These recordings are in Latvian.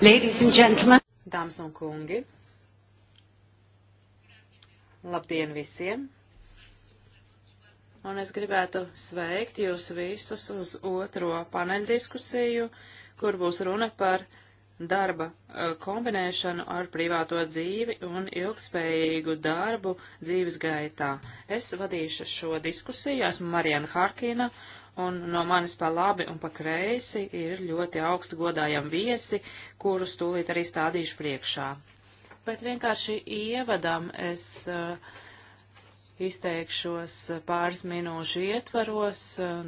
Ladies and gentlemen. Dāmas un kungi. Labdien visiem. Un es gribētu sveikt jūs visus uz otro paneļdiskusiju, kur būs runa par darba e, kombinēšanu ar privāto dzīvi un ilgspējīgu darbu dzīves gaitā. Es vadīšu šo diskusiju, esmu Marijana Harkina, un no manis pa labi un pa kreisi ir ļoti augstu godājami viesi, kurus tūlīt arī stādīšu priekšā. Bet vienkārši ievadam es eh, izteikšos pāris minūšu ietvaros,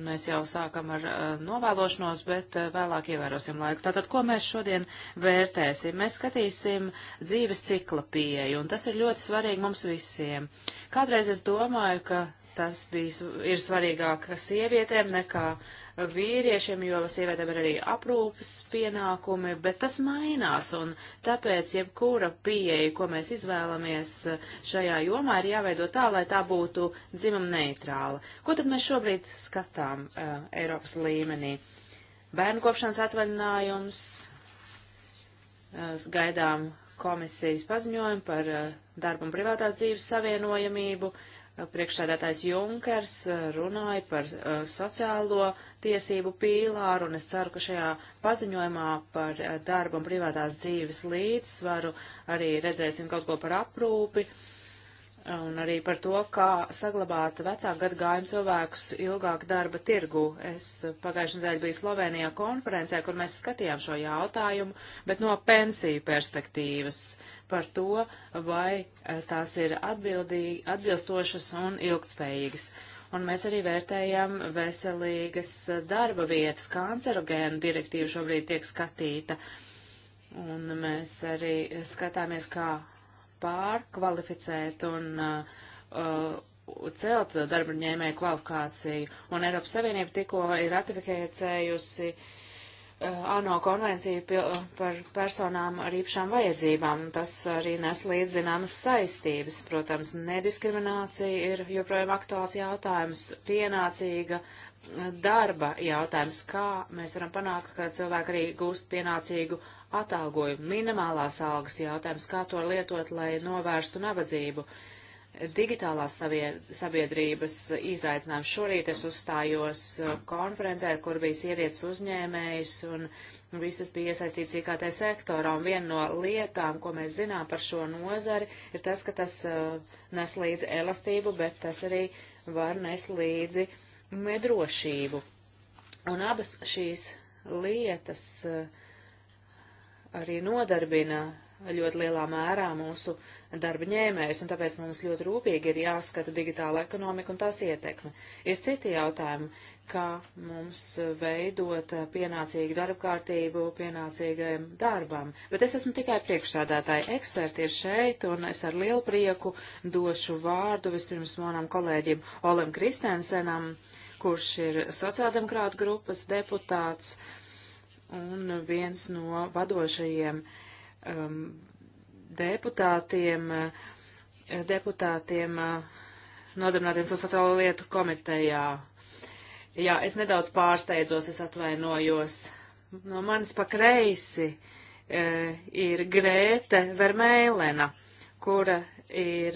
mēs jau sākam ar eh, novēlošanos, bet eh, vēlāk ievērosim laiku. Tātad, ko mēs šodien vērtēsim? Mēs skatīsim dzīves cikla pieeju, un tas ir ļoti svarīgi mums visiem. Kādreiz es domāju, ka tas bija, ir svarīgāk sievietēm nekā vīriešiem, jo sievietēm ir arī aprūpas pienākumi, bet tas mainās, un tāpēc jebkura pieeja, ko mēs izvēlamies šajā jomā, ir jāveido tā, lai tā būtu dzimuma neitrāla. Ko tad mēs šobrīd skatām uh, Eiropas līmenī? Bērnu kopšanas atvaļinājums, uh, gaidām komisijas paziņojumu par uh, darbu un privātās dzīves savienojamību, uh, priekšsēdētājs Junkers uh, runāja par uh, sociālo tiesību pīlāru, un es ceru, ka šajā paziņojumā par uh, darbu un privātās dzīves līdzsvaru arī redzēsim kaut ko par aprūpi, un arī par to, kā saglabāt vecāku gadgājumu cilvēkus ilgāk darba tirgu. Es uh, pagājušajā nedēļā biju Slovenijā konferencē, kur mēs skatījām šo jautājumu, bet no pensiju perspektīvas. Uh, par to, vai eh, tās ir atbilstošas un ilgtspējīgas. Un mēs arī vērtējam veselīgas eh, darba vietas, kancerogēnu direktīva šobrīd tiek skatīta. Un mēs arī skatāmies, kā pārkvalificēt un uh, celt darba ņēmēju kvalifikāciju. Un Eiropas Savienība tikko ir ratificējusi uh, Eh, ANO konvenciju eh, par personām ar īpašām vajadzībām. Tas arī nes līdz zināmas saistības. Protams, nediskriminācija ir joprojām aktuāls jautājums, pienācīga eh, darba jautājums, kā mēs varam panākt, ka cilvēki arī gūst pienācīgu atalgojumu, minimālās algas jautājums, kā to lietot, lai novērstu nabadzību. Uh, digitālās sabiedrības izaicinājums. Šorīt es uzstājos uh, konferencē, kur bija sievietes uzņēmējas un visas bija iesaistīts IKT sektorā. Un viena no lietām, ko mēs zinām par šo nozari, ir tas, ka tas uh, nes līdzi elastību, bet tas arī var nes līdzi nedrošību. Un abas šīs lietas uh, arī nodarbina ļoti lielā mērā mūsu darba ņēmējs, un tāpēc mums ļoti rūpīgi ir jāskata digitāla ekonomika un tās ietekme. Ir citi jautājumi, kā mums veidot pienācīgu darba kārtību pienācīgajam darbam. Bet es esmu tikai priekšsādātāji. Eksperti ir šeit, un es ar lielu prieku došu vārdu vispirms manam kolēģim Olem Kristensenam, kurš ir sociāldemokrāta grupas deputāts un viens no vadošajiem uh, um, deputātiem, uh, deputātiem uh, nodarbinātiem sociālo lietu komitejā. Jā, es nedaudz pārsteidzos, es atvainojos. No manis pa kreisi e, ir Grēte Vermēlena, kura ir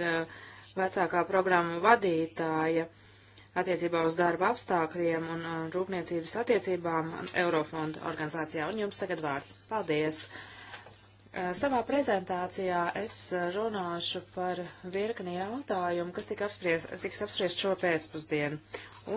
vecākā programma vadītāja attiecībā uz darba apstākļiem un rūpniecības attiecībām Eurofonda organizācijā. Un jums tagad vārds. Paldies! Uh, Eh, savā prezentācijā es eh, runāšu par virkni jautājumu, kas tika apspriest, tiks apspriest šo pēcpusdienu,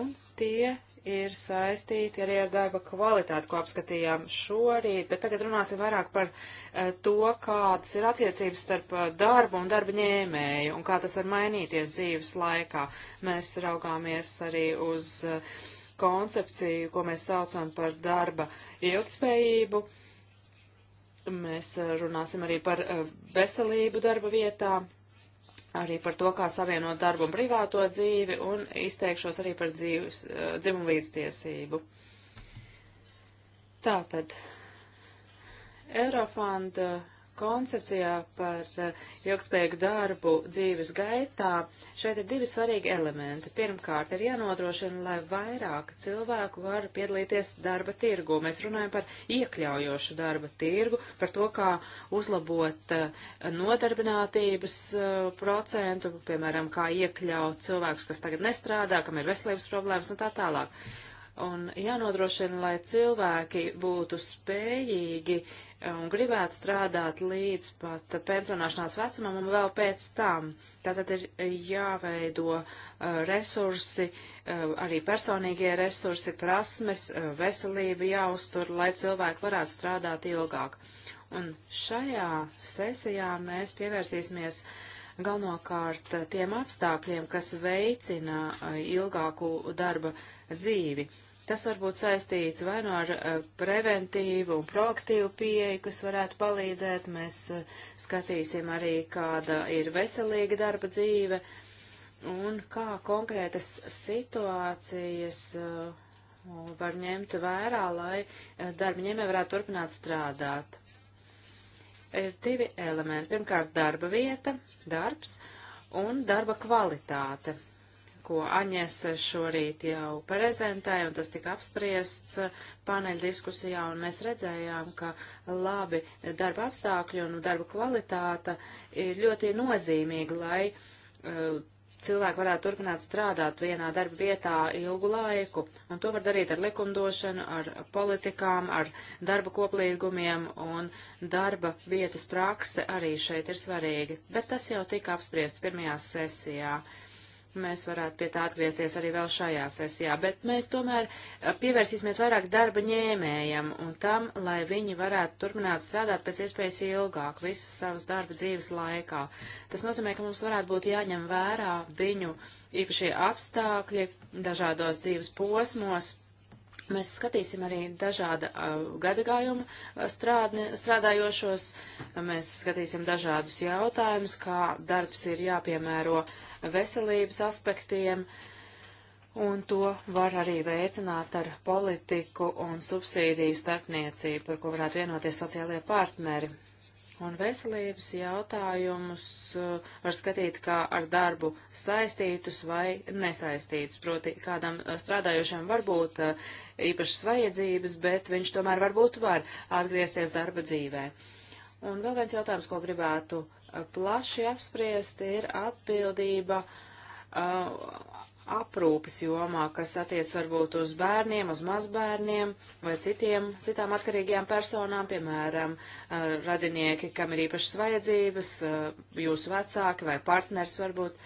un tie ir saistīti arī ar darba kvalitāti, ko apskatījām šorīt, bet tagad runāsim vairāk par eh, to, kādas ir attiecības starp darbu un darba ņēmēju, un kā tas var mainīties dzīves laikā. Mēs raugāmies arī uz koncepciju, ko mēs saucam par darba ilgtspējību. Uh, Mēs eh, runāsim arī par eh, veselību darba vietā, arī par to, kā savienot darbu un privāto dzīvi, un izteikšos arī par dzīves, eh, dzimumu līdztiesību. Tātad, Eurofanda koncepcijā par eh, ilgspējīgu darbu dzīves gaitā, šeit ir divi svarīgi elementi. Pirmkārt, ir jānodrošina, lai vairāk cilvēku var piedalīties darba tirgu. Mēs runājam par iekļaujošu darba tirgu, par to, kā uzlabot eh, nodarbinātības eh, procentu, piemēram, kā iekļaut cilvēkus, kas tagad nestrādā, kam ir veselības problēmas un tā tālāk un jānodrošina, lai cilvēki būtu spējīgi un gribētu strādāt līdz pat pensionāšanās vecumam un vēl pēc tam. Tātad ir jāveido uh, resursi, uh, arī personīgie resursi, prasmes, uh, veselība jāuztur, lai cilvēki varētu strādāt ilgāk. Un šajā sesijā mēs pievērsīsimies galvenokārt uh, tiem apstākļiem, kas veicina uh, ilgāku darba dzīvi. Uh, Tas var būt saistīts vai no nu ar eh, preventīvu un proaktīvu pieeju, kas varētu palīdzēt. Mēs eh, skatīsim arī, kāda ir veselīga darba dzīve un kā konkrētas situācijas eh, var ņemt vērā, lai darba ņēmē varētu turpināt strādāt. Ir e, divi elementi. Pirmkārt, darba vieta, darbs un darba kvalitāte ko Aņes šorīt jau prezentēja, un tas tika apspriests uh, paneļa diskusijā, un mēs redzējām, ka labi darba apstākļi un darba kvalitāte ir ļoti nozīmīgi, lai uh, cilvēki varētu turpināt strādāt vienā darba vietā ilgu laiku, un to var darīt ar likumdošanu, ar politikām, ar darba koplīgumiem, un darba vietas prakse arī šeit ir svarīga, bet tas jau tika apspriests pirmajā sesijā. Uh, mēs varētu pie tā atgriezties arī vēl šajā sesijā, bet mēs tomēr uh, pievērsīsimies vairāk darba ņēmējam un tam, lai viņi varētu turpināt strādāt pēc iespējas ilgāk visas savas darba dzīves laikā. Tas nozīmē, ka mums varētu būt jāņem vērā viņu īpašie apstākļi dažādos dzīves posmos, Mēs skatīsim arī dažāda uh, gadagājuma uh, strādne, strādājošos, mēs skatīsim dažādus jautājumus, kā darbs ir jāpiemēro veselības aspektiem, un to var arī veicināt ar politiku un subsīdiju starpniecību, par ko varētu vienoties sociālie partneri. Un veselības jautājumus uh, var skatīt kā ar darbu saistītus vai nesaistītus. Proti, kādam uh, strādājošam var būt uh, īpašas vajadzības, bet viņš tomēr varbūt var atgriezties darba dzīvē. Un vēl viens jautājums, ko gribētu plaši apspriest, ir atbildība uh, aprūpes jomā, kas attiec varbūt uz bērniem, uz mazbērniem vai citiem, citām atkarīgajām personām, piemēram, uh, radinieki, kam ir īpašas vajadzības, uh, jūsu vecāki vai partners varbūt.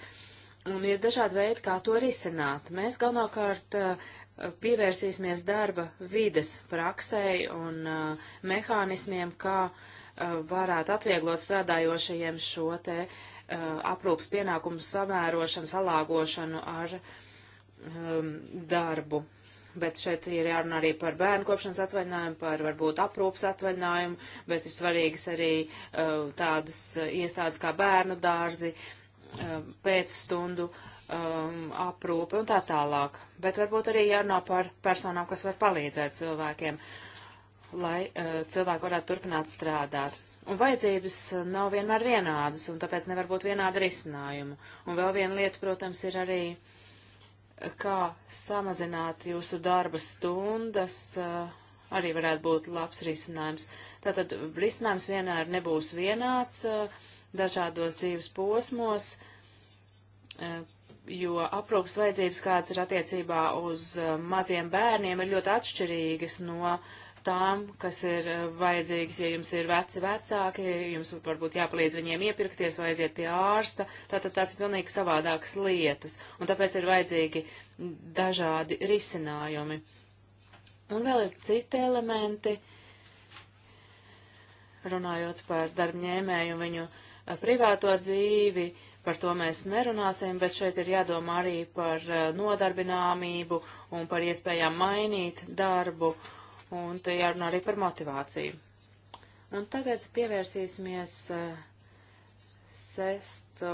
Un ir dažādi veidi, kā to risināt. Mēs galvenokārt uh, pievērsīsimies darba vides praksei un uh, mehānismiem, kā uh, Uh, varētu atvieglot strādājošajiem šo te uh, aprūpas pienākumu samērošanu, salāgošanu ar um, darbu. Bet šeit ir jārunā arī par bērnu kopšanas atvaļinājumu, par varbūt aprūpas atvaļinājumu, bet ir svarīgas arī uh, tādas iestādes kā bērnu dārzi, uh, pēcstundu um, aprūpe un tā tālāk. Bet varbūt arī jārunā par personām, kas var palīdzēt cilvēkiem. Uh, lai uh, cilvēki varētu turpināt strādāt. Un vajadzības eh, nav vienmēr vienādas, un tāpēc nevar būt vienāda risinājuma. Un vēl viena lieta, protams, ir arī, eh, kā samazināt jūsu darba stundas, uh, arī varētu būt labs risinājums. Tātad risinājums vienmēr nebūs vienāds uh, dažādos dzīves posmos, uh, jo aprūpas vajadzības, kāds ir attiecībā uz maziem bērniem, ir ļoti atšķirīgas no uh, tām, kas ir eh, vajadzīgas, ja jums ir veci vecāki, jums varbūt jāpalīdz viņiem iepirkties vai aiziet pie ārsta. Tātad tās ir pilnīgi savādākas lietas, un tāpēc ir vajadzīgi dažādi risinājumi. Un vēl ir citi elementi, runājot par darbņēmēju un viņu eh, privāto dzīvi, par to mēs nerunāsim, bet šeit ir jādomā arī par eh, nodarbināmību un par iespējām mainīt darbu un te jārunā arī par motivāciju. Un tagad pievērsīsimies eh, sesto,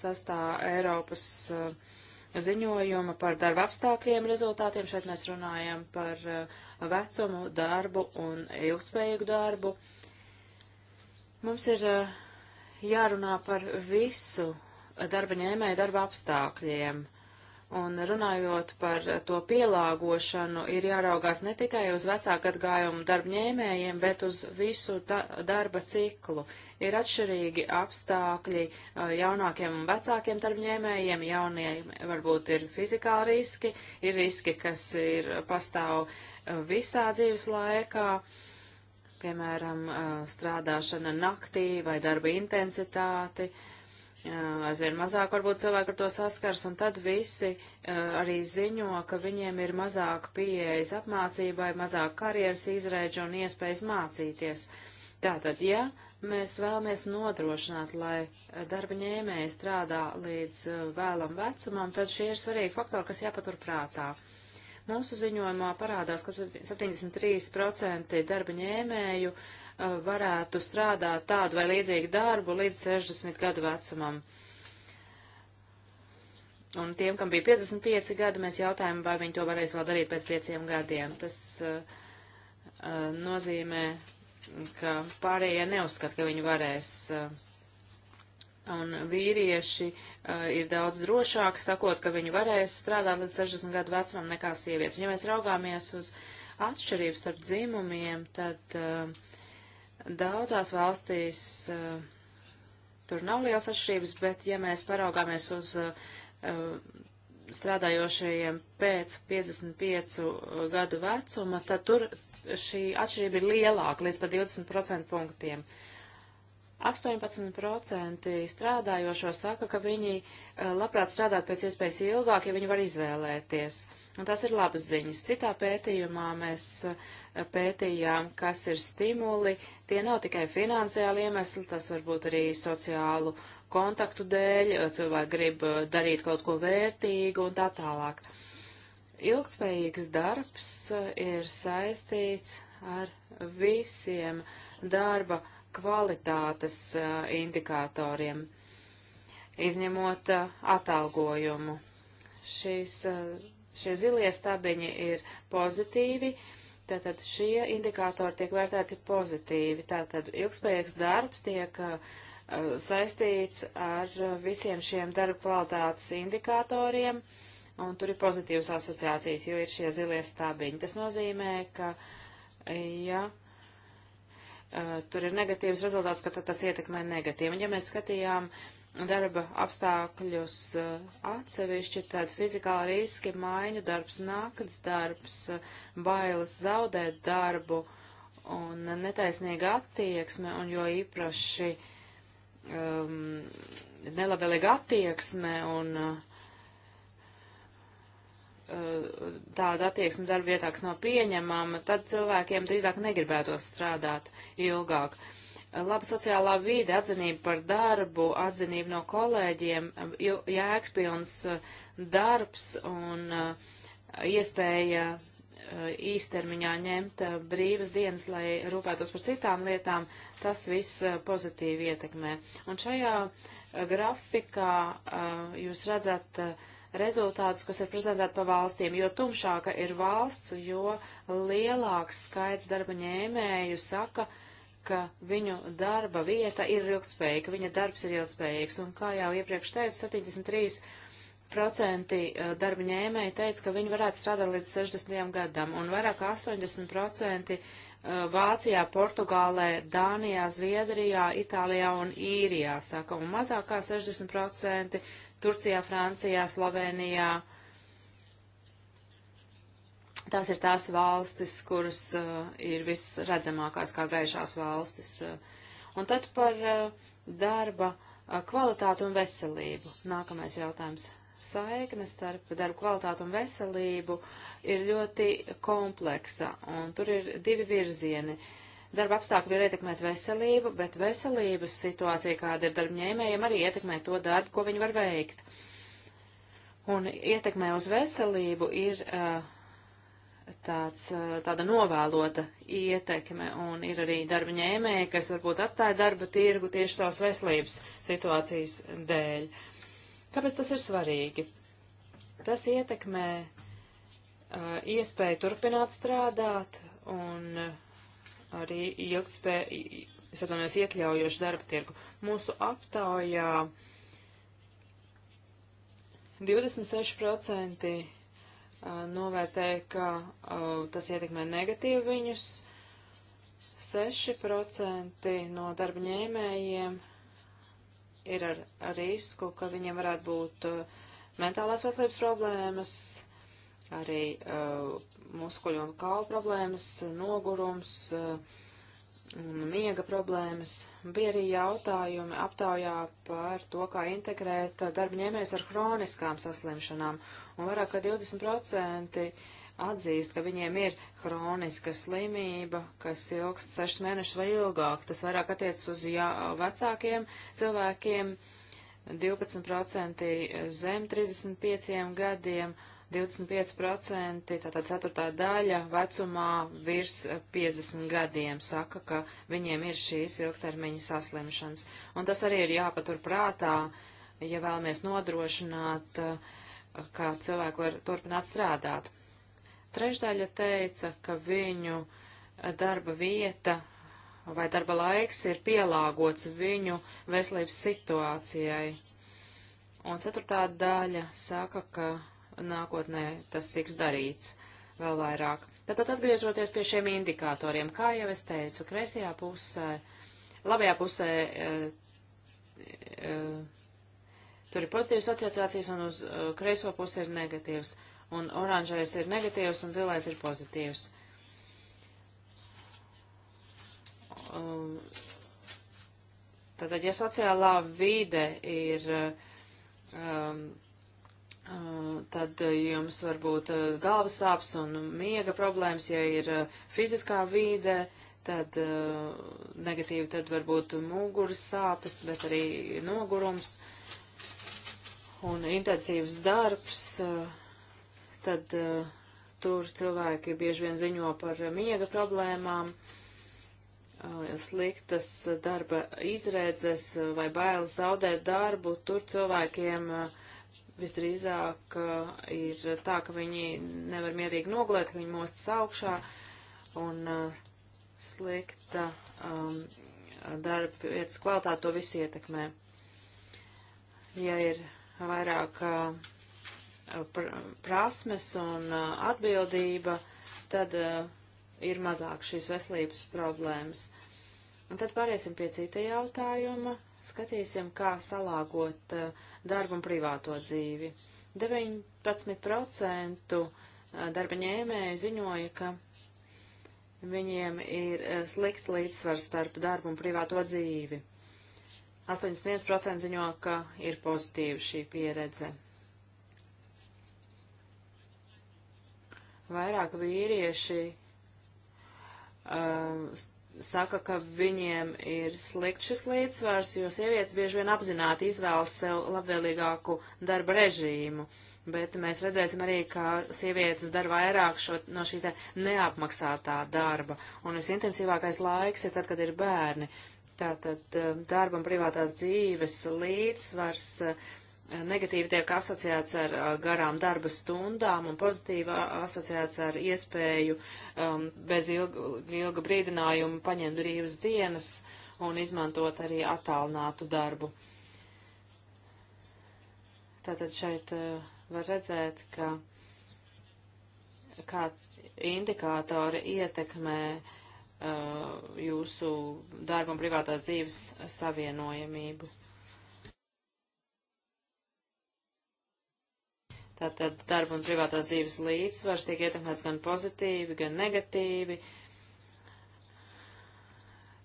sastā Eiropas eh, ziņojuma par darba apstākļiem rezultātiem. Šeit mēs runājam par eh, vecumu, darbu un ilgspējīgu darbu. Mums ir jārunā par visu darba ņēmēju darba apstākļiem. Uh, Un runājot par to pielāgošanu, ir jāraugās ne tikai uz vecāku atgājumu darbņēmējiem, bet uz visu da darba ciklu. Ir atšķirīgi apstākļi uh, jaunākiem un vecākiem darbņēmējiem. Jauniem varbūt ir fizikāli riski, ir riski, kas ir pastāv uh, visā dzīves laikā. Piemēram, uh, strādāšana naktī vai darba intensitāti. Uh, aizvien mazāk varbūt cilvēki ar to saskars, un tad visi arī ziņo, ka viņiem ir mazāk pieejas apmācībai, mazāk karjeras izrēģi un iespējas mācīties. Tātad, ja mēs vēlamies nodrošināt, lai darba ņēmēji strādā līdz vēlam vecumam, tad šie ir svarīgi faktori, kas jāpatur prātā. Mūsu ziņojumā parādās, ka 73% darba ņēmēju uh, Uh, varētu strādāt tādu vai līdzīgu darbu līdz 60 gadu vecumam. Un tiem, kam bija 55 gadi, mēs jautājām, vai viņi to varēs vēl darīt pēc pieciem gadiem. Tas uh, uh nozīmē, ka pārējie neuzskata, ka viņi varēs. Uh, un vīrieši uh, ir daudz drošāki, sakot, ka viņi varēs strādāt līdz 60 gadu vecumam nekā sievietes. Un, ja mēs raugāmies uz atšķirību starp dzimumiem, tad uh, Daudzās valstīs uh, tur nav liels atšķirības, bet ja mēs paraugāmies uz uh, strādājošajiem pēc 55 eh, gadu vecuma, tad tur šī atšķirība ir lielāka, līdz pat 20% punktiem. Uh, 18% strādājošo saka, ka viņi eh, labprāt strādāt pēc iespējas ilgāk, ja viņi var izvēlēties. Un tas ir labas ziņas. Citā pētījumā mēs eh, pētījām, kas ir stimuli. Tie nav tikai finansiāli iemesli, tas var būt arī sociālu kontaktu dēļ, eh, cilvēki grib darīt kaut ko vērtīgu un tā tālāk. Ilgtspējīgs darbs ir saistīts ar visiem darba uh, kvalitātes indikatoriem, izņemot atalgojumu. Šīs, šie zilie stabiņi ir pozitīvi, tātad šie indikatori tiek vērtēti pozitīvi, tātad ilgspējīgs darbs tiek saistīts ar visiem šiem darba kvalitātes indikatoriem, un tur ir pozitīvas asociācijas, jo ir šie zilie stabiņi. Tas nozīmē, ka, ja Eh, tur ir negatīvs rezultāts, ka tas ietekmē negatīvi. Un, ja mēs skatījām darba apstākļus eh, atsevišķi, tad fizikāli riski, maiņu darbs, nakts darbs, eh, bailes zaudēt darbu un netaisnīga attieksme, un jo īpaši um, nelabvēlīga attieksme un uh, Eh, tāda attieksme darba vietā, kas nav pieņemama, tad cilvēkiem drīzāk negribētos strādāt ilgāk. Eh, laba sociālā vīde, atzinība par darbu, atzinība no kolēģiem, eh, jēgspilns darbs un iespēja īstermiņā ņemt brīvas dienas, lai rūpētos par citām lietām, tas viss pozitīvi ietekmē. Un šajā grafikā jūs redzat, uh, rezultātus, kas ir prezentēti pa valstīm. Jo tumšāka ir valsts, jo lielāks skaits darba ņēmēju saka, ka viņu darba vieta ir ilgspējīga, ka viņa darbs ir ilgspējīgs. Un kā jau iepriekš teicu, 73% uh, darba ņēmēji teica, ka viņi varētu strādāt līdz 60 gadam, un vairāk kā 80% uh, Vācijā, Portugālē, Dānijā, Zviedrijā, Itālijā un Īrijā, saka, un mazāk kā 60% Turcijā, Francijā, Slovenijā. Tās ir tās valstis, kuras uh, ir visredzamākās kā gaišās valstis. Uh. Un tad par uh, darba uh, kvalitāti un veselību. Nākamais jautājums. Saikne starp darba kvalitāti un veselību ir ļoti kompleksa, un tur ir divi virzieni. Uh, Darba apstākļi var ietekmēt veselību, bet veselības situācija, kāda ir darbņēmējiem, arī ietekmē to darbu, ko viņi var veikt. Un ietekmē uz veselību ir uh, tāds, eh, tāda novēlota ietekme, un ir arī darba ņēmēji, kas varbūt atstāja darba tirgu tieši savas veselības situācijas dēļ. Kāpēc tas ir svarīgi? Tas ietekmē uh, iespēju turpināt strādāt, un uh, arī ilgtspēju, es atvainojos, iekļaujošu darba tirgu. Mūsu aptaujā 26% novērtēja, ka tas ietekmē negatīvi viņus, 6% no darba ņēmējiem ir ar, ar risku, ka viņiem varētu būt mentālās veselības problēmas, arī uh, muskuļu un kaulu problēmas, nogurums uh, un miega problēmas. Bija arī jautājumi aptaujā par to, kā integrēt darba ņēmējs ar hroniskām saslimšanām, un vairāk kā 20% atzīst, ka viņiem ir hroniska slimība, kas ilgst 6 mēnešus vai ilgāk. Tas vairāk attiec uz jā, vecākiem cilvēkiem, 12% zem 35 gadiem 25%, tātad ceturtā daļa vecumā virs 50 gadiem saka, ka viņiem ir šīs ilgtermiņa saslimšanas. Un tas arī ir jāpatur prātā, ja vēlamies nodrošināt, kā cilvēku var turpināt strādāt. Trešdaļa teica, ka viņu darba vieta vai darba laiks ir pielāgots viņu veselības situācijai. Un ceturtā daļa saka, ka nākotnē tas tiks darīts vēl vairāk. Tātad atgriežoties pie šiem indikatoriem, kā jau es teicu, kreisajā pusē, labajā pusē e, e, tur ir pozitīvas asociācijas un uz e, kreiso pusi ir negatīvs. Un oranžais ir negatīvs un zilais ir pozitīvs. Um, tātad, ja sociālā vide ir um, tad jums var būt galvas sāpes un miega problēmas, ja ir fiziskā vīde, tad negatīvi tad var būt muguras sāpes, bet arī nogurums un intensīvs darbs, tad tur cilvēki bieži vien ziņo par miega problēmām sliktas darba izredzes vai bailes zaudēt darbu, tur cilvēkiem uh, visdrīzāk uh, ir tā, ka viņi nevar mierīgi nogulēt, ka viņi mostas augšā un uh, slikta um, darba vietas kvalitāte to visu ietekmē. Ja ir vairāk uh, pr prasmes un uh, atbildība, tad uh, ir mazāk šīs veselības problēmas. Un tad pāriesim pie cita jautājuma Skatīsim, kā salāgot eh, darbu un privāto dzīvi. 19% eh, darba ņēmēji ziņoja, ka viņiem ir eh, slikts līdzsvars starp darbu un privāto dzīvi. 81% ziņo, ka ir pozitīva šī pieredze. Vairāk vīrieši uh, saka, ka viņiem ir slikts šis līdzsvars, jo sievietes bieži vien apzināti izvēlas sev labvēlīgāku darba režīmu. Bet mēs redzēsim arī, ka sievietes dara vairāk šo, no šī te neapmaksātā darba. Un visintensīvākais laiks ir tad, kad ir bērni. Tātad eh, darba un privātās dzīves līdzsvars eh, negatīvi tiek asociēts ar garām darba stundām un pozitīvi asociēts ar iespēju um, bez ilga, ilga brīdinājuma paņemt brīvas dienas un izmantot arī attālinātu darbu. Tātad šeit uh, var redzēt, ka kā indikātori ietekmē uh, jūsu darba un privātās dzīves savienojamību. Tātad darba un privātās dzīves līdzsvars tiek ietekmēts gan pozitīvi, gan negatīvi.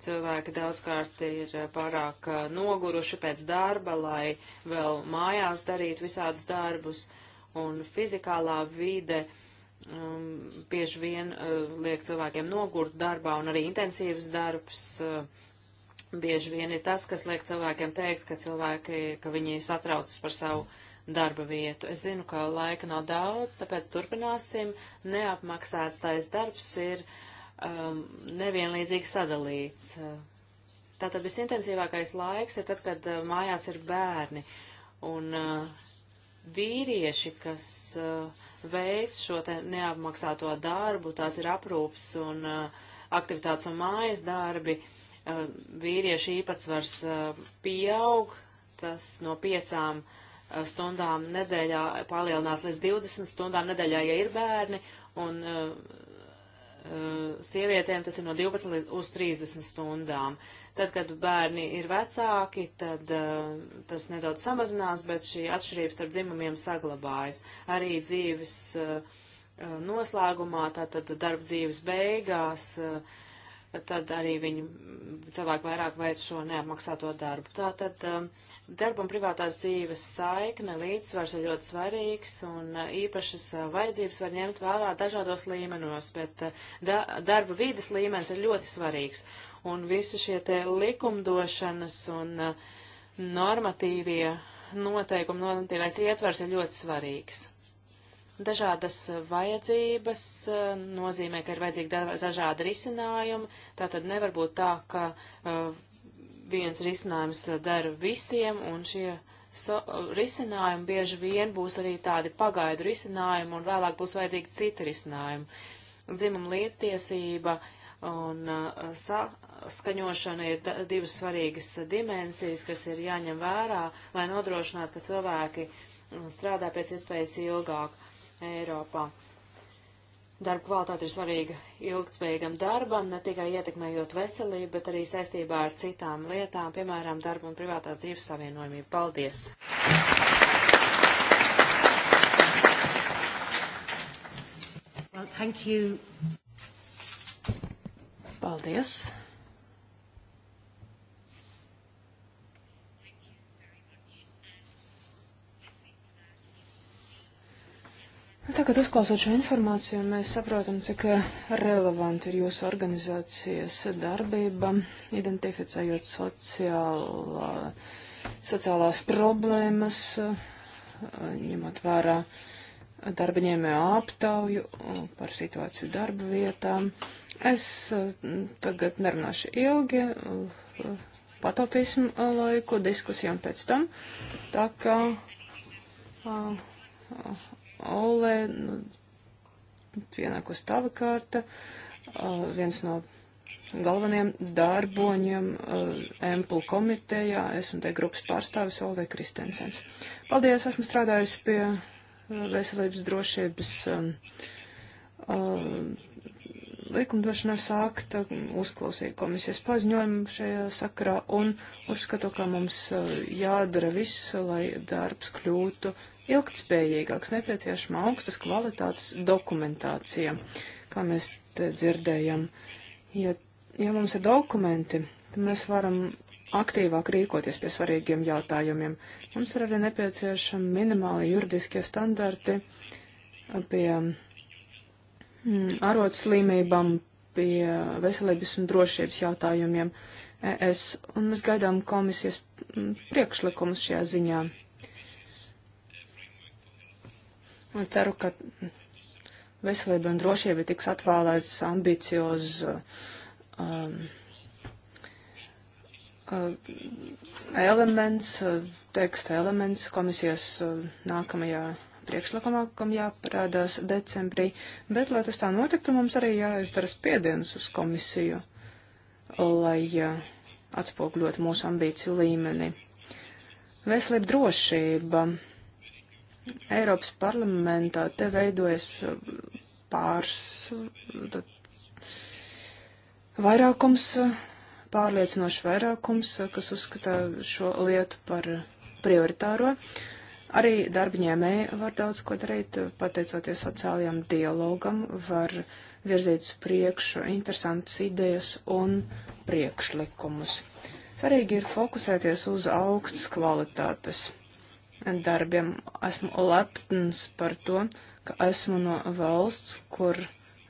Cilvēki daudzkārt ir eh, pārāk eh, noguruši pēc darba, lai vēl mājās darītu visādus darbus, un fizikālā vide um, bieži vien uh, liek cilvēkiem nogurt darbā, un arī intensīvs darbs uh, bieži vien ir tas, kas liek cilvēkiem teikt, ka cilvēki, ka viņi satraucas par savu uh, darba vietu. Es zinu, ka laika nav daudz, tāpēc turpināsim. Neapmaksāts tais darbs ir um, nevienlīdzīgi sadalīts. Tātad visintensīvākais laiks ir tad, kad uh, mājās ir bērni. Un uh, vīrieši, kas uh, veic šo neapmaksāto darbu, tās ir aprūps un uh, aktivitātes un mājas darbi, uh, vīrieši īpatsvars uh, pieaug, tas no piecām Eh, stundām nedēļā palielinās līdz 20 stundām nedēļā, ja ir bērni, un uh, sievietēm tas ir no 12 uz 30 stundām. Tad, kad bērni ir vecāki, tad uh, tas nedaudz samazinās, bet šī atšķirības starp dzimumiem saglabājas. Arī dzīves uh, noslēgumā, tātad darba dzīves beigās, uh, tad arī viņi cilvēki vairāk veic šo neapmaksāto darbu. Tātad um, darba un privātās dzīves saikne līdzsvars ir ļoti svarīgs un uh, īpašas uh, vajadzības var ņemt vērā dažādos līmenos, bet uh, da darba vīdes līmenis ir ļoti svarīgs. Un visi šie te likumdošanas un uh, normatīvie noteikumi, normatīvais ietvers ir ļoti svarīgs. Dažādas vajadzības eh, nozīmē, ka ir vajadzīgi dažādi risinājumi, tātad nevar būt tā, ka eh, viens risinājums der visiem, un šie so, risinājumi bieži vien būs arī tādi pagaidu risinājumi, un vēlāk būs vajadzīgi citi risinājumi. Dzimuma līdztiesība un eh, saskaņošana ir divas svarīgas dimensijas, kas ir jāņem vērā, lai nodrošinātu, ka cilvēki mm, strādā pēc iespējas ilgāk. Eiropā. Darba kvalitāte ir svarīga ilgtspējīgam darbam, ne tikai ietekmējot veselību, bet arī saistībā ar citām lietām, piemēram, darba un privātās dzīves savienojumību. Paldies! Well, thank you. Paldies! Nu, tagad, uzklausot šo informāciju, mēs saprotam, cik relevanti ir jūsu organizācijas darbība, identificējot sociālā, sociālās problēmas, ņemot vērā darbaņēmēju aptauju par situāciju darba vietām. Es eh, tagad nerunāšu ilgi, eh, pataupīsim laiku diskusijām pēc tam. Tā kā eh, Ole, nu, pienākus tava kārta, uh, viens no galvenajiem darboņiem uh, Emplu komitejā, es un te grupas pārstāvis Olve Kristensens. Paldies, esmu strādājis pie veselības drošības um, uh, likumdošanas akta, uzklausīju komisijas paziņojumu šajā sakarā un uzskatu, ka mums jādara viss, lai darbs kļūtu ilgtspējīgāks, nepieciešama augstas kvalitātes dokumentācija, kā mēs te dzirdējam. Ja, ja mums ir dokumenti, tad mēs varam aktīvāk rīkoties pie svarīgiem jautājumiem. Mums ir arī nepieciešami minimāli juridiskie standarti pie mm, arotslimībām, pie veselības un drošības jautājumiem ES, un mēs gaidām komisijas mm, priekšlikumus šajā ziņā. Un ceru, ka veselība un drošība tiks atvēlēts ambicioz um, uh, elements, teksta elements komisijas uh, nākamajā priekšlikumā, kam jāparādās decembrī, bet, lai tas tā notiktu, mums arī jāizdara spiediens uz komisiju, lai uh, atspogļot mūsu ambīciju līmeni. Veselība drošība. Eiropas parlamentā te veidojas pārs, vairākums, pārliecinoši vairākums, kas uzskata šo lietu par prioritāro. Arī darbiņēmēji var daudz ko darīt, pateicoties sociālajam dialogam, var virzīt uz priekšu interesantas idejas un priekšlikumus. Svarīgi ir fokusēties uz augstas kvalitātes darbiem. Esmu lepns par to, ka esmu no valsts, kur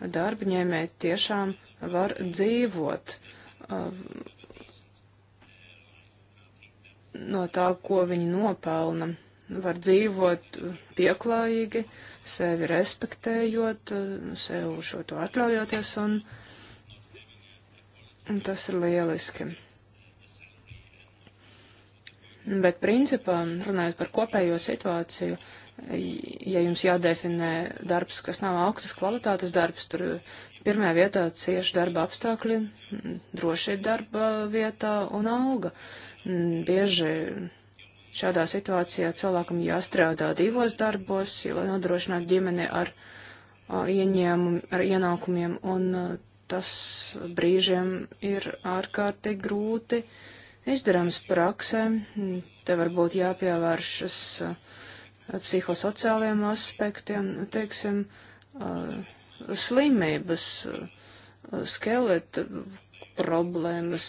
darbņēmēji tiešām var dzīvot uh, no tā, ko viņi nopelna. Var dzīvot pieklājīgi, sevi respektējot, uh, sev šo to atļaujoties, un tas ir lieliski. Bet principā, runājot par kopējo situāciju, ja jums jādefinē darbs, kas nav augstas kvalitātes darbs, tur pirmajā vietā cieši darba apstākļi, drošība darba vietā un alga. Bieži šādā situācijā cilvēkam jāstrādā divos darbos, lai nodrošinātu ģimeni ar ieņēmumu, ar ienākumiem, un tas brīžiem ir ārkārtīgi grūti. Uh, izdarāms praksē. Te varbūt jāpievēršas uh, psihosociāliem aspektiem, teiksim, uh, slimības, uh, skeleta problēmas,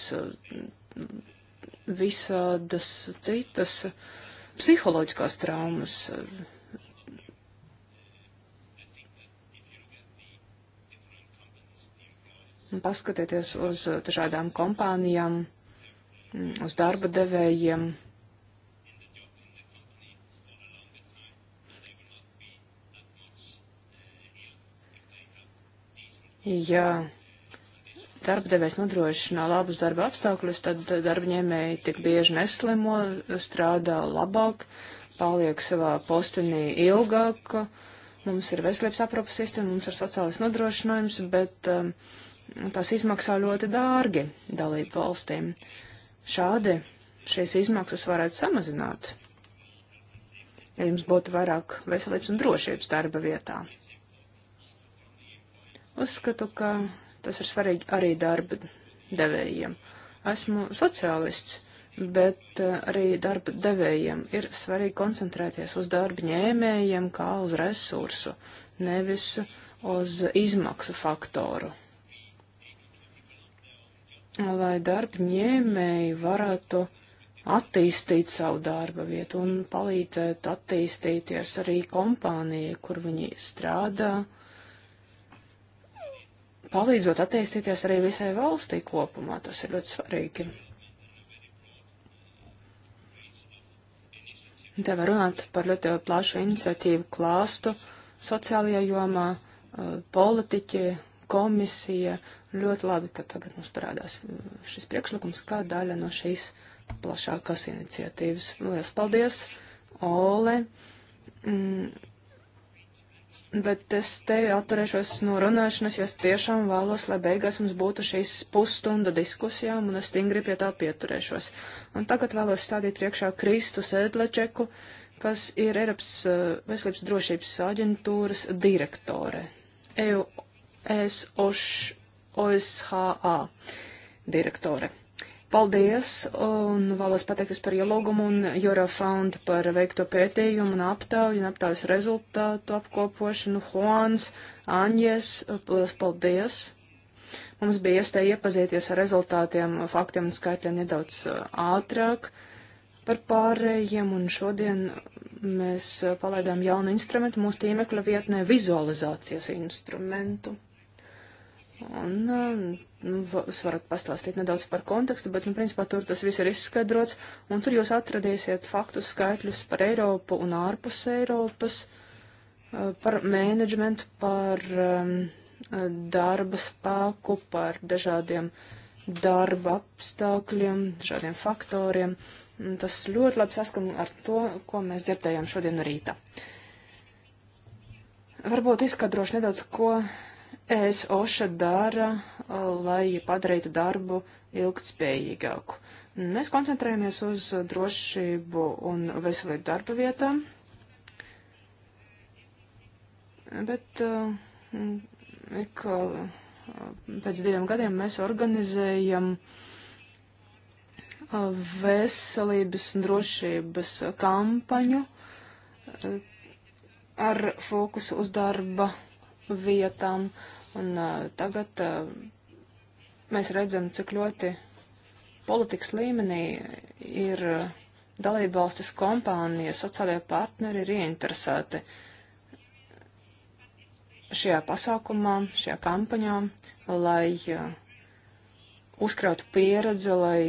visādas citas psiholoģiskās traumas. Paskatieties uz dažādām kompānijām uz darba devējiem. Ja darba devējs nodrošinā labus darba apstākļus, tad darba ņēmēji tik bieži neslimo, strādā labāk, paliek savā postenī ilgāk. Mums ir veselības aprūpas sistēma, mums ir sociālais nodrošinājums, bet um, tas izmaksā ļoti dārgi dalību valstīm. Uh, Šādi šīs izmaksas varētu samazināt, ja jums būtu vairāk veselības un drošības darba vietā. Uzskatu, ka tas ir svarīgi arī darba devējiem. Esmu sociālists, bet eh, arī darba devējiem ir svarīgi koncentrēties uz darba ņēmējiem kā uz resursu, nevis uz izmaksu faktoru lai darba ņēmēji varētu attīstīt savu darba vietu un palīdzēt attīstīties arī kompānijai, kur viņi strādā, palīdzot attīstīties arī visai valstī kopumā. Tas ir ļoti svarīgi. Te var runāt par ļoti plašu iniciatīvu klāstu sociālajā jomā, eh, politiķi, komisija, Ļoti labi, ka tagad mums parādās mm, šis priekšlikums kā daļa no šīs plašākās iniciatīvas. Lielas paldies, Ole! Mm. Bet es te atturēšos no runāšanas, jo es tiešām vēlos, lai beigās mums būtu šīs pusstunda diskusijām, un es stingri pie tā pieturēšos. Un tagad vēlos stādīt priekšā Kristu Sēdlečeku, kas ir Eiropas eh, veselības drošības aģentūras direktore. EU, es, oš, OSHA direktore. Paldies un vēlos pateikties par ielūgumu un Eurofound par veikto pētījumu un aptauju un aptaujas rezultātu apkopošanu. Juans, Anģies, liels paldies! Mums bija iespēja iepazīties ar rezultātiem, faktiem un skaitļiem nedaudz uh, ātrāk par pārējiem un šodien mēs uh, palaidām jaunu instrumentu mūsu tīmekļa vietnē vizualizācijas instrumentu. Un nu, jūs varat pastāstīt nedaudz par kontekstu, bet, nu, principā tur tas viss ir izskaidrots, un tur jūs atradīsiet faktus, skaitļus par Eiropu un ārpus Eiropas, par menedžmentu, par um, darba spēku, par dažādiem darba apstākļiem, dažādiem faktoriem. Tas ļoti labi saskan ar to, ko mēs dzirdējām šodien rītā. Varbūt izskaidrošu nedaudz, ko es Oša dara, lai padarītu darbu ilgtspējīgāku. Mēs koncentrējamies uz drošību un veselību darba vietām, bet mm, ik mm, pēc diviem gadiem mēs organizējam mm, veselības un drošības kampaņu ar fokusu uz darba vietām. Uh, Un uh, tagad uh, mēs redzam, cik ļoti politikas līmenī ir uh, dalībvalstis kompānijas, sociālajie partneri ir ieinteresēti šajā pasākumā, šajā kampaņā, lai uh, uzkrautu pieredzi, lai,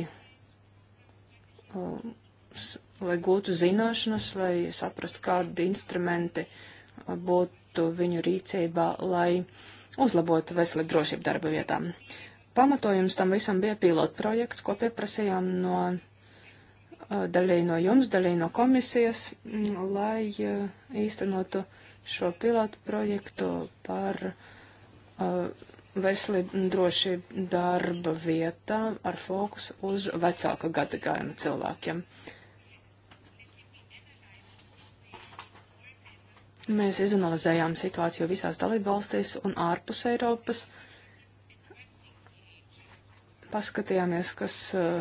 uh, lai gūtu zināšanas, lai saprastu, kādi instrumenti uh, būtu viņu rīcībā, lai uh, uzlabot veselību drošību darba vietām. Pamatojums tam visam bija pilotprojekts, ko pieprasījām no eh, daļai no jums, daļai no komisijas, mm, lai eh, īstenotu šo pilotu projektu par eh, veselību drošību darba vietā ar fokusu uz vecāka gadagājuma cilvēkiem. Uh, Mēs izanalizējām situāciju visās dalībvalstīs un ārpus Eiropas. Paskatījāmies, kas uh,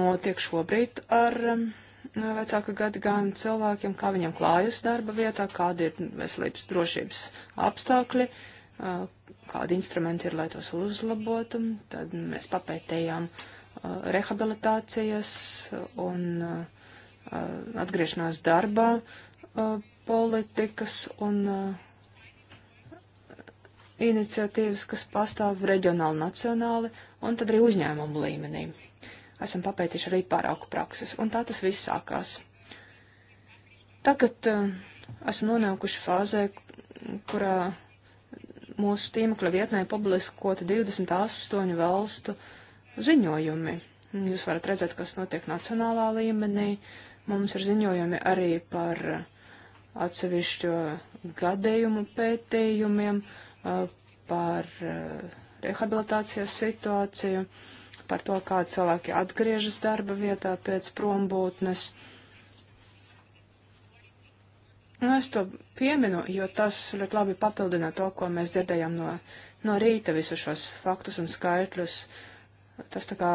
notiek šobrīd ar um, vecāka gada gan cilvēkiem, kā viņam klājas darba vietā, kādi ir veselības drošības apstākļi, uh, kādi instrumenti ir, lai tos uzlabotu. Tad mēs papētējām uh, rehabilitācijas un atgriešanās darbā politikas un uh, iniciatīvas, kas pastāv reģionāli, nacionāli un tad arī uzņēmumu līmenī. Esam papētījuši arī pārāku prakses, un tā tas viss sākās. Tagad uh, esam nonākuši fāzē, kurā mūsu tīmekļa vietnē publiskota 28 valstu ziņojumi. Jūs varat redzēt, kas notiek nacionālā līmenī. Mums ir ziņojumi arī par uh, atsevišķo gadījumu pētījumiem par rehabilitācijas situāciju, par to, kā cilvēki atgriežas darba vietā pēc prombūtnes. Nu, es to pieminu, jo tas ļoti labi papildina to, ko mēs dzirdējām no, no rīta, visus šos faktus un skaitļus. Tas tā kā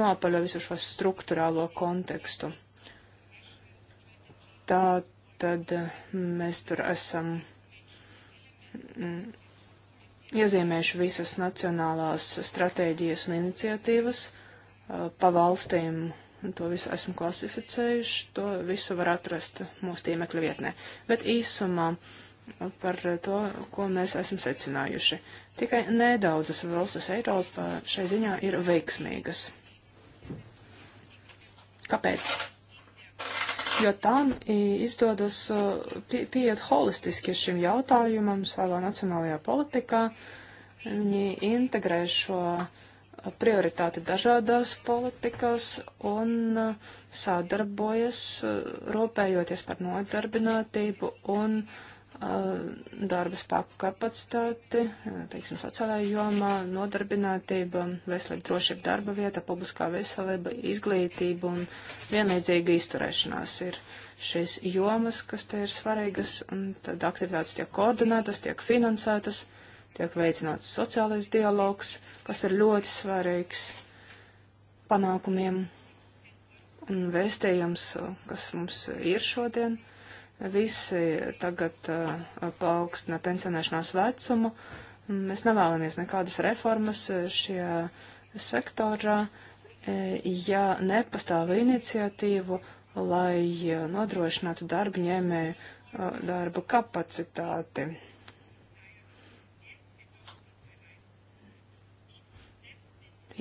noapaļo visu šo struktūrālo kontekstu. Tā tad eh, mēs tur esam mm, iezīmējuši visas nacionālās stratēģijas un iniciatīvas eh, pa valstīm. To visu esmu klasificējuši, to visu var atrast mūsu tīmekļa vietnē. Bet īsumā eh, par to, ko mēs esam secinājuši. Tikai nedaudzas valstis Eiropā šai ziņā ir veiksmīgas. Kāpēc? jo tām izdodas pieiet holistiski šim jautājumam savā nacionālajā politikā. Viņi integrē šo prioritāti dažādās politikās un sadarbojas, rūpējoties par nodarbinātību un uh, darba spēku kapacitāti, teiksim, sociālajā jomā, nodarbinātība, veselība, drošība darba vieta, publiskā veselība, izglītība un vienlīdzīga izturēšanās ir šīs jomas, kas te ir svarīgas, un tad aktivitātes tiek koordinētas, tiek finansētas, tiek veicināts sociālais dialogs, kas ir ļoti svarīgs panākumiem un vēstījums, kas mums ir šodien visi tagad uh, paaugstina pensionēšanās vecumu. Mēs nevēlamies nekādas reformas eh, šajā sektorā, eh, ja nepastāv iniciatīvu, lai nodrošinātu darba ņēmēju uh, darba kapacitāti.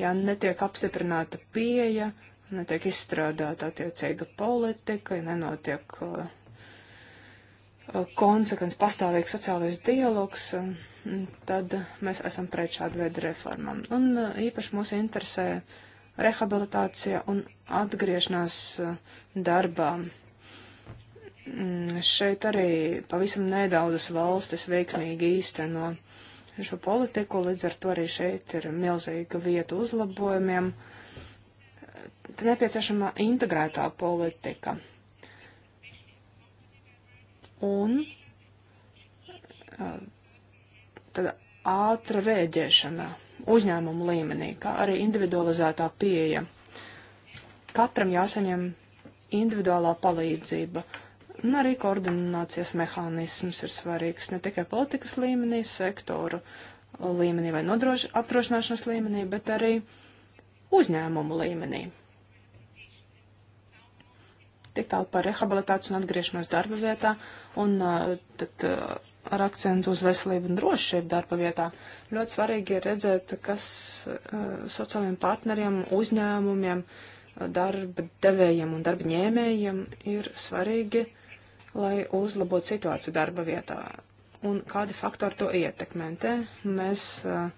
Ja netiek apstiprināta pieeja, netiek izstrādāta attiecīga politika, ja nenotiek uh, Eh, konsekvents pastāvīgs sociālais dialogs, eh, tad mēs esam pret šādu veidu reformām. Un eh, īpaši mūs interesē rehabilitācija un atgriešanās darbā. Mm, šeit arī pavisam nedaudzas valstis veiksmīgi īsteno šo politiku, līdz ar to arī šeit ir milzīga vieta uzlabojumiem. Te nepieciešama integrētā politika un tāda ātra rēģēšana uzņēmumu līmenī, kā arī individualizētā pieeja. Katram jāsaņem individuālā palīdzība, un arī koordinācijas mehānisms ir svarīgs ne tikai politikas līmenī, sektoru līmenī vai apdrošināšanas līmenī, bet arī uzņēmumu līmenī. Tik tālu par rehabilitāciju un atgriešanos darba vietā, un tad ar akcentu uz veselību un drošību darba vietā. Ļoti svarīgi ir redzēt, kas sociālajiem partneriem, uzņēmumiem, darba devējiem un darba ņēmējiem ir svarīgi, lai uzlabotu situāciju darba vietā. Un kādi faktori to ietekmē? Mēs uh,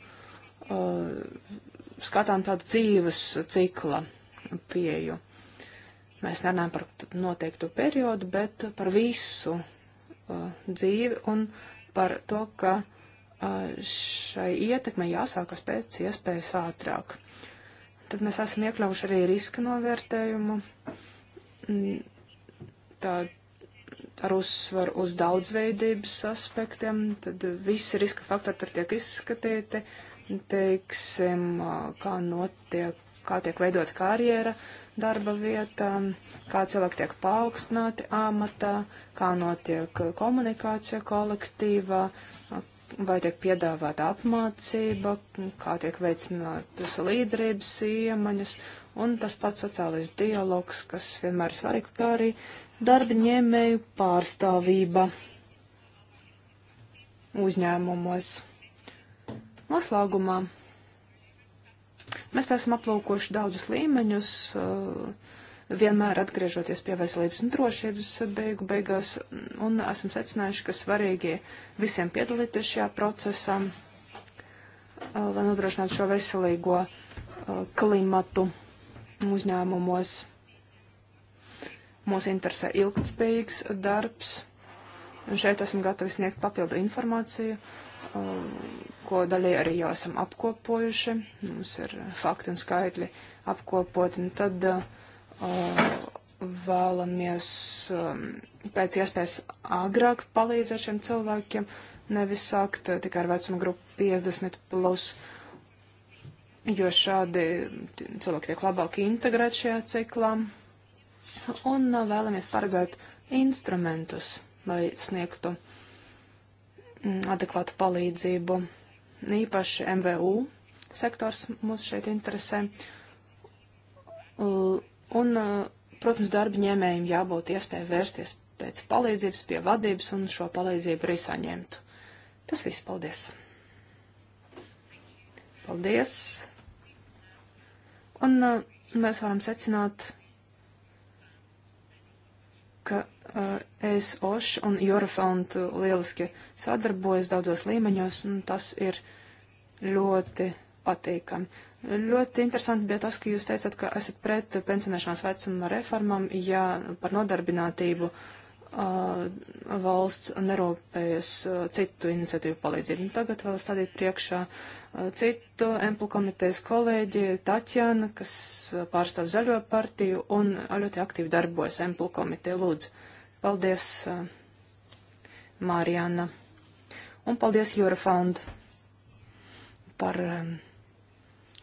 uh, skatām tādu dzīves cikla pieju. Uh, Mēs nerunājam par noteiktu periodu, bet par visu uh, dzīvi un par to, ka uh, šai ietekmei jāsākas pēc iespējas ātrāk. Tad mēs esam iekļauši arī riska novērtējumu, mm, tā, ar uzsvaru uz daudzveidības aspektiem, tad visi riska faktori tur tiek izskatīti, teiksim, uh, kā notiek kā tiek veidota karjera, darba vietā, kā cilvēki tiek paaugstināti amatā, kā notiek komunikācija kolektīvā, vai tiek piedāvāta apmācība, kā tiek veicinātas līderības iemaņas, un tas pats sociālais dialogs, kas vienmēr ir svarīgs, kā arī darba ņēmēju pārstāvība uzņēmumos. Noslēgumā Mēs esam aplūkojuši daudzus līmeņus, uh, vienmēr atgriežoties pie veselības un drošības beigu beigās, un esam secinājuši, ka svarīgi visiem piedalīties šajā procesā, uh, lai nodrošinātu šo veselīgo uh, klimatu uzņēmumos. Mūs interesē ilgtspējīgs darbs, un šeit esam gatavi sniegt papildu informāciju um, ko daļai arī jau esam apkopojuši. Mums ir fakti un skaitļi apkopot, un tad uh, vēlamies um, pēc iespējas agrāk palīdzēt šiem cilvēkiem, nevis sākt uh, tikai ar vecumu grupu 50 plus, jo šādi cilvēki tiek labāk integrēt šajā ciklā. Un uh, vēlamies paredzēt instrumentus, lai sniegtu uh, Mm, adekvātu palīdzību. Īpaši MVU sektors mūs šeit interesē. Un, uh, protams, darba ņēmējiem jābūt iespēja vērsties pēc palīdzības pie vadības un šo palīdzību arī saņemtu. Tas viss, paldies! Paldies! Un uh, mēs varam secināt, ka es Oš un Jorafont lieliski sadarbojas daudzos līmeņos, un tas ir ļoti patīkami. Ļoti interesanti bija tas, ka jūs teicat, ka esat pret pensionēšanās vecuma reformām, ja par nodarbinātību uh, valsts nerūpējas uh, citu iniciatīvu palīdzību. Tagad vēl stādīt priekšā uh, citu emplu komitejas kolēģi Taķjana, kas pārstāv zaļo partiju un ļoti aktīvi darbojas emplu komiteja lūdzu. Uh, Paldies, Mārijana. Un paldies Eurofound par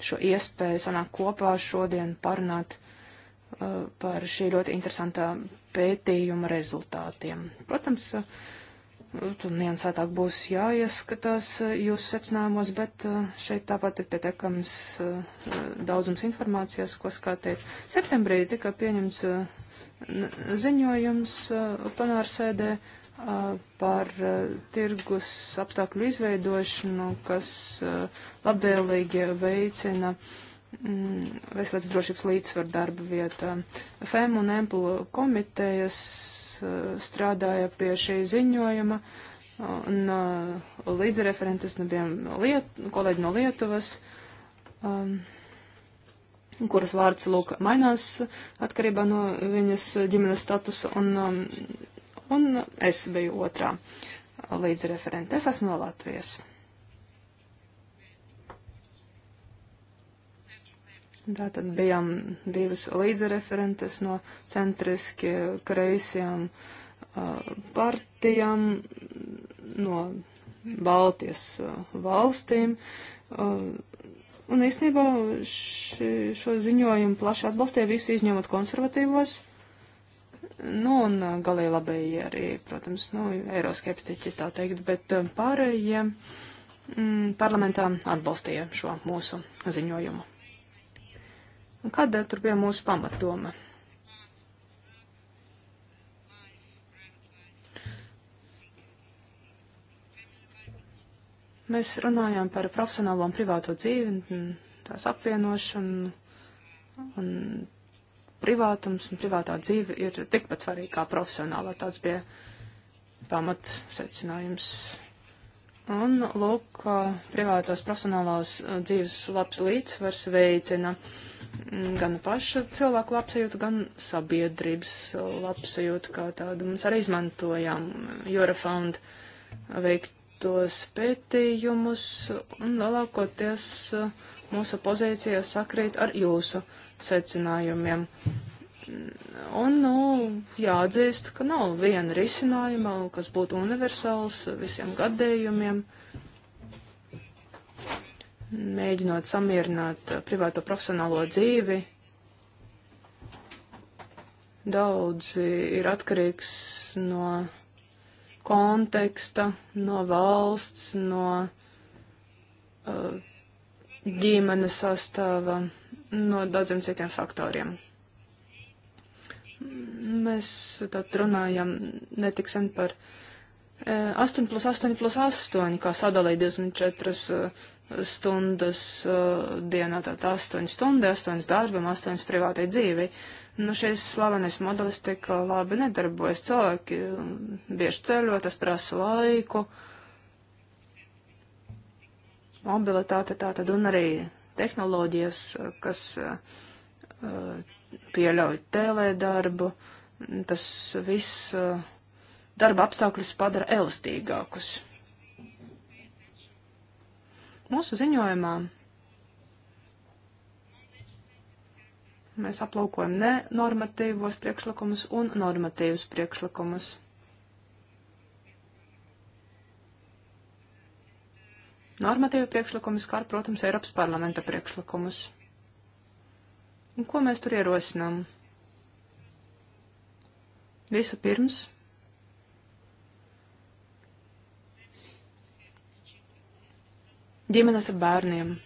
šo iespēju sanākt kopā šodien parunāt par šī ļoti interesantā pētījuma rezultātiem. Protams, tur niansētāk būs jāieskatās jūsu secinājumos, bet šeit tāpat ir pietiekams daudzums informācijas, ko skatīt. Septembrī tika pieņemts ziņojums uh, panārsēdē uh, par uh, tirgus apstākļu izveidošanu, kas labvēlīgi veicina mm, veselības drošības līdzsvaru darba vietā. FEM un EMPL komitejas strādāja pie šī ziņojuma, un līdzreferentes nebija liet, kolēģi no Lietuvas. Um, kuras vārds lūk mainās atkarībā no viņas ģimenes statusa, un, um, un es biju otrā līdzreferente. Es esmu no Latvijas. Tā tad bijām divas līdzreferentes no centriski kreisajām uh, partijām, no Baltijas uh, valstīm. Uh, Un īstenībā ši, šo ziņojumu plaši atbalstīja visi izņemot konservatīvos. Nu, un uh, galīgi labēji arī, protams, nu, eiroskeptiķi tā teikt, bet uh, pārējie mm, parlamentā atbalstīja šo mūsu ziņojumu. Un kāda tur bija mūsu pamatdoma? Mēs runājām par profesionālo un privāto dzīvi, tās apvienošanu, un privātums un privātā dzīve ir tikpat svarīga kā profesionālā. Tāds bija pamat secinājums. Un, lūk, privātās profesionālās uh, dzīves labs līdzsvars veicina mm, gan paša cilvēku labsajūtu, gan sabiedrības labsajūtu kā tādu. Mums arī izmantojām um, Eurofound veikt tos pētījumus un lielākoties uh, mūsu pozīcijas sakrīt ar jūsu secinājumiem. Un, nu, jāatzīst, ka nav viena risinājuma, kas būtu universāls visiem gadījumiem. Mēģinot samierināt privāto profesionālo dzīvi, daudzi ir atkarīgs no konteksta, no valsts, no uh, ģimenes sastāva, no daudziem citiem faktoriem. Mēs tad runājam netik sen par uh, eh, 8 plus 8 plus 8, kā sadalīja 24 uh, eh, stundas eh, dienā, tātad 8 stundas, 8 darbam, 8 privātai dzīvei. Uh, Nu, šis slavenais modelis tik labi nedarbojas. Cilvēki um, bieži ceļo, tas prasa laiku, mobilitāte tātad un arī tehnoloģijas, kas uh, pieļauj tēlēdarbu. Tas viss uh, darba apstākļus padara elastīgākus. Mūsu ziņojumā Mēs aplūkojam nenormatīvos priekšlikumus un normatīvus priekšlikumus. Normatīvu priekšlikumu skar, protams, Eiropas parlamenta priekšlikumus. Un ko mēs tur ierosinām? Visu pirms ģimenes ar bērniem.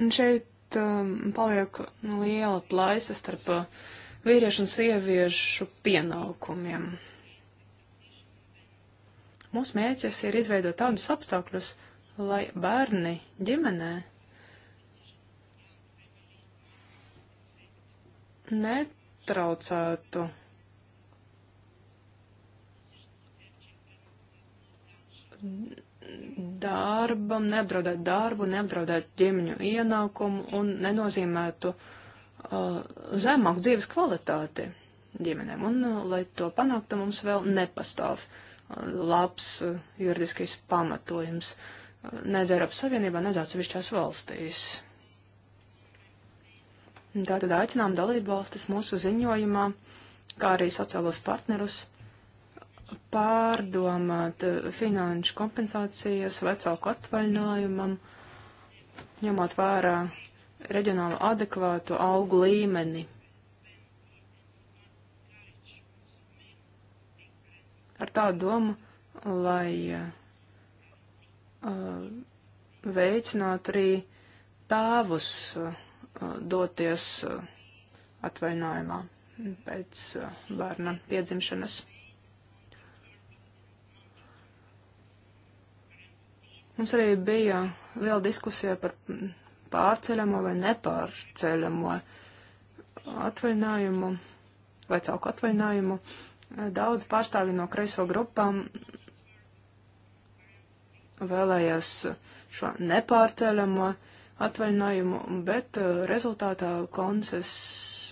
Un šeit um, paliek liela plaisa starp uh, vīriešu un sieviešu pienākumiem. Mūsu mērķis ir izveidot tādus apstākļus, lai bērni ģimenē netraucētu darbam, neapdraudētu darbu, neapdraudētu ģimeņu ienākumu un nenozīmētu uh, zemāku dzīves kvalitāti ģimenēm. Un, uh, lai to panāktu, mums vēl nepastāv uh, labs uh, juridiskais pamatojums uh, nedz Eiropas Savienībā, nedz atsevišķās valstīs. Tātad aicinām dalību valstis mūsu ziņojumā, kā arī sociālos partnerus pārdomāt eh, finanšu kompensācijas vecāku atvaļinājumam, ņemot vērā reģionālu adekvātu algu līmeni. Ar tādu domu, lai uh, veicinātu arī tēvus uh, doties uh, atvaļinājumā pēc bērna piedzimšanas. Mums arī bija vēl diskusija par pārceļamo vai nepārceļamo atvaļinājumu vai cauku atvaļinājumu. Daudz pārstāvi no kreiso grupām vēlējās šo nepārceļamo atvaļinājumu, bet uh, rezultātā konses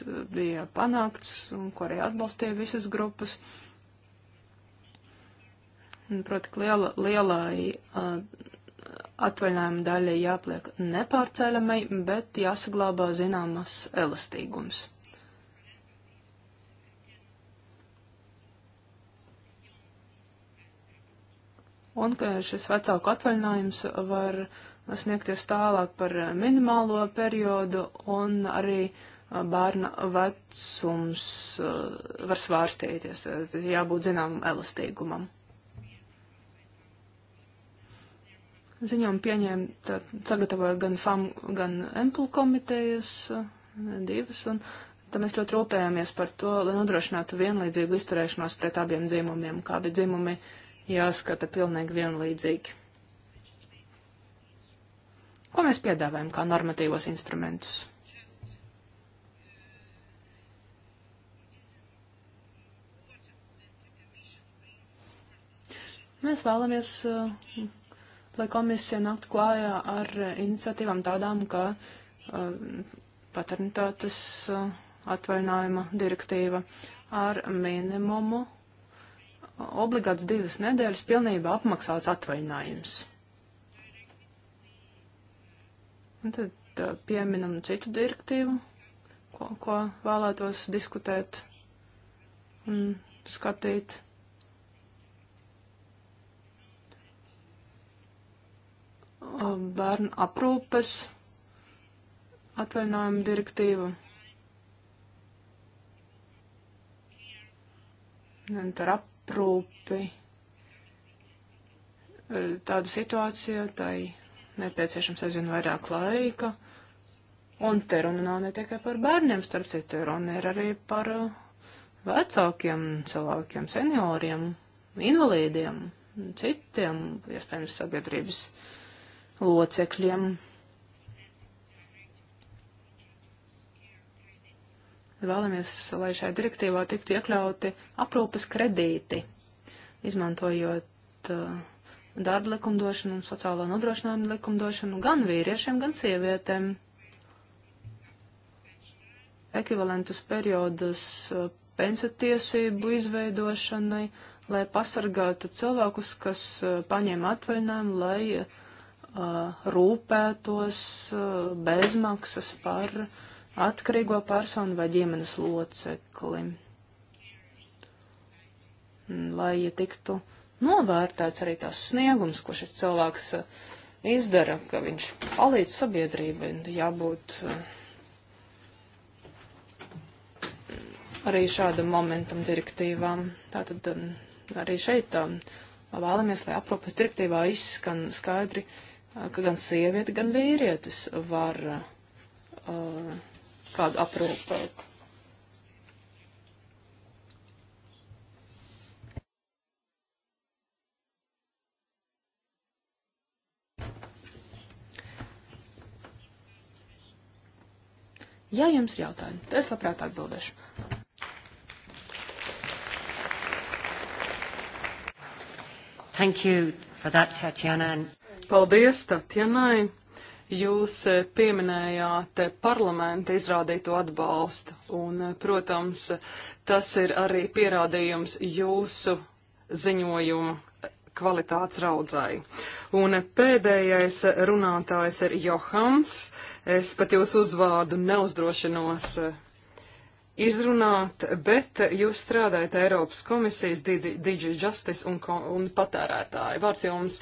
uh, bija panākts, un ko arī atbalstīja visas grupas. Proti, liela, lielai uh, atvaļinājuma daļa jāpliek nepārceļamai, bet jāsaglabā zināmas elastīgums. Un ka šis vecāku atvaļinājums var sniegties tālāk par minimālo periodu un arī bērna vecums eh, var svārstīties, jābūt zināmam elastīgumam. Ziņojumu pieņēma, sagatavoja gan FAM, gan EMPL komitejas eh, divas, un tad mēs ļoti rūpējāmies par to, lai nodrošinātu vienlīdzīgu izturēšanos pret abiem dzimumiem, kā abi dzimumi jāskata pilnīgi vienlīdzīgi. Ko mēs piedāvājam kā normatīvos instrumentus? Mēs vēlamies eh, lai komisija nākt klājā ar eh, iniciatīvām tādām, kā uh, paternitātes uh, atvaļinājuma direktīva ar minimumu obligāts divas nedēļas pilnībā apmaksāts atvaļinājums. Un tad uh, pieminam citu direktīvu, ko, ko vēlētos diskutēt un skatīt. bērnu aprūpes atvaļinājuma direktīva. Un par aprūpi e, tādu situāciju, tai nepieciešams aizvien vairāk laika. Un te runa nav ne tikai par bērniem, starp citu, runa ir arī par e, vecākiem cilvēkiem, senioriem, invalīdiem, citiem, iespējams, sabiedrības uh, locekļiem. Vēlamies, lai šajā direktīvā tiktu iekļauti aprūpas kredīti, izmantojot uh, darba likumdošanu un sociālo nodrošinājumu likumdošanu gan vīriešiem, gan sievietēm. Ekvivalentus periodus uh, pensiju tiesību izveidošanai, lai pasargātu cilvēkus, kas uh, paņēma atvaļinājumu, lai uh, rūpētos bezmaksas par atkarīgo personu vai ģimenes locekli, lai tiktu novērtēts arī tās sniegums, ko šis cilvēks izdara, ka viņš palīdz sabiedrībai, jābūt arī šādam momentam direktīvām. Tātad arī šeit vēlamies, lai apropas direktīvā izskan skaidri uh, ka gan sieviete, gan vīrietis var uh, kādu aprūpēt. Ja jums ir jautājumi, tad es labprāt atbildēšu. Thank you for that, Tatiana. Paldies, Tatjanai! Jūs eh, pieminējāt eh, parlamenta izrādīto atbalstu, un, eh, protams, tas ir arī pierādījums jūsu ziņojumu kvalitātes raudzai. Un pēdējais runātājs ir Johans. Es pat jūsu uzvārdu neuzdrošinos izrunāt, bet jūs strādājat Eiropas komisijas Digi Justice un, un patērētāji. Vārds jums,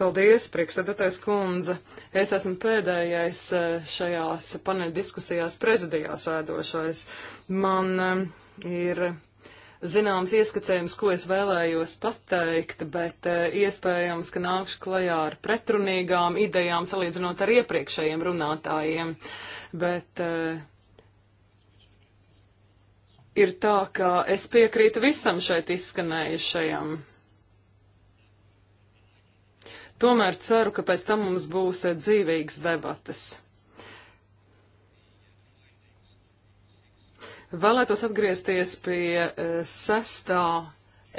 paldies, priekšsēdētais kundze. Es esmu pēdējais eh, šajās paneļa diskusijās prezidijā sēdošais. Man eh, ir zināms ieskacējums, ko es vēlējos pateikt, bet eh, iespējams, ka nākšu klajā ar pretrunīgām idejām salīdzinot ar iepriekšējiem runātājiem. Bet, uh, ir tā, ka es piekrītu visam šeit izskanējušajam. Tomēr ceru, ka pēc tam mums būs eh, dzīvīgas debates. Vēlētos atgriezties pie eh, sestā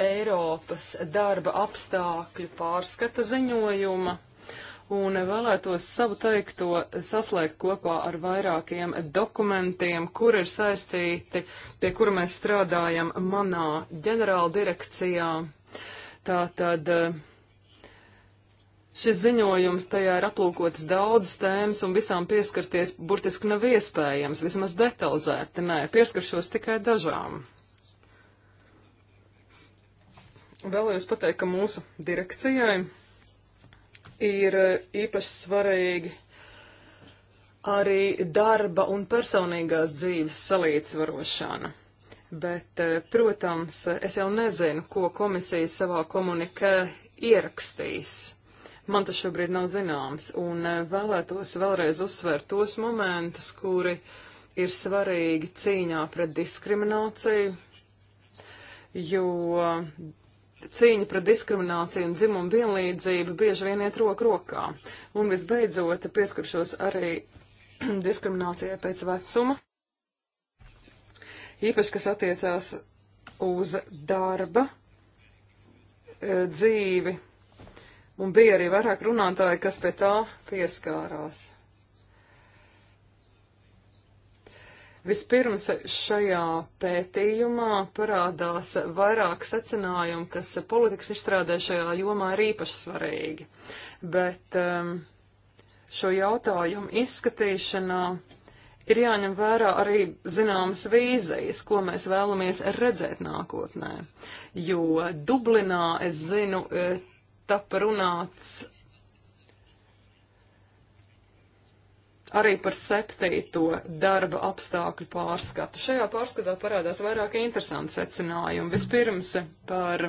Eiropas darba apstākļu pārskata ziņojuma un vēlētos savu teikto saslēgt kopā ar vairākiem dokumentiem, kur ir saistīti, pie kura mēs strādājam manā ģenerāla direkcijā. Tātad eh, šis ziņojums tajā ir aplūkots daudzas tēmas un visām pieskarties burtiski nav iespējams, vismaz detalizēti, nē, pieskaršos tikai dažām. Vēlējos pateikt, ka mūsu direkcijai ir eh, īpaši svarīgi arī darba un personīgās dzīves salīdzvarošana. Bet, eh, protams, es jau nezinu, ko komisija savā komunikē ierakstīs. Man tas šobrīd nav zināms, un eh, vēlētos vēlreiz uzsvērt tos momentus, kuri ir svarīgi cīņā pret diskrimināciju, jo cīņa pret diskrimināciju un dzimumu vienlīdzību bieži vien iet roku rokā. Un visbeidzot, pieskaršos arī diskriminācijai pēc vecuma, īpaši kas attiecās uz darba e, dzīvi. Un bija arī vairāk runātāji, kas pie tā pieskārās. Vispirms šajā pētījumā parādās vairāk secinājumu, kas politikas izstrādē šajā jomā ir īpaši svarīgi, bet um, šo jautājumu izskatīšanā ir jāņem vērā arī zināmas vīzijas, ko mēs vēlamies redzēt nākotnē, jo Dublinā, es zinu, eh, tapa runāts arī par septīto darba apstākļu pārskatu. Šajā pārskatā parādās vairāk interesanti secinājumi. Vispirms par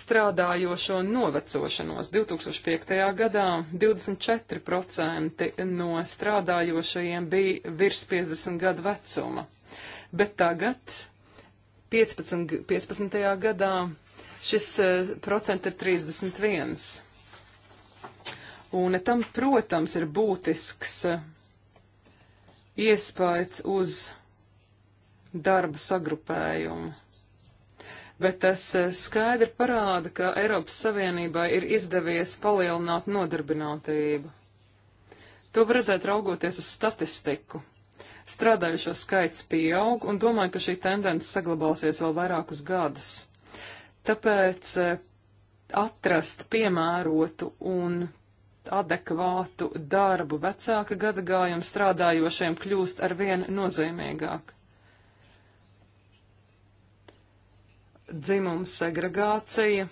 strādājošo novecošanos. 2005. gadā 24% no strādājošajiem bija virs 50 gadu vecuma, bet tagad 15, 15. gadā šis eh, procents ir 31. Un tam, protams, ir būtisks eh, iespējas uz darba sagrupējumu. Bet tas eh, skaidri parāda, ka Eiropas Savienībai ir izdevies palielināt nodarbinātību. To var redzēt raugoties uz statistiku. Strādājušo skaits pieaug un domāju, ka šī tendence saglabāsies vēl vairākus gadus. Tāpēc eh, atrast piemērotu un adekvātu darbu vecāka gadagājuma strādājošiem kļūst ar vien nozīmīgāk. Dzimums segregācija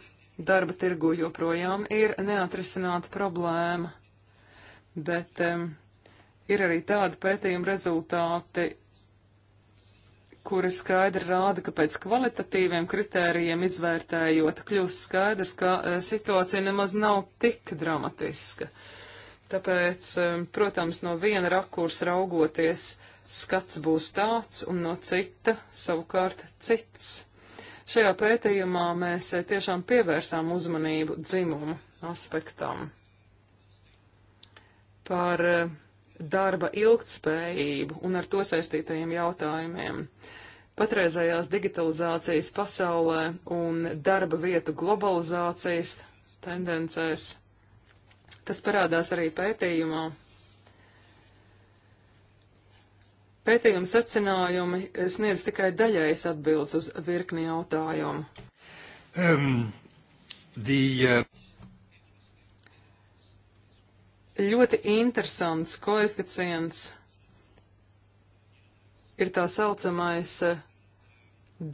darba tirgu joprojām ir neatrisināta problēma, bet um, ir arī tādi pētījuma rezultāti, kuri skaidri rāda, ka pēc kvalitatīviem kritērijiem izvērtējot, kļūst skaidrs, ka e, situācija nemaz nav tik dramatiska. Tāpēc, e, protams, no viena rakursa raugoties, skats būs tāds un no cita savukārt cits. Šajā pētījumā mēs e, tiešām pievērsām uzmanību dzimumu aspektam. Par uh, darba ilgtspējību un ar to saistītajiem jautājumiem. Patreizējās digitalizācijas pasaulē un darba vietu globalizācijas tendencēs. Tas parādās arī pētījumā. Pētījuma secinājumi sniedz tikai daļais atbildes uz virkni jautājumu. Um, the, uh ļoti interesants koeficients ir tā saucamais eh,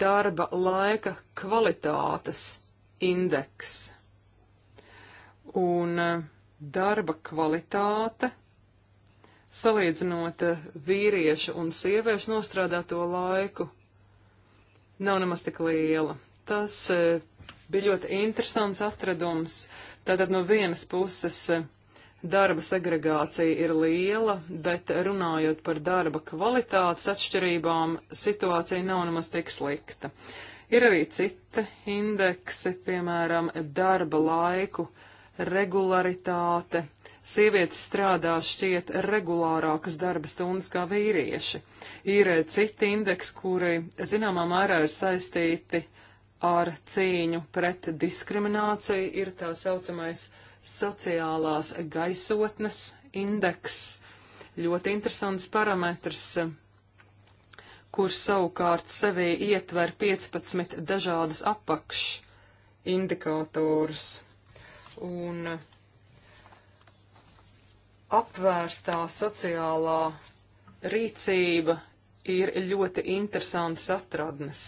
darba laika kvalitātes indeks. Un eh, darba kvalitāte, salīdzinot eh, vīriešu un sieviešu nostrādāto laiku, nav nemaz tik liela. Tas bija ļoti interesants atradums. Tātad no vienas puses darba segregācija ir liela, bet runājot par darba kvalitātes atšķirībām, situācija nav nemaz tik slikta. Ir arī citi indeksi, piemēram, darba laiku regularitāte. Sievietes strādā šķiet regulārākas darba stundas kā vīrieši. Ir citi indeksi, kuri zināmā mērā ir saistīti ar cīņu pret diskrimināciju, ir tā saucamais sociālās gaisotnes indeks. Ļoti interesants parametrs, kurš savukārt sevī ietver 15 dažādus apakš indikātors. Un apvērstā sociālā rīcība ir ļoti interesants atradnes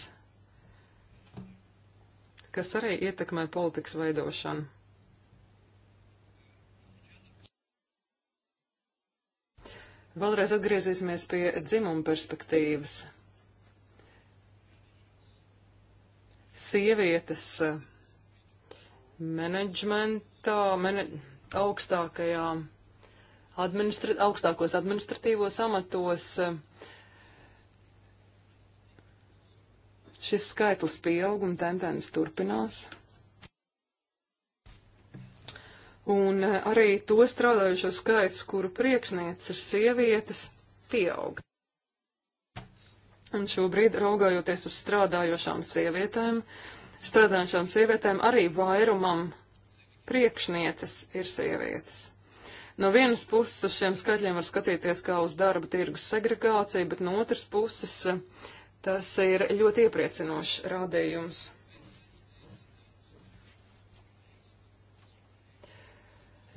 kas arī ietekmē politikas veidošanu. Vēlreiz atgriezīsimies pie dzimuma perspektīvas. Sievietes eh, menedžmentā, mene, augstākajā administra, augstākos administratīvos amatos. Eh, šis skaitlis pieaug un tendence turpinās un eh, arī to strādājušo skaits, kuru priekšnieks ir sievietes, pieaug. Un šobrīd, raugājoties uz strādājošām sievietēm, strādājošām sievietēm arī vairumam priekšnieces ir sievietes. No vienas puses uz šiem skaitļiem var skatīties kā uz darba tirgus segregāciju, bet no otras puses tas ir ļoti iepriecinošs rādījums.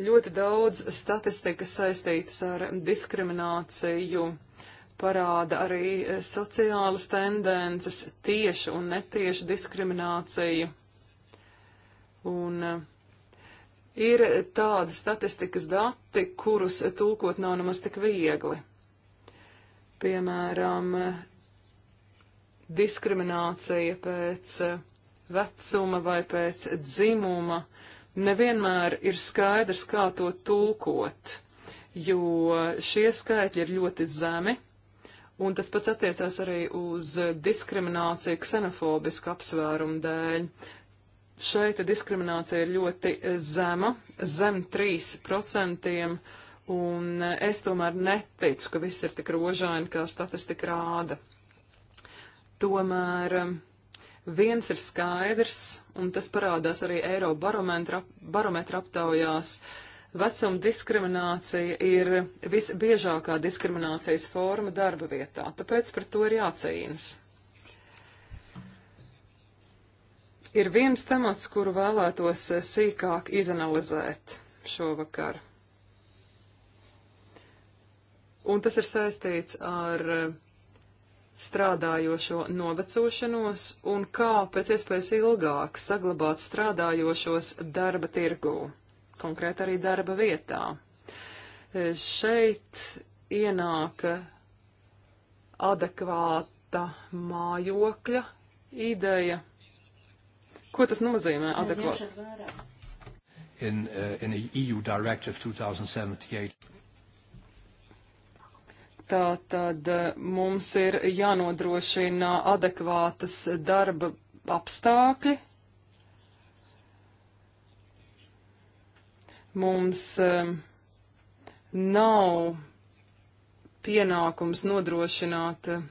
Ļoti daudz statistikas saistītas ar diskrimināciju, parāda arī e, sociālas tendences, tieši un netieši diskrimināciju. Un e, ir tādi statistikas dati, kurus tūkot nav nemaz tik viegli. Piemēram, e, diskriminācija pēc vecuma vai pēc dzimuma nevienmēr ir skaidrs, kā to tulkot, jo šie skaitļi ir ļoti zemi, un tas pats attiecās arī uz diskrimināciju ksenofobisku apsvērumu dēļ. Šeit diskriminācija ir ļoti zema, zem 3%, un es tomēr neticu, ka viss ir tik rožaini, kā statistika rāda. Tomēr um, Viens ir skaidrs, un tas parādās arī Eiro barometra aptaujās. Vecuma diskriminācija ir visbiežākā diskriminācijas forma darba vietā, tāpēc par to ir jācīnas. Ir viens temats, kuru vēlētos sīkāk izanalizēt šovakar. Un tas ir saistīts ar strādājošo novecošanos un kā pēc iespējas ilgāk saglabāt strādājošos darba tirgū, konkrēt arī darba vietā. E, šeit ienāk adekvāta mājokļa ideja. Ko tas nozīmē adekvāti? In, uh, in EU e Directive 2078. Tā tad eh, mums ir jānodrošina adekvātas darba apstākļi. Mums eh, nav pienākums nodrošināt eh,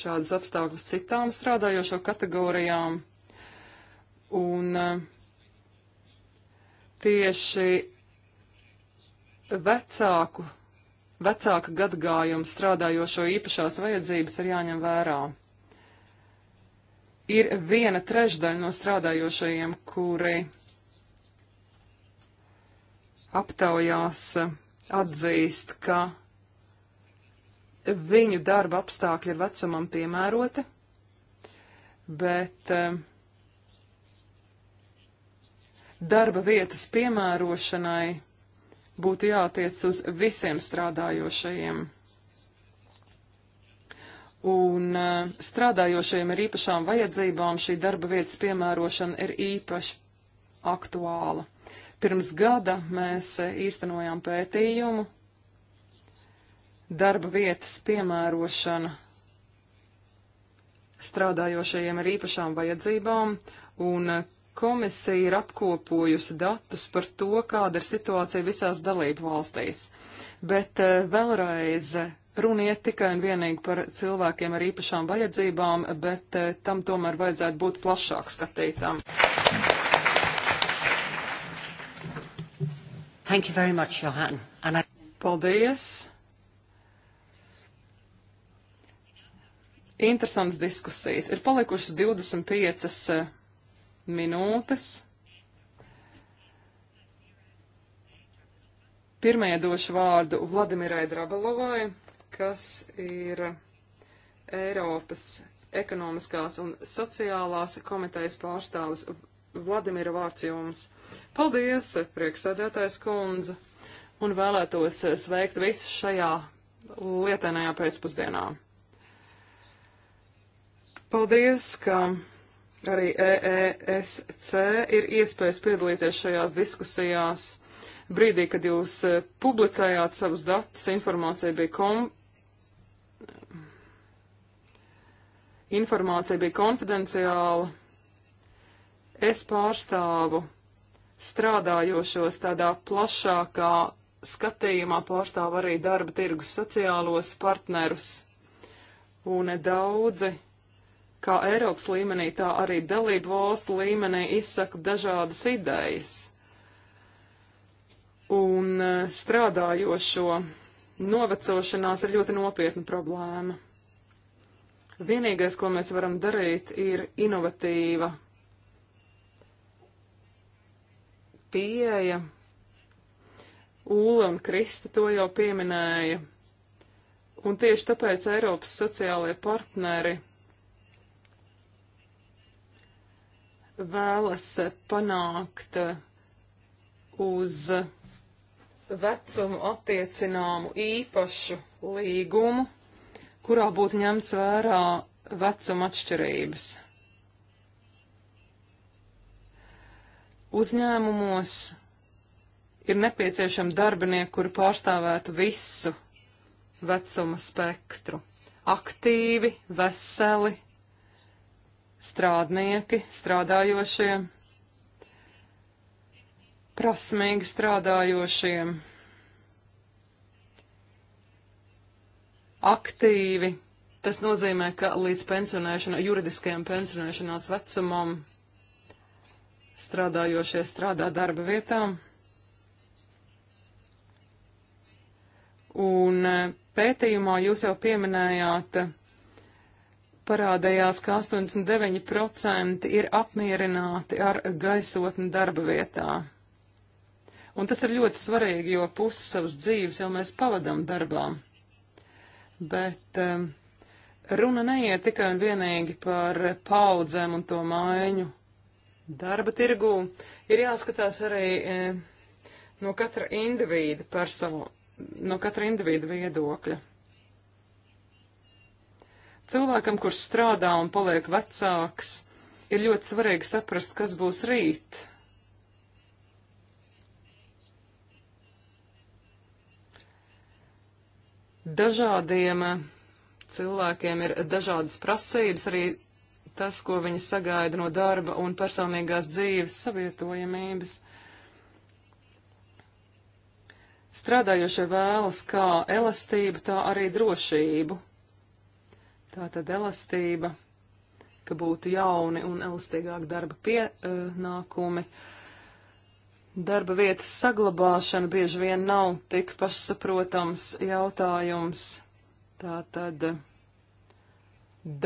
šādas apstākļas citām strādājošo kategorijām. Un tieši vecāku vecāka gadgājuma strādājošo īpašās vajadzības ir jāņem vērā. Ir viena trešdaļa no strādājošajiem, kuri aptaujās atzīst, ka viņu darba apstākļi ir vecumam piemēroti, bet eh, darba vietas piemērošanai būtu jātiec uz visiem strādājošajiem. Un e, strādājošajiem ar īpašām vajadzībām šī darba vietas piemērošana ir īpaši aktuāla. Pirms gada mēs e, īstenojām pētījumu darba vietas piemērošana strādājošajiem ar īpašām vajadzībām un e, Komisija ir apkopojusi datus par to, kāda ir situācija visās dalību valstīs, bet eh, vēlreiz runiet tikai un vienīgi par cilvēkiem ar īpašām vajadzībām, bet eh, tam tomēr vajadzētu būt plašāk skatītām. Thank you very much, Johan. And I... Paldies! Interesants diskusijas. Ir palikušas 25 minūtes. Pirmajai došu vārdu Vladimirai Drabalovai, kas ir Eiropas ekonomiskās un sociālās komitejas pārstāvis. Vladimira vārds jums. Paldies, prieksēdētājs kundze, un vēlētos sveikt visus šajā lietainajā pēcpusdienā. Paldies, ka Arī EESC ir iespējas piedalīties šajās diskusijās. Brīdī, kad jūs eh, publicējāt savus datus, informācija bija kom... informācija bija konfidenciāla. Es pārstāvu strādājošos tādā plašākā skatījumā pārstāv arī darba tirgus sociālos partnerus, un daudzi kā Eiropas līmenī, tā arī dalību valstu līmenī izsaka dažādas idejas. Un e, strādājošo novecošanās ir ļoti nopietna problēma. Vienīgais, ko mēs varam darīt, ir inovatīva pieeja. Ūla un Krista to jau pieminēja. Un tieši tāpēc Eiropas sociālajie partneri vēlas panākt uz vecumu attiecināmu īpašu līgumu, kurā būtu ņemts vērā vecuma atšķirības. Uzņēmumos ir nepieciešami darbinieki, kuri pārstāvētu visu vecuma spektru - aktīvi, veseli, strādnieki, strādājošie, prasmīgi strādājošiem, aktīvi. Tas nozīmē, ka līdz pensionēšanai, juridiskajam pensionēšanās vecumam strādājošie strādā darba vietām. Un eh, pētījumā jūs jau pieminējāt parādījās, ka 89% ir apmierināti ar gaisotni darba vietā. Un tas ir ļoti svarīgi, jo pusi savas dzīves jau mēs pavadam darbā. Bet um, runa neiet tikai un vienīgi par paudzēm un to mājiņu darba tirgū. Ir jāskatās arī e, no katra individa personu, no katra individa viedokļa. Cilvēkam, kurš strādā un paliek vecāks, ir ļoti svarīgi saprast, kas būs rīt. Dažādiem eh, cilvēkiem ir dažādas prasības, arī tas, ko viņi sagaida no darba un personīgās dzīves savietojamības. Strādājošie vēlas kā elastību, tā arī drošību. Tā tad elastība, ka būtu jauni un elastīgāk darba pienākumi. Darba vietas saglabāšana bieži vien nav tik pašsaprotams jautājums. Tā tad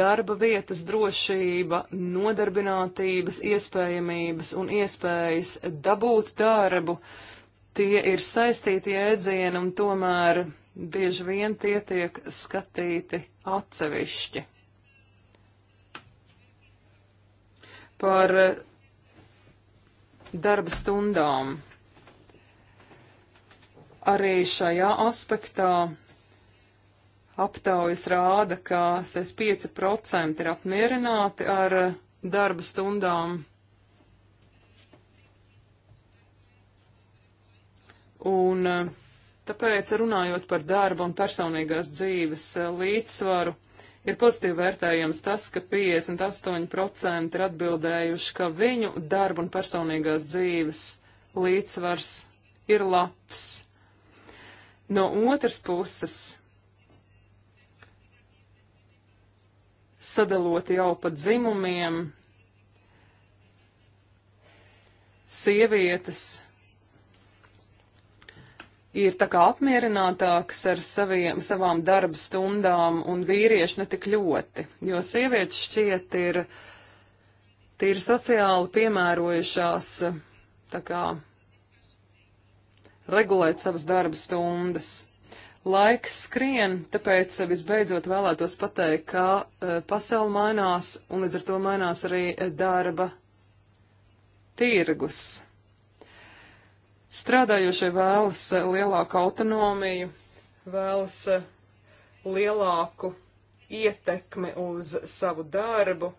darba vietas drošība, nodarbinātības iespējamības un iespējas dabūt darbu, tie ir saistīti jēdzieni un tomēr bieži vien tie tiek skatīti atsevišķi. Par eh, darba stundām. Arī šajā aspektā aptaujas rāda, ka 65% ir apmierināti ar eh, darba stundām. Un uh, Tāpēc, runājot par darbu un personīgās dzīves e, līdzsvaru, ir pozitīvi vērtējams tas, ka 58% ir atbildējuši, ka viņu darba un personīgās dzīves līdzsvars ir labs. No otras puses, sadalot jau pa dzimumiem, sievietes ir tā kā apmierinātāks ar saviem, savām darba stundām un vīrieši netik ļoti, jo sievietes šķiet ir, ir sociāli piemērojušās tā kā regulēt savas darba stundas. Laiks skrien, tāpēc visbeidzot vēlētos pateikt, ka e, pasauli mainās un līdz ar to mainās arī darba tirgus. Strādājošie vēlas eh, lielāku autonomiju, vēlas eh, lielāku ietekmi uz savu darbu,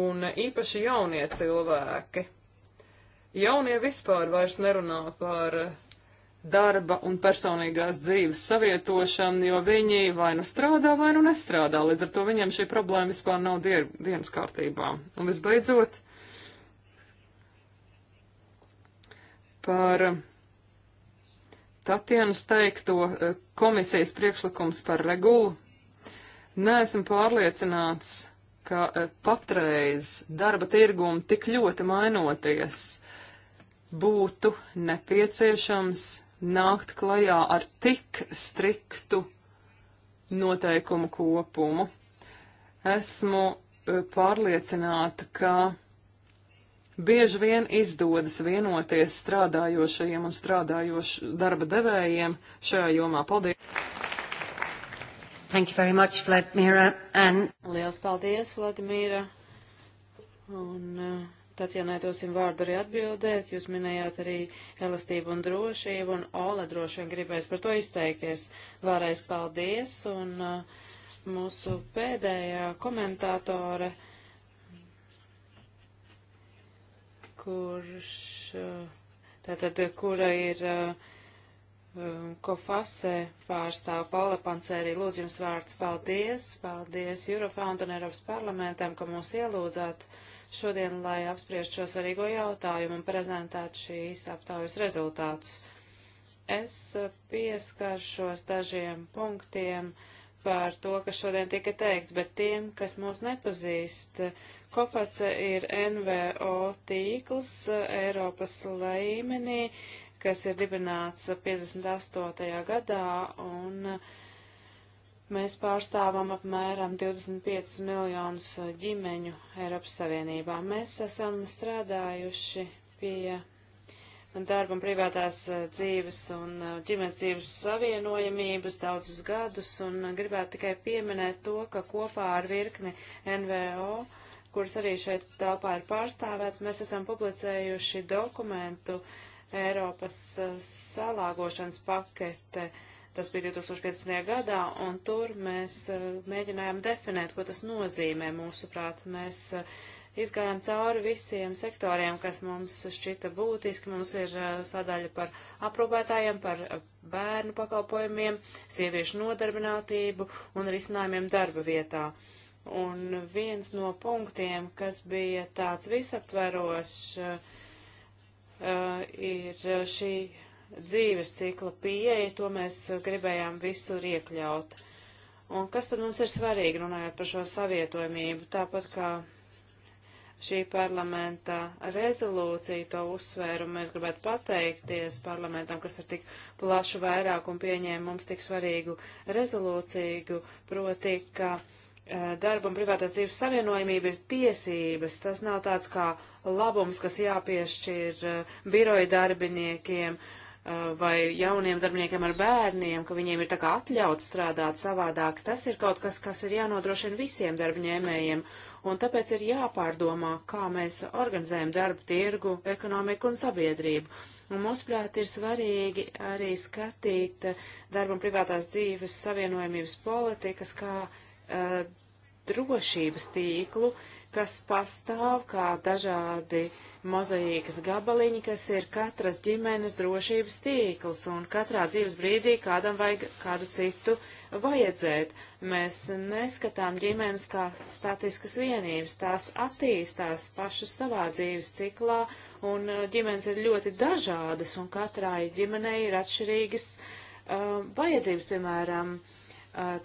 un eh, īpaši jaunie cilvēki. Jaunie vispār vairs nerunā par darba un personīgās dzīves savietošanu, jo viņi vai nu strādā, vai nu nestrādā. Līdz ar to viņiem šī problēma vispār nav dier, dienas kārtībā. Un visbeidzot, par Tatienas teikto eh, komisijas priekšlikums par regulu. Neesmu pārliecināts, ka eh, patreiz darba tirgumi tik ļoti mainoties būtu nepieciešams nākt klajā ar tik striktu noteikumu kopumu. Esmu eh, pārliecināta, ka bieži vien izdodas vienoties strādājošajiem un strādājošu darba devējiem šajā jomā. Paldies! Thank you very much, Vladimira. And... Liels paldies, Vladimira. Un uh, eh, Tatjanai dosim vārdu arī atbildēt. Jūs minējāt arī elastību un drošību, un Ola droši vien gribēs par to izteikties. Vēlreiz paldies, un uh, mūsu pēdējā komentātore. Uh, kurš, eh, tātad, kura ir eh, um, Kofase pārstāv Paula Pancēri. Lūdzu jums vārds paldies, paldies Eurofound un Eiropas parlamentam, ka mūs ielūdzāt šodien, lai apspriest šo svarīgo jautājumu un prezentētu šīs aptaujas rezultātus. Es eh, pieskaršos dažiem punktiem par to, kas šodien tika teikts, bet tiem, kas mūs nepazīst, Kopace ir NVO tīkls eh, Eiropas līmenī, kas ir dibināts 58. gadā, un eh, mēs pārstāvam apmēram 25 miljonus eh, ģimeņu Eiropas Savienībā. Mēs esam strādājuši pie darba un privātās dzīves un ģimenes dzīves savienojamības daudzus gadus, un gribētu tikai pieminēt to, ka kopā ar virkni NVO kuras arī šeit telpā ir pārstāvēts, mēs esam publicējuši dokumentu Eiropas eh, salāgošanas pakete. Tas bija 2015. gadā, un tur mēs eh, mēģinājām definēt, ko tas nozīmē. Mūsuprāt, mēs eh, izgājām cauri visiem sektoriem, kas mums šķita būtiski. Mums ir sadaļa par aprūpētājiem, par bērnu pakalpojumiem, sieviešu nodarbinātību un risinājumiem darba vietā. Uh, Un viens no punktiem, kas bija tāds visaptverošs, uh, ir šī dzīves cikla pieeja, to mēs gribējām visur iekļaut. Un kas tad mums ir svarīgi runājot par šo savietojamību, tāpat kā šī parlamenta rezolūcija to uzsvēru, mēs gribētu pateikties parlamentam, kas ar tik plašu vairākumu pieņēma mums tik svarīgu rezolūciju, proti, ka uh, Eh, darba un privātās dzīves savienojamība ir tiesības. Tas nav tāds kā labums, kas jāpiešķir eh, biroja darbiniekiem eh, vai jauniem darbiniekiem ar bērniem, ka viņiem ir tā kā atļauts strādāt savādāk. Tas ir kaut kas, kas ir jānodrošina visiem darbņēmējiem, un tāpēc ir jāpārdomā, kā mēs organizējam darbu tirgu, ekonomiku un sabiedrību. Un mūsuprāt, ir svarīgi arī skatīt darba un privātās dzīves savienojamības politikas kā uh, drošības tīklu, kas pastāv kā dažādi mozaīkas gabaliņi, kas ir katras ģimenes drošības tīkls, un katrā dzīves brīdī kādam vajag kādu citu vajadzēt. Mēs neskatām ģimenes kā statiskas vienības, tās attīstās pašas savā dzīves ciklā, un eh, ģimenes ir ļoti dažādas, un katrai ģimenei ir atšķirīgas uh, vajadzības, piemēram, uh,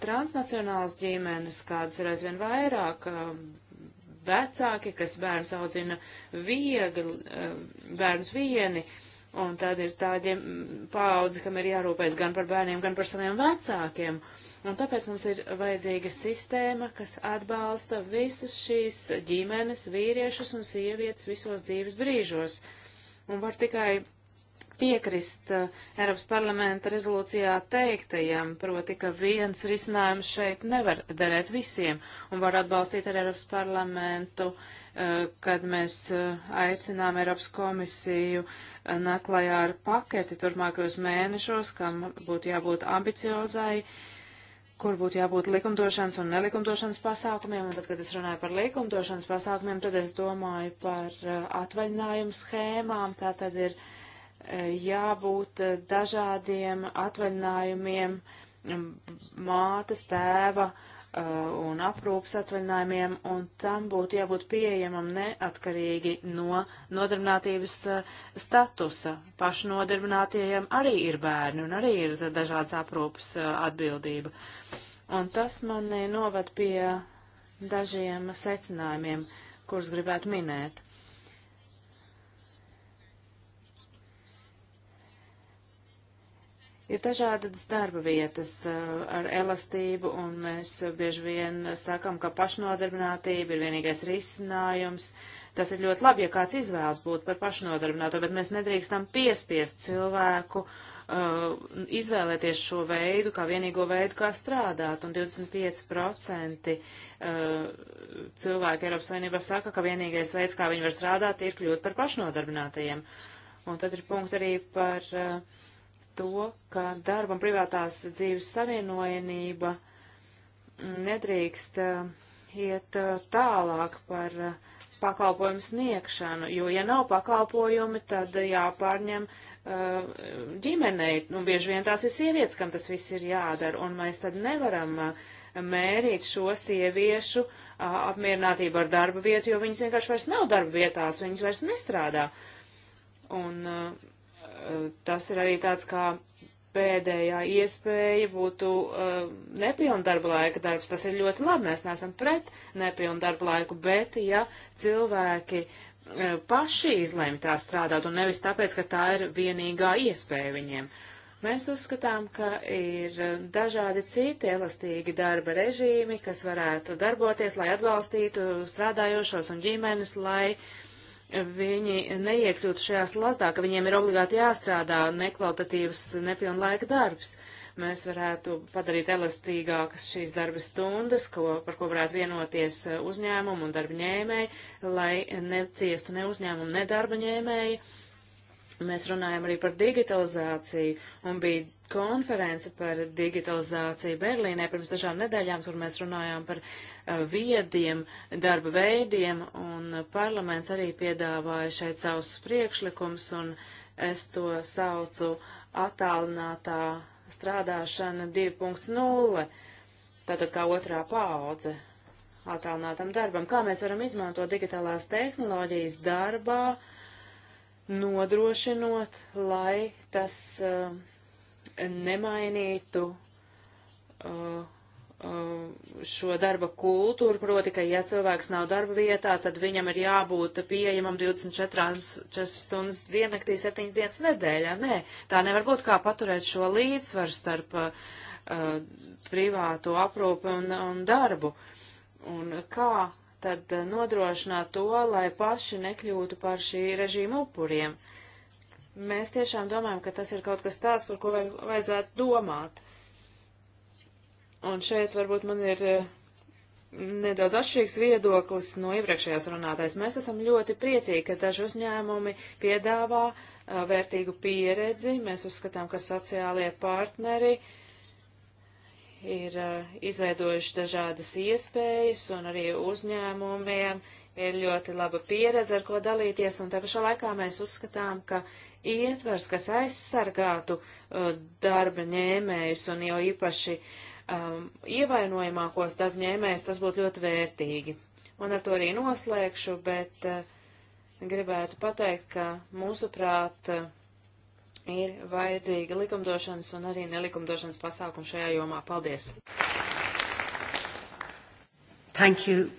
transnacionālas ģimenes, kādas ir aizvien vairāk, vecāki, kas bērns audzina viegli, bērns vieni, un tad ir tā paudze, kam ir jārūpēs gan par bērniem, gan par saviem vecākiem. Un tāpēc mums ir vajadzīga sistēma, kas atbalsta visas šīs ģimenes, vīriešus un sievietes visos dzīves brīžos. Un var tikai piekrist eh, Eiropas parlamenta rezolūcijā teiktajam, proti, ka viens risinājums šeit nevar derēt visiem un var atbalstīt ar Eiropas parlamentu, eh, kad mēs eh, aicinām Eiropas komisiju naklajā ar paketi turmākajos mēnešos, kam būtu jābūt ambiciozai kur būtu jābūt likumdošanas un nelikumdošanas pasākumiem, un tad, kad es runāju par likumdošanas pasākumiem, tad es domāju par atvaļinājumu schēmām, tā tad ir uh, jābūt dažādiem atvaļinājumiem, mātes, tēva un aprūpas atvaļinājumiem, un tam būtu jābūt pieejamam neatkarīgi no nodarbinātības statusa. Pašnodarbinātajiem arī ir bērni un arī ir dažādas aprūpas atbildība. Un tas mani noved pie dažiem secinājumiem, kurus gribētu minēt. Ir dažādas darba vietas eh, ar elastību, un mēs bieži vien sakam, ka pašnodarbinātība ir vienīgais risinājums. Tas ir ļoti labi, ja kāds izvēlas būt par pašnodarbināto, bet mēs nedrīkstam piespiest cilvēku uh, izvēlēties šo veidu, kā vienīgo veidu, kā strādāt, un 25% uh, eh, cilvēki Eiropas Savienībā saka, ka vienīgais veids, kā viņi var strādāt, ir kļūt par pašnodarbinātajiem. Un tad ir punkti arī par uh, to, ka darba un privātās dzīves savienojenība nedrīkst uh, iet uh, tālāk par uh, pakalpojumu sniegšanu, jo, ja nav pakalpojumi, tad jāpārņem ģimenei, nu, bieži vien tās ir sievietes, kam tas viss ir jādara, un mēs tad nevaram mērīt šo sieviešu apmierinātību ar darba vietu, jo viņas vienkārši vairs nav darba vietās, viņas vairs nestrādā. Un uh, Eh, tas ir arī tāds kā pēdējā iespēja būtu uh, nepilna darba laika darbs. Tas ir ļoti labi, mēs neesam pret nepilnu darba laiku, bet ja cilvēki uh, paši izlēma tā strādāt un nevis tāpēc, ka tā ir vienīgā iespēja viņiem. Mēs uzskatām, ka ir dažādi citi elastīgi darba režīmi, kas varētu darboties, lai atbalstītu strādājošos un ģimenes, lai uh, viņi neiekļūtu šajās lazdā, ka viņiem ir obligāti jāstrādā nekvalitatīvs nepilnlaika darbs. Mēs varētu padarīt elastīgākas šīs darba stundas, ko, par ko varētu vienoties uh, uzņēmumu un darba ņēmēji, lai neciestu ne uzņēmumu, ne darba ņēmēji. Uh, Mēs runājam arī par digitalizāciju, un bija konference par digitalizāciju Berlīnē pirms dažām nedēļām, kur mēs runājām par uh, viediem darba veidiem, un parlaments arī piedāvāja šeit savus priekšlikums, un es to saucu attālinātā strādāšana 2.0, tātad kā otrā paudze attālinātam darbam. Kā mēs varam izmantot digitālās tehnoloģijas darbā? nodrošinot, lai tas um, uh, nemainītu uh, šo darba kultūru, proti, ka, ja cilvēks nav darba vietā, tad viņam ir jābūt pieejamam 24 stundas diennaktī, 7 dienas nedēļā. Nē, tā nevar būt kā paturēt šo līdzsvaru starp uh, privāto aprūpi un, un darbu. Un kā tad eh, nodrošināt to, lai paši nekļūtu par šī režīma upuriem. Mēs tiešām domājam, ka tas ir kaut kas tāds, par ko vajag, vajadzētu domāt. Un šeit varbūt man ir eh, nedaudz atšķirīgs viedoklis no iepriekšējās runātais. Mēs esam ļoti priecīgi, ka daži uzņēmumi piedāvā a, eh, vērtīgu pieredzi. Mēs uzskatām, ka sociālie partneri uh, ir eh, izveidojuši dažādas iespējas un arī uzņēmumiem ir ļoti laba pieredze, ar ko dalīties, un te pašā laikā mēs uzskatām, ka ietvers, kas aizsargātu uh, darba ņēmējus un jau īpaši um, ievainojamākos darba ņēmējus, tas būtu ļoti vērtīgi. Un ar to arī noslēgšu, bet uh, gribētu pateikt, ka mūsuprāt, uh, ir vajadzīga likumdošanas un arī nelikumdošanas pasākuma šajā jomā. Paldies! Thank you!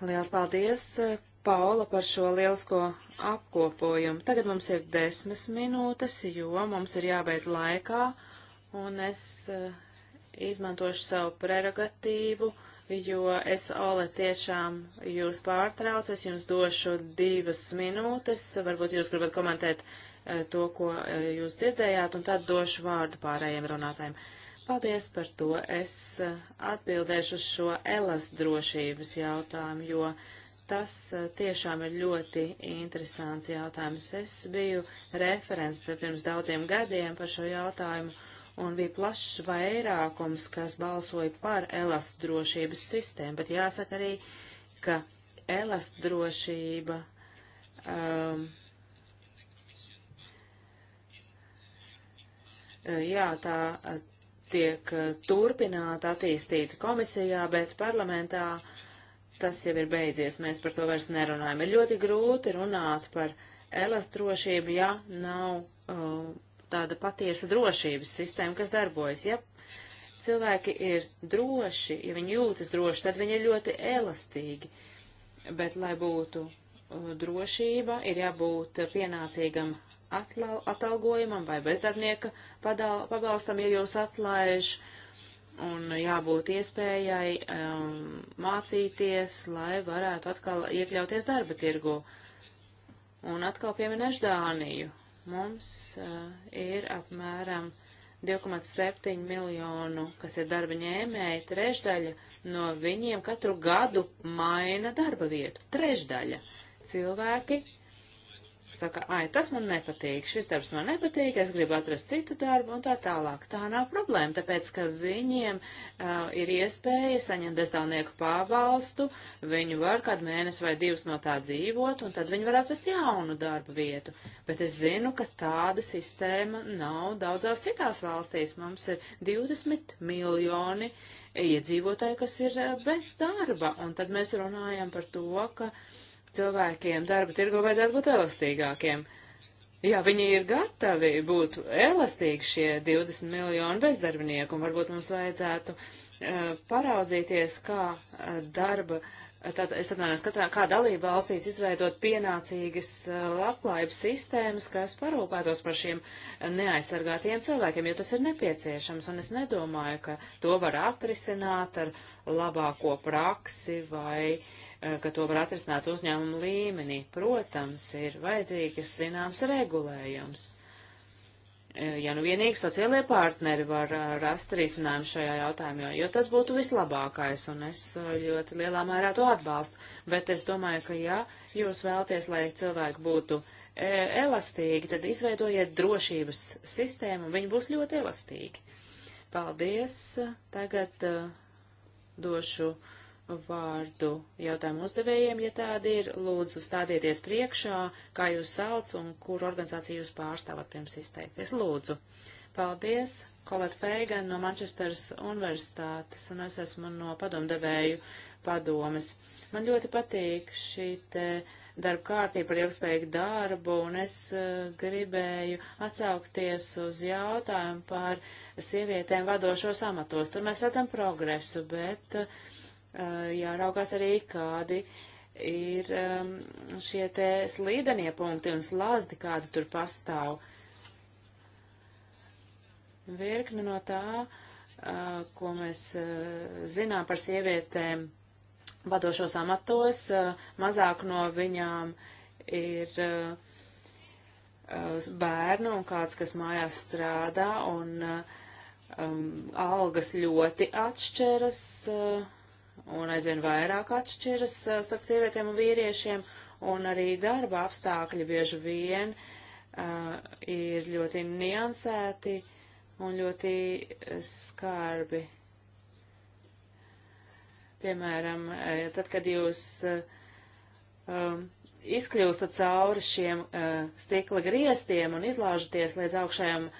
Liels paldies, eh, Paula, par šo lielisko apkopojumu. Tagad mums ir desmit minūtes, jo mums ir jābeidz laikā, un es eh, izmantošu savu prerogatīvu, jo es, Ole, tiešām jūs pārtraucu, es jums došu divas minūtes, varbūt jūs gribat komentēt uh, Eh, to, ko eh, jūs dzirdējāt, un tad došu vārdu pārējiem runātājiem. Paldies par to. Es eh, atbildēšu uz šo elas drošības jautājumu, jo tas tiešām ir ļoti interesants jautājums. Es biju referents pirms daudziem gadiem par šo jautājumu, un bija plašs vairākums, kas balsoja par elastu drošības sistēmu, bet jāsaka arī, ka elastu drošība um, Eh, jā, tā eh, tiek eh, turpināta, attīstīta komisijā, bet parlamentā tas jau ir beidzies, mēs par to vairs nerunājam. Ir ļoti grūti runāt par elastrošību, ja nav uh, tāda patiesa drošības sistēma, kas darbojas. Ja cilvēki ir droši, ja viņi jūtas droši, tad viņi ir ļoti elastīgi. Bet, lai būtu uh, drošība, ir jābūt pienācīgam atlau, atalgojumam vai bezdarbnieka padal, pabalstam, ja jūs atlaiž, un jābūt iespējai um, mācīties, lai varētu atkal iekļauties darba tirgu. Un atkal pieminēšu Dāniju. Mums uh, ir apmēram 2,7 miljonu, kas ir darba ņēmēji, trešdaļa no viņiem katru gadu maina darba vietu. Trešdaļa cilvēki saka, ai, tas man nepatīk, šis darbs man nepatīk, es gribu atrast citu darbu un tā tālāk. Tā nav problēma, tāpēc, ka viņiem uh, ir iespēja saņemt bezdalnieku pabalstu, viņi var kādu mēnesi vai divus no tā dzīvot, un tad viņi var atrast jaunu darbu vietu. Bet es zinu, ka tāda sistēma nav daudzās citās valstīs. Mums ir 20 miljoni iedzīvotāji, kas ir bez darba, un tad mēs runājam par to, ka. Uh, cilvēkiem darba tirgu vajadzētu būt elastīgākiem. Jā, viņi ir gatavi būt elastīgi šie 20 miljoni bezdarbnieku, un varbūt mums vajadzētu uh, paraudzīties, kā uh, darba, tātad es atvainojos, kā, kā dalība valstīs izveidot pienācīgas uh, labklājības sistēmas, kas parūpētos par šiem neaizsargātiem cilvēkiem, jo tas ir nepieciešams, un es nedomāju, ka to var atrisināt ar labāko praksi vai uh, Eh, ka to var atrisināt uzņēmumu līmenī. Protams, ir vajadzīgas zināms regulējums. Eh, ja nu vienīgi sociālie partneri var eh, rast risinājumu šajā jautājumā, jo tas būtu vislabākais, un es ļoti lielā mērā to atbalstu. Bet es domāju, ka ja jūs vēlties, lai cilvēki būtu elastīgi, tad izveidojiet drošības sistēmu, un viņi būs ļoti elastīgi. Paldies! Tagad uh, došu vārdu jautājumu uzdevējiem, ja tādi ir. Lūdzu, stādieties priekšā, kā jūs sauc un kuru organizāciju jūs pārstāvat pirms izteikties. Lūdzu. Paldies, Kolēt Feigan no Manchesteras Universitātes, un es esmu no padomdevēju padomes. Man ļoti patīk šī te darba kārtība par ilgspējīgu darbu, un es uh, gribēju atsaukties uz jautājumu par sievietēm vadošos amatos. Tur mēs redzam progresu, bet uh, Eh, jāraugās arī, kādi ir šie te slīdenie punkti un slazdi, kādi tur pastāv. Virkni no tā, eh, ko mēs eh, zinām par sievietēm vadošos amatos, mazāk no viņām ir bērnu un kāds, kas mājās strādā, un um, algas ļoti atšķiras. Uh, un aizvien vairāk atšķiras starp sievietēm un vīriešiem, un arī darba apstākļi bieži vien uh, ir ļoti niansēti un ļoti skarbi. Piemēram, tad, kad jūs uh, izkļūstat cauri šiem uh, stikla griestiem un izlaužaties līdz augšējiem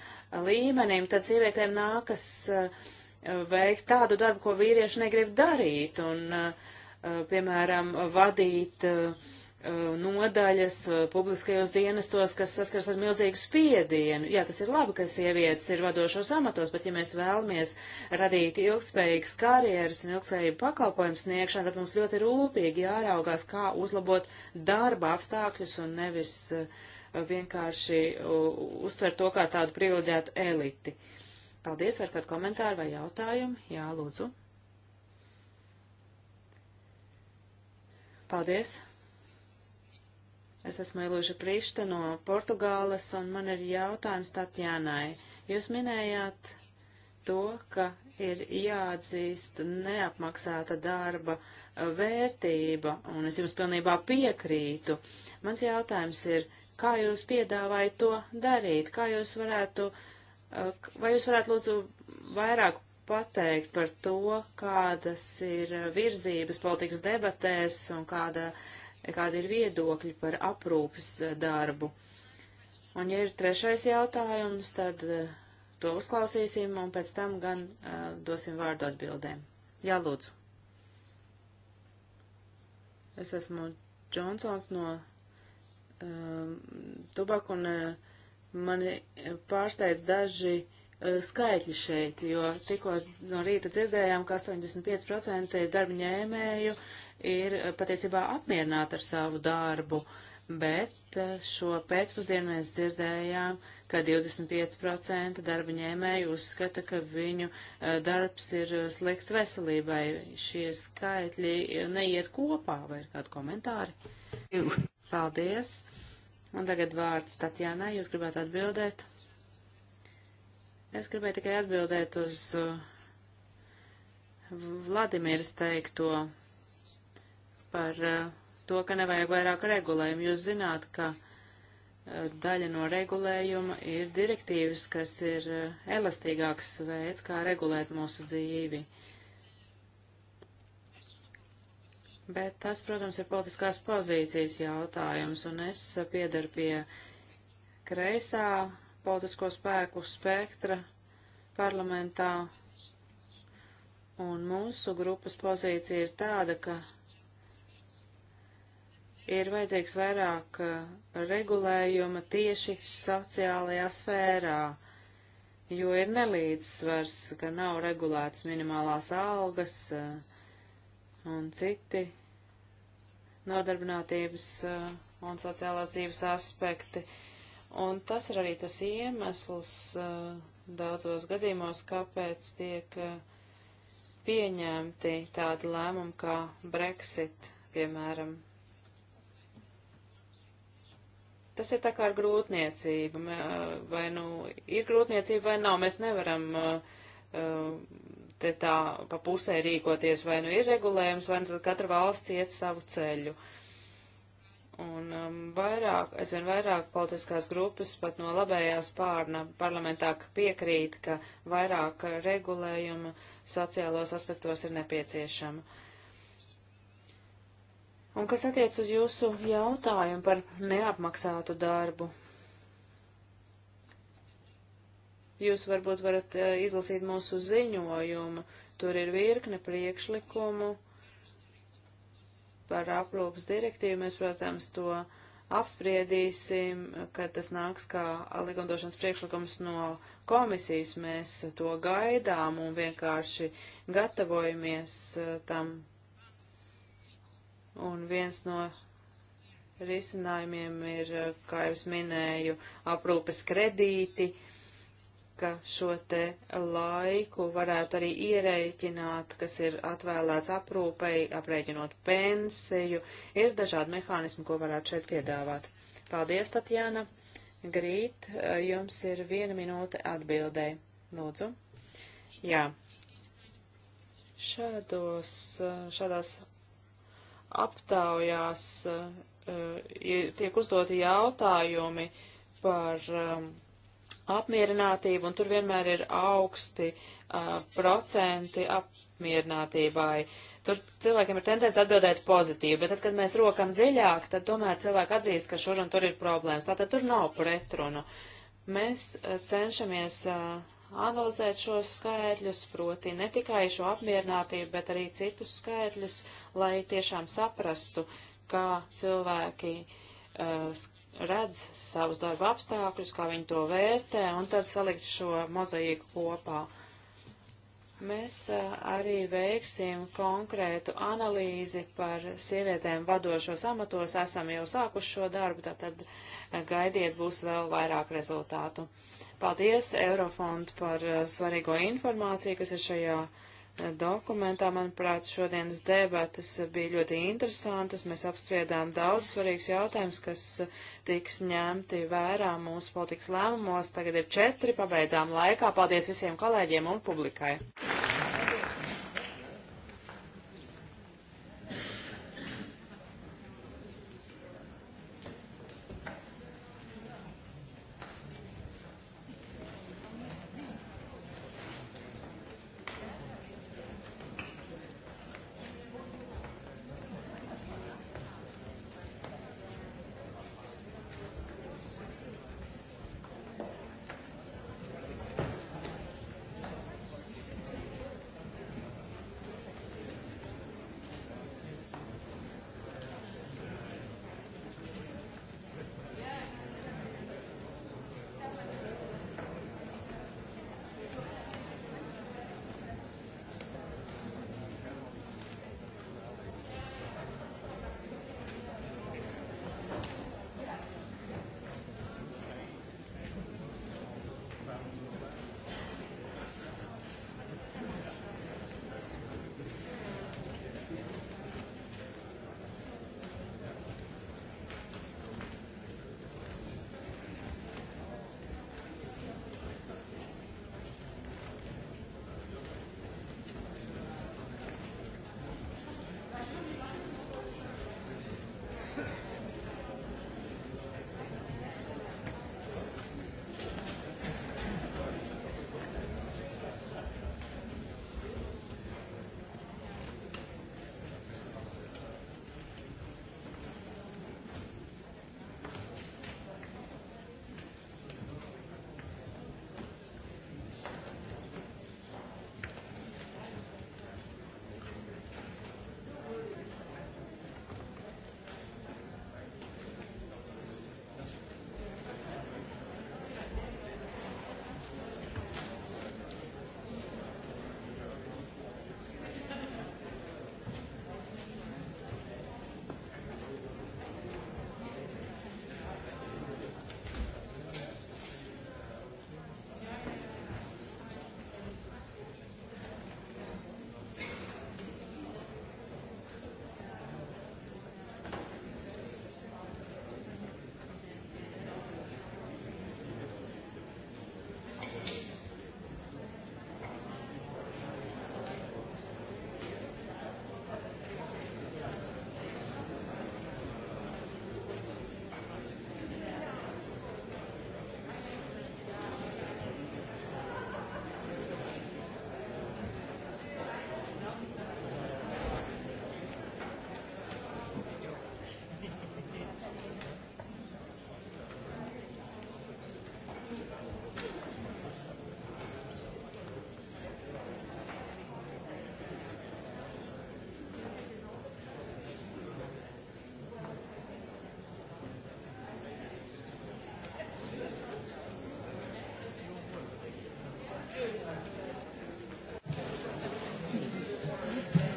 līmenim, tad sievietēm nākas uh, veikt tādu darbu, ko vīrieši negrib darīt, un, eh, piemēram, vadīt eh, nodaļas eh, publiskajos dienestos, kas saskars ar milzīgu spiedienu. Jā, tas ir labi, ka sievietes ir vadošos amatos, bet ja mēs vēlamies radīt ilgspējīgas karjeras un ilgspējīgu pakalpojumu sniegšanu, tad mums ļoti rūpīgi jāraugās, kā uzlabot darba apstākļus un nevis vienkārši uztvert to kā tādu privileģētu eliti. Uh, Paldies, ar kādu komentāru vai jautājumu? Jā, lūdzu. Paldies. Es esmu Iluža Prišta no Portugāles, un man ir jautājums Tatjānai. Jūs minējāt to, ka ir jāatzīst neapmaksāta darba vērtība, un es jums pilnībā piekrītu. Mans jautājums ir, kā jūs piedāvājat to darīt, kā jūs varētu uh, Vai jūs varētu lūdzu vairāk pateikt par to, kādas ir virzības politikas debatēs un kāda, kāda ir viedokļi par aprūpes darbu? Un, ja ir trešais jautājums, tad eh, to uzklausīsim un pēc tam gan uh, dosim vārdu atbildēm. Jā, lūdzu. Es esmu Džonsons no uh, Tubak un uh, Mani pārsteidz daži uh, skaitļi šeit, jo tikko no rīta dzirdējām, ka 85% darba ņēmēju ir eh, patiesībā apmierināti ar savu darbu, bet uh, šo pēcpusdienu mēs dzirdējām, ka 25% darba ņēmēju uzskata, ka viņu uh, darbs ir slikts veselībai. Šie skaitļi neiet kopā, vai ir kādi komentāri? Jū. Paldies! Un tagad vārds Tatjānai, jūs gribētu atbildēt? Es gribēju tikai atbildēt uz uh, Vladimiras teikto par uh, to, ka nevajag vairāk regulējumu. Jūs zināt, ka uh, daļa no regulējuma ir direktīvas, kas ir elastīgāks veids, kā regulēt mūsu dzīvi. Uh, Bet tas, protams, ir politiskās pozīcijas jautājums, un es piedaru pie kreisā politisko spēku spektra parlamentā, un mūsu grupas pozīcija ir tāda, ka ir vajadzīgs vairāk uh, regulējuma tieši sociālajā sfērā, jo ir nelīdzsvars, ka nav regulētas minimālās algas uh, un citi nodarbinātības eh, un sociālās dzīves aspekti. Un tas ir arī tas iemesls eh, daudzos gadījumos, kāpēc tiek eh, pieņemti tādi lēmumi kā Brexit, piemēram. Tas ir tā kā ar grūtniecību. Vai nu ir grūtniecība vai nav, mēs nevaram uh, te tā pa pusē rīkoties, vai nu ir regulējums, vai nu katra valsts iet savu ceļu. Un um, vairāk, aizvien vairāk politiskās grupas pat no labējās pārna parlamentā piekrīt, ka vairāk regulējuma sociālos aspektos ir nepieciešama. Un kas attiec uz jūsu jautājumu par neapmaksātu darbu, Jūs varbūt varat eh, izlasīt mūsu ziņojumu. Tur ir virkne priekšlikumu par aprūpas direktīvu. Mēs, protams, to apspriedīsim, kad tas nāks kā likumdošanas priekšlikums no komisijas. Mēs to gaidām un vienkārši gatavojamies eh, tam. Un viens no risinājumiem ir, eh, kā jau es minēju, aprūpes kredīti. Uh, ka šo te laiku varētu arī ierēķināt, kas ir atvēlēts aprūpei, aprēķinot pensiju. Ir dažādi mehānismi, ko varētu šeit piedāvāt. Paldies, Tatjana. Grīt, jums ir viena minūte atbildēji. Lūdzu. Jā. Šādos, šādās aptaujās eh, tiek uzdoti jautājumi par um, apmierinātību, un tur vienmēr ir augsti uh, procenti apmierinātībai. Tur cilvēkiem ir tendence atbildēt pozitīvi, bet tad, kad mēs rokam dziļāk, tad tomēr cilvēki atzīst, ka šur un tur ir problēmas. Tātad tur nav pretrunu. Mēs uh, cenšamies uh, analizēt šos skaitļus, proti ne tikai šo apmierinātību, bet arī citus skaitļus, lai tiešām saprastu, kā cilvēki uh, redz savus darba apstākļus, kā viņi to vērtē, un tad salikt šo mozaīku kopā. Mēs eh, arī veiksim konkrētu analīzi par sievietēm vadošos amatos. Esam jau sākuši šo darbu, tātad eh, gaidiet, būs vēl vairāk rezultātu. Paldies Eurofond par eh, svarīgo informāciju, kas ir šajā uh, dokumentā. Manuprāt, šodienas debatas bija ļoti interesantas. Mēs apspriedām daudz svarīgus jautājumus, kas tiks ņemti vērā mūsu politikas lēmumos. Tagad ir četri, pabeidzām laikā. Paldies visiem kolēģiem un publikai!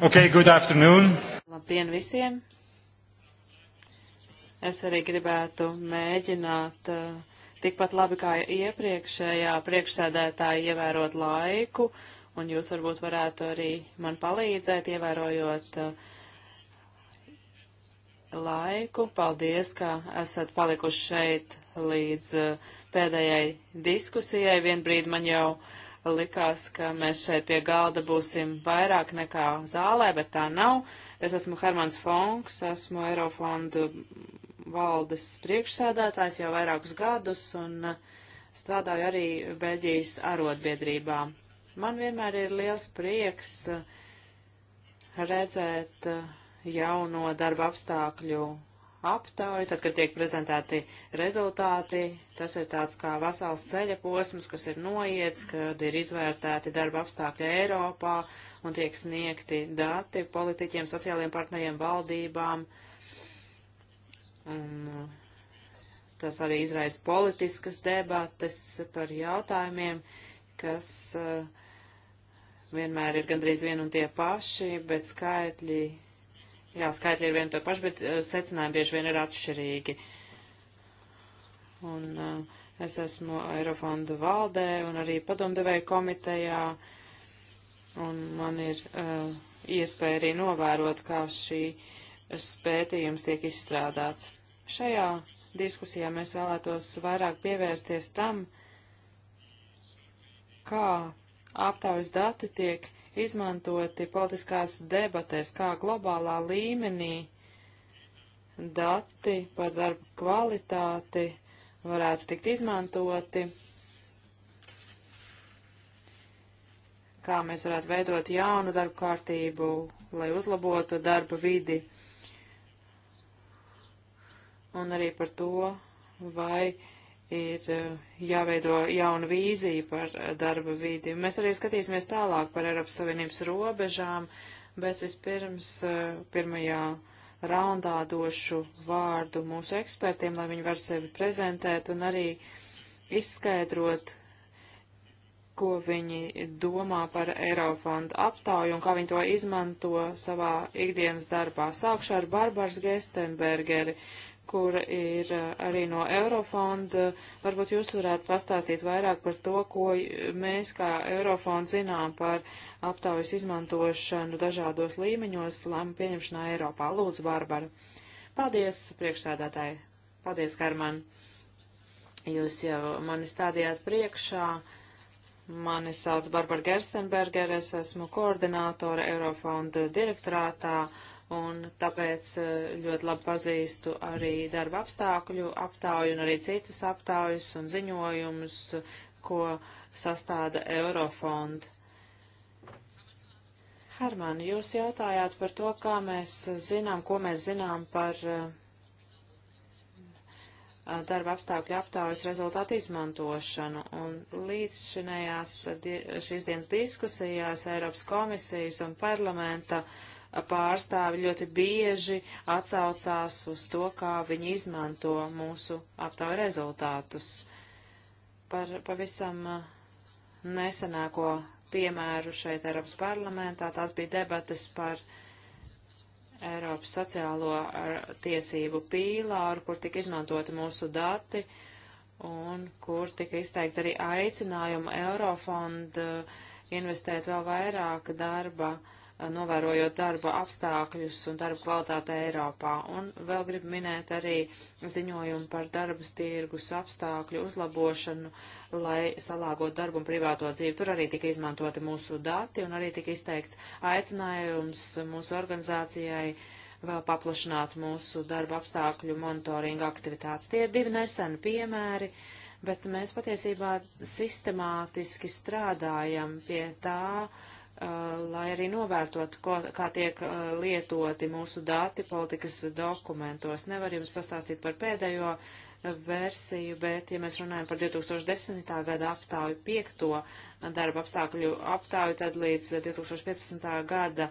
Okay, good afternoon. Labdien visiem! Es arī gribētu mēģināt eh, tikpat labi kā iepriekšējā priekšsēdētāja ievērot laiku, un jūs varbūt varētu arī man palīdzēt, ievērojot eh, laiku. Paldies, ka esat palikuši šeit līdz eh, pēdējai diskusijai. Vienbrīd man jau uh, likās, ka mēs šeit pie galda būsim vairāk nekā zālē, bet tā nav. Es esmu Hermans Fonks, esmu Eirofondu valdes priekšsēdētājs jau vairākus gadus un uh, strādāju arī Beļģijas arotbiedrībā. Man vienmēr ir liels prieks uh, redzēt uh, jauno darba apstākļu aptauju, tad, kad tiek prezentēti rezultāti, tas ir tāds kā vasals ceļa posms, kas ir noiets, kad ir izvērtēti darba apstākļi Eiropā un tiek sniegti dati politiķiem, sociālajiem partneriem, valdībām. Un uh, tas arī izraisa politiskas debates par jautājumiem, kas uh, vienmēr ir gandrīz vien un tie paši, bet skaitļi Jā, skaitļi ir vien to paši, bet uh, secinājumi bieži vien ir atšķirīgi. Un uh, es esmu Eirofondu valdē un arī padomdevēju komitejā, un man ir uh, iespēja arī novērot, kā šī spētījums tiek izstrādāts. Šajā diskusijā mēs vēlētos vairāk pievērsties tam, kā aptaujas dati tiek izstrādāti izmantoti politiskās debatēs, kā globālā līmenī dati par darbu kvalitāti varētu tikt izmantoti, kā mēs varētu veidot jaunu darbu kārtību, lai uzlabotu darba vidi, un arī par to, vai uh, ir eh, jāveido jauna vīzija par eh, darba vidi. Mēs arī skatīsimies tālāk par Eiropas Savienības robežām, bet vispirms eh, pirmajā raundā došu vārdu mūsu ekspertiem, lai viņi var sevi prezentēt un arī izskaidrot, ko viņi domā par Eirofondu aptauju un kā viņi to izmanto savā ikdienas darbā. Sākšu ar Barbaras Gestenbergeri, kura ir eh, arī no Eurofonda. Varbūt jūs varētu pastāstīt vairāk par to, ko mēs kā Eurofonds zinām par aptaujas izmantošanu dažādos līmeņos lēmu pieņemšanā Eiropā. Lūdzu, Bārbara. Paldies, priekšsēdētāji. Paldies, Karman. Jūs jau mani stādījāt priekšā. Mani sauc Barbara Gerstenberger, es esmu koordinātore Eurofonda direktorātā. Uh, un tāpēc eh, ļoti labi pazīstu arī darba apstākļu aptauju un arī citus aptaujus un ziņojumus, ko sastāda Eurofonda. Herman, jūs jautājāt par to, kā mēs zinām, ko mēs zinām par eh, darba apstākļu aptaujas rezultātu izmantošanu. Un līdz šinējās, šīs dienas diskusijās Eiropas komisijas un parlamenta uh, pārstāvi ļoti bieži atsaucās uz to, kā viņi izmanto mūsu aptauju rezultātus. Par pavisam uh, nesenāko piemēru šeit Eiropas parlamentā, tās bija debates par Eiropas sociālo tiesību pīlāru, kur tika izmantoti mūsu dati un kur tika izteikti arī aicinājumi Eurofondu uh, investēt vēl vairāk darba uh, novērojot darba apstākļus un darba kvalitāti Eiropā. Un vēl gribu minēt arī ziņojumu par darbas tirgus apstākļu uzlabošanu, lai salāgot darbu un privāto dzīvi. Tur arī tika izmantoti mūsu dati un arī tika izteikts aicinājums mūsu organizācijai vēl paplašināt mūsu darba apstākļu monitoringa aktivitātes. Tie ir divi neseni piemēri, bet mēs patiesībā sistemātiski strādājam pie tā, uh, Uh, lai arī novērtot, ko, kā tiek uh, lietoti mūsu dati politikas dokumentos. Nevar jums pastāstīt par pēdējo versiju, bet, ja mēs runājam par 2010. gada aptāju piekto darba apstākļu aptāju, tad līdz 2015. gada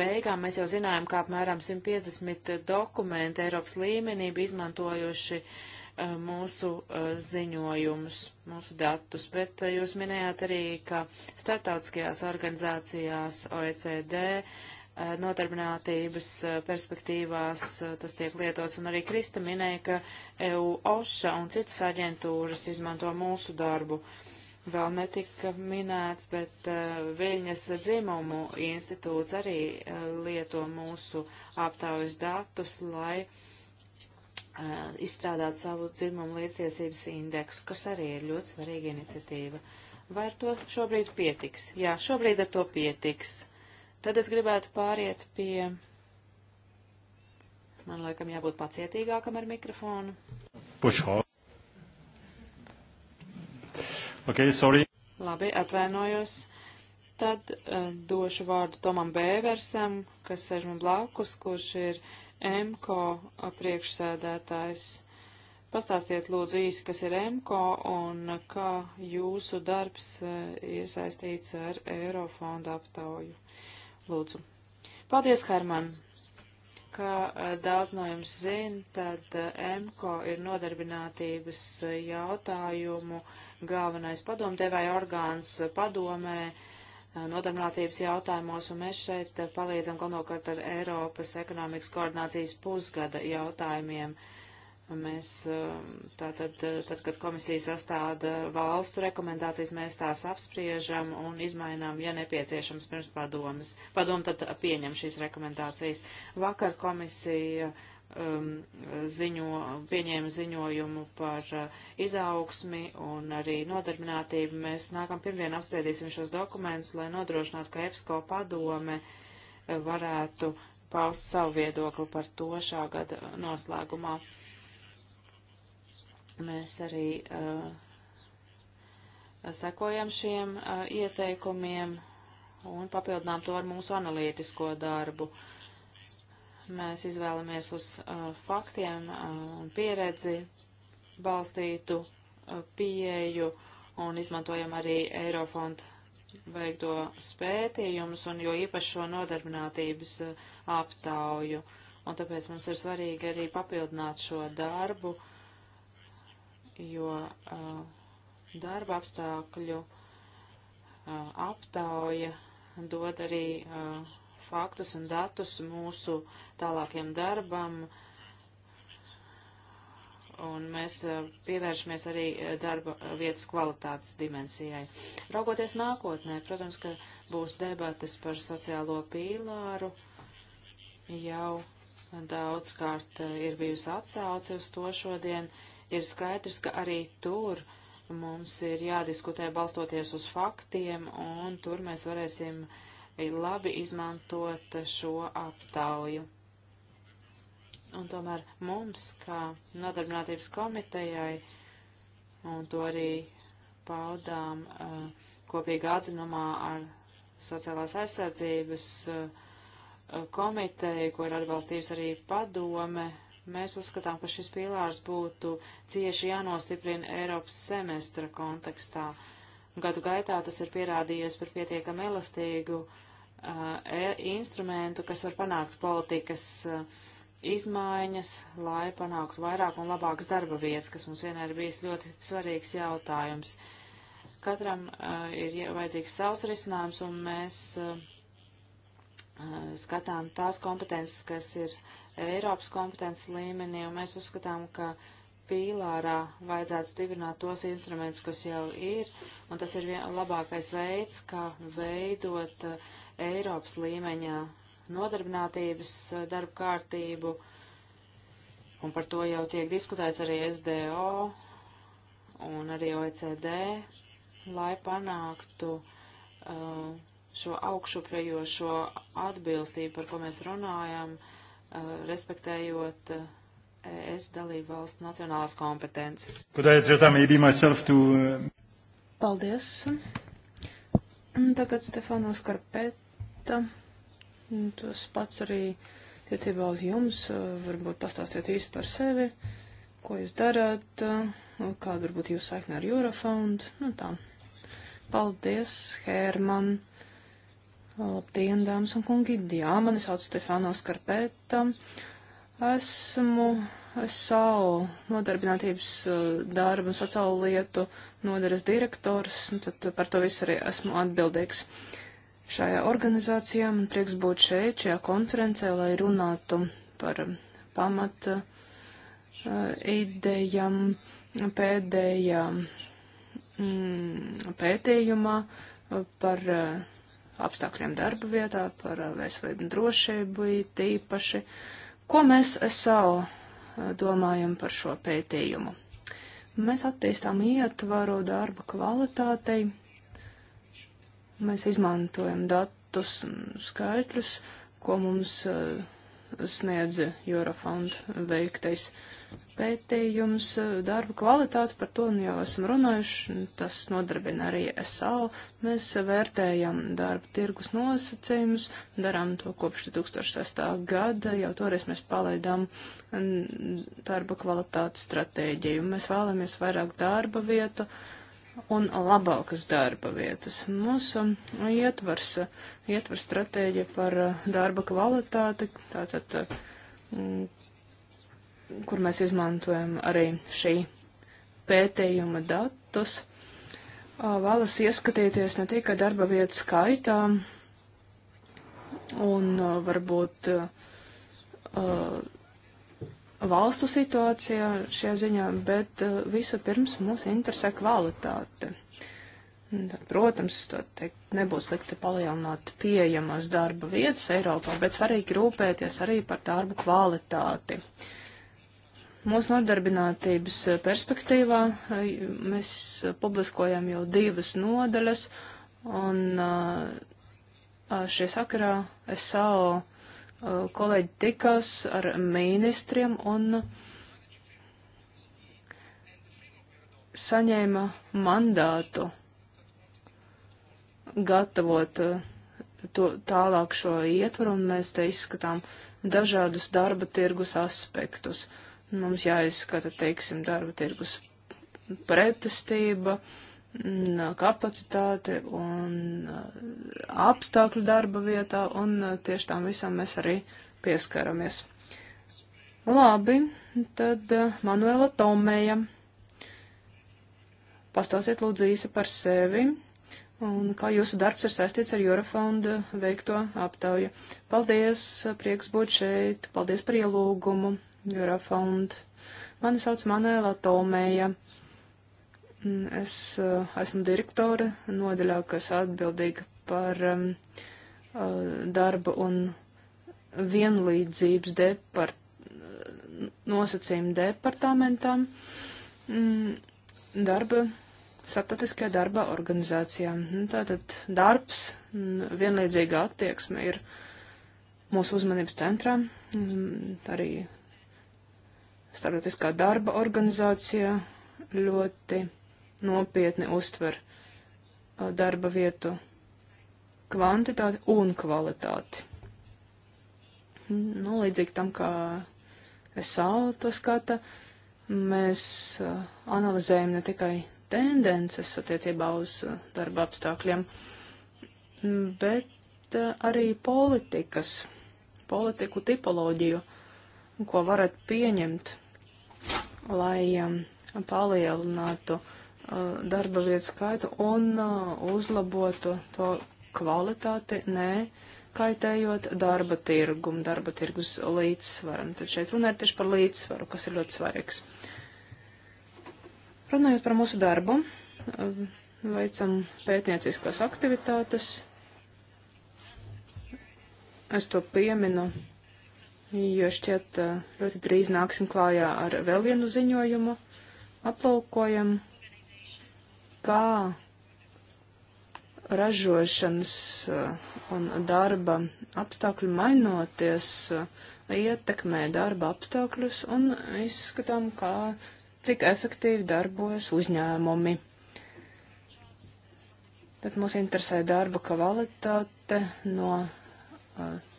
beigām mēs jau zinājām, ka apmēram 150 dokumenti Eiropas līmenī bija izmantojuši uh, Eh, mūsu eh, ziņojumus, mūsu datus, bet eh, jūs minējāt arī, ka startautiskajās organizācijās OECD notarbinātības perspektīvās tas tiek lietots, un arī Krista minēja, ka EU OŠA un citas aģentūras izmanto mūsu darbu. Vēl netika minēts, bet Viļņas dzimumu institūts arī lieto mūsu aptaujas datus, lai uh, izstrādāt savu dzimumu līdztiesības indeksu, kas arī ir ļoti svarīga iniciatīva. Vai ar to šobrīd pietiks? Jā, šobrīd ar to pietiks. Tad es gribētu pāriet pie. Man laikam jābūt pacietīgākam ar mikrofonu. Pušo. Ok, sorry. Labi, atvainojos. Tad uh, došu vārdu Tomam Bēversam, kas sēž man blakus, kurš ir uh, MKO priekšsēdētājs. Pastāstiet lūdzu īsi, kas ir MKO un kā jūsu darbs e, iesaistīts ar Eirofonda aptauju. Lūdzu. Paldies, Herman! Kā e, daudz no jums zina, tad e, MKO ir nodarbinātības jautājumu galvenais padomdevēja orgāns padomē nodarbinātības jautājumos, un mēs šeit palīdzam galvenokārt ar Eiropas ekonomikas koordinācijas pusgada jautājumiem. Mēs um, tātad, tad, kad komisija sastāda valstu rekomendācijas, mēs tās apspriežam un izmainām, ja nepieciešams, pirms padomas. Padoma tad pieņem šīs rekomendācijas. Vakar komisija uh, um, ziņo, pieņēma ziņojumu par uh, izaugsmi un arī nodarbinātību. Mēs nākam pirmdien apspriedīsim šos dokumentus, lai nodrošinātu, ka EPSCO padome uh, varētu paust savu viedokli par to šā gada noslēgumā. Mēs arī uh, sekojam šiem uh, ieteikumiem un papildinām to ar mūsu analītisko darbu. Uh, mēs izvēlamies uz uh, faktiem uh, un pieredzi balstītu uh, pieeju un izmantojam arī Eirofonda veikto spētījumus un jo īpaši šo nodarbinātības uh, aptauju. Un tāpēc mums ir svarīgi arī papildināt šo darbu, jo uh, darba apstākļu uh, aptauja dod arī uh, faktus un datus mūsu tālākiem darbam. Un mēs eh, pievēršamies arī eh, darba eh, vietas kvalitātes dimensijai. Raugoties nākotnē, protams, ka būs debates par sociālo pīlāru. Jau daudzkārt ir bijusi atsauce uz to šodien. Ir skaidrs, ka arī tur uh, mums ir jādiskutē balstoties uz faktiem, un tur mēs varēsim ir labi izmantot šo aptauju. Un tomēr mums, kā nodarbinātības komitejai, un to arī paudām uh, kopīgā atzinumā ar sociālās aizsardzības uh, komiteju, ko ir atbalstījusi arī padome, mēs uzskatām, ka šis pīlārs būtu cieši jānostiprina Eiropas semestra kontekstā. Gadu gaitā tas ir pierādījies par pietiekam elastīgu uh, uh, instrumentu, kas var panākt politikas uh, izmaiņas, lai panāktu vairāk un labākas darba vietas, kas mums vienmēr ir bijis ļoti svarīgs jautājums. Katram uh, ir vajadzīgs savs risinājums, un mēs uh, skatām tās kompetences, kas ir Eiropas kompetences līmenī, un mēs uzskatām, ka uh, pīlārā vajadzētu stiprināt tos instrumentus, kas jau ir, un tas ir vien, labākais veids, kā veidot uh, Eiropas līmeņā nodarbinātības uh, darba kārtību, un par to jau tiek diskutēts arī SDO un arī OECD, lai panāktu uh, šo augšuprejošo atbilstību, par ko mēs runājam, respektējot uh, ES dalību valstu nacionālās kompetences. To... Uh, Paldies. Tagad Stefano Skarpeta. Tas pats arī tiecībā uz jums. Uh, varbūt pastāstiet īsti par sevi, ko jūs darāt, uh, kāda varbūt jūs saikne ar Eurofound. Nu tā. Paldies, Herman. Labdien, dāmas un kungi. Jā, mani sauc Stefano Skarpeta. Uh, Esmu SAO nodarbinātības eh, darba un sociālo lietu nodaras direktors, un nu, tad par to visu arī esmu atbildīgs šajā organizācijā. Man prieks būt šeit, šajā konferencē, lai runātu par eh, pamata eh, idejām pēdējā mm, pētījumā par apstākļiem darba vietā, par veselību un drošību īpaši. Uh, Ko mēs savu eh, domājam par šo pētījumu? Mēs attīstām ietvaru darba kvalitātei, mēs izmantojam datus un skaitļus, ko mums uh, sniedz Eurofond veiktais pētījums. Darba kvalitāte par to nu jau esam runājuši, tas nodarbina arī SAO. Mēs vērtējam darba tirgus nosacījumus, darām to kopš 2006. gada, jau toreiz mēs palaidām darba kvalitātes stratēģiju. Mēs vēlamies vairāk darba vietu. Uh, un labākas darba vietas. Mūsu ietvars, ietvars stratēģija par eh, darba kvalitāti, tātad, mm, kur mēs izmantojam arī šī pētījuma datus, vēlas ieskatīties ne tikai darba vietu skaitā un varbūt uh, valstu situācijā šajā ziņā, bet uh, visu pirms mūs interesē kvalitāte. Protams, teikt, nebūs slikti palielināt pieejamas darba vietas Eiropā, bet svarīgi rūpēties arī par darbu kvalitāti. Mūsu nodarbinātības perspektīvā eh, mēs publiskojam jau divas nodaļas, un eh, šie sakarā SAO Eh, kolēģi tikās ar ministriem un saņēma mandātu gatavot eh, to tālāk šo ietvaru, un mēs te izskatām dažādus darba tirgus aspektus. Mums jāizskata, teiksim, darba tirgus pretestība, uh, kapacitāti un eh, apstākļu darba vietā, un eh, tieši tam visam mēs arī pieskaramies. Labi, tad eh, Manuela Tomēja. Pastāstiet lūdzu īsi par sevi un kā jūsu darbs ir saistīts ar Eurofonda veikto aptauju. Paldies, prieks būt šeit, paldies par ielūgumu, Eurofond. Mani sauc Manuela Tomēja. Uh, Es eh, esmu direktore nodaļā, kas atbildīga par um, eh, darba un vienlīdzības depart, nosacījumu departamentām mm, darba, starptautiskajā darba organizācijā. Nu, tātad darbs, mm, vienlīdzīga attieksme ir mūsu uzmanības centrā, mm, arī starptautiskā darba organizācija ļoti nopietni uztver darba vietu kvantitāti un kvalitāti. Nu, līdzīgi tam, kā SAO to skata, mēs analizējam ne tikai tendences attiecībā uz darba apstākļiem, bet arī politikas, politiku tipoloģiju, ko varat pieņemt, lai palielinātu uh, Uh, darba vietu skaitu un uh, uzlabotu to kvalitāti, nē, kaitējot darba tirgumu, darba tirgus līdzsvaram. Tad šeit runājot tieši par līdzsvaru, kas ir ļoti svarīgs. Runājot par mūsu darbu, uh, veicam pētnieciskās aktivitātes. Es to pieminu, jo šķiet ļoti drīz nāksim klājā ar vēl vienu ziņojumu, aplaukojam kā ražošanas uh, un darba apstākļu mainoties uh, ietekmē darba apstākļus un izskatām, kā, cik efektīvi darbojas uzņēmumi. Bet mūs interesē darba kvalitāte no uh,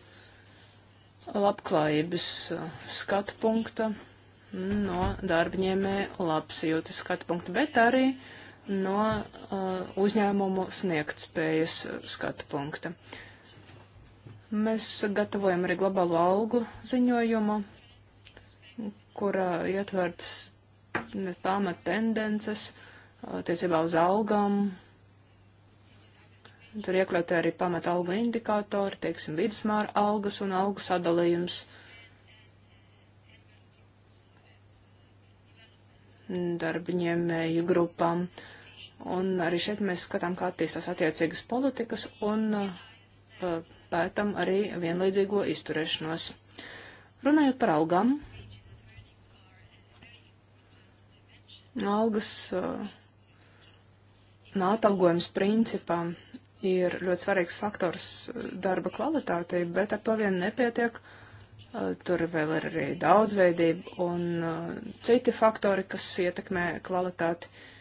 labklājības skatu punkta, no darbņēmē labsajūtas skatu punkta, bet arī uh, no uh, uzņēmumu sniegtspējas uh, skatu punkta. Mēs gatavojam arī globālo algu ziņojumu, kurā ietverts pamat tendences uh, attiecībā uz algām. Tur iekļauti arī pamat algu indikātori, teiksim, vidusmāra algas un algu sadalījums. darbiņēmēju grupām. Uh, Un arī šeit mēs skatām, kā attīstās attiecīgas politikas un uh, pētam arī vienlīdzīgo izturēšanos. Runājot par algām, algas uh, un atalgojums principā ir ļoti svarīgs faktors uh, darba kvalitātei, bet ar to vien nepietiek. Uh, tur vēl ir arī daudzveidība un uh, citi faktori, kas ietekmē kvalitāti. Uh,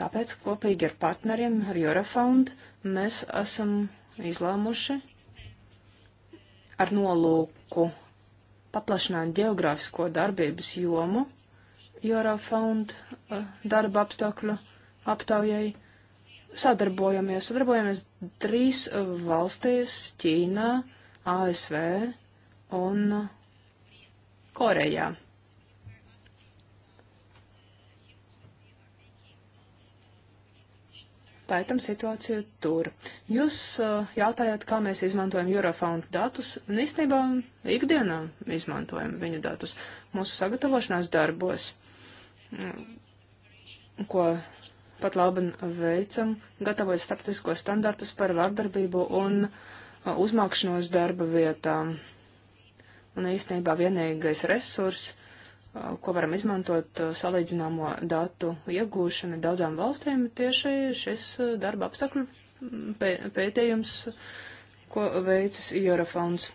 Tāpēc kopīgi ar partneriem, ar Eurofund, mēs esam izlēmuši ar nolūku paplašināt geogrāfisko darbības jomu Eurofund eh, darba apstākļu aptaujai. Sadarbojamies, sadarbojamies trīs eh, valstīs - Ķīnā, ASV un Korejā. pētam situāciju tur. Jūs uh, jautājat, kā mēs izmantojam Eurofound datus, un īstenībā ikdienā izmantojam viņu datus mūsu sagatavošanās darbos, mm, ko pat labi veicam, gatavojot starptautisko standartus par vardarbību un uh, uzmākšanos darba vietām. Un īstenībā vienīgais resurs, Uh, ko varam izmantot uh, salīdzināmo datu iegūšana daudzām valstīm, tieši šis uh, darba apstākļu mm, pē pētījums, ko veicis Eurofons.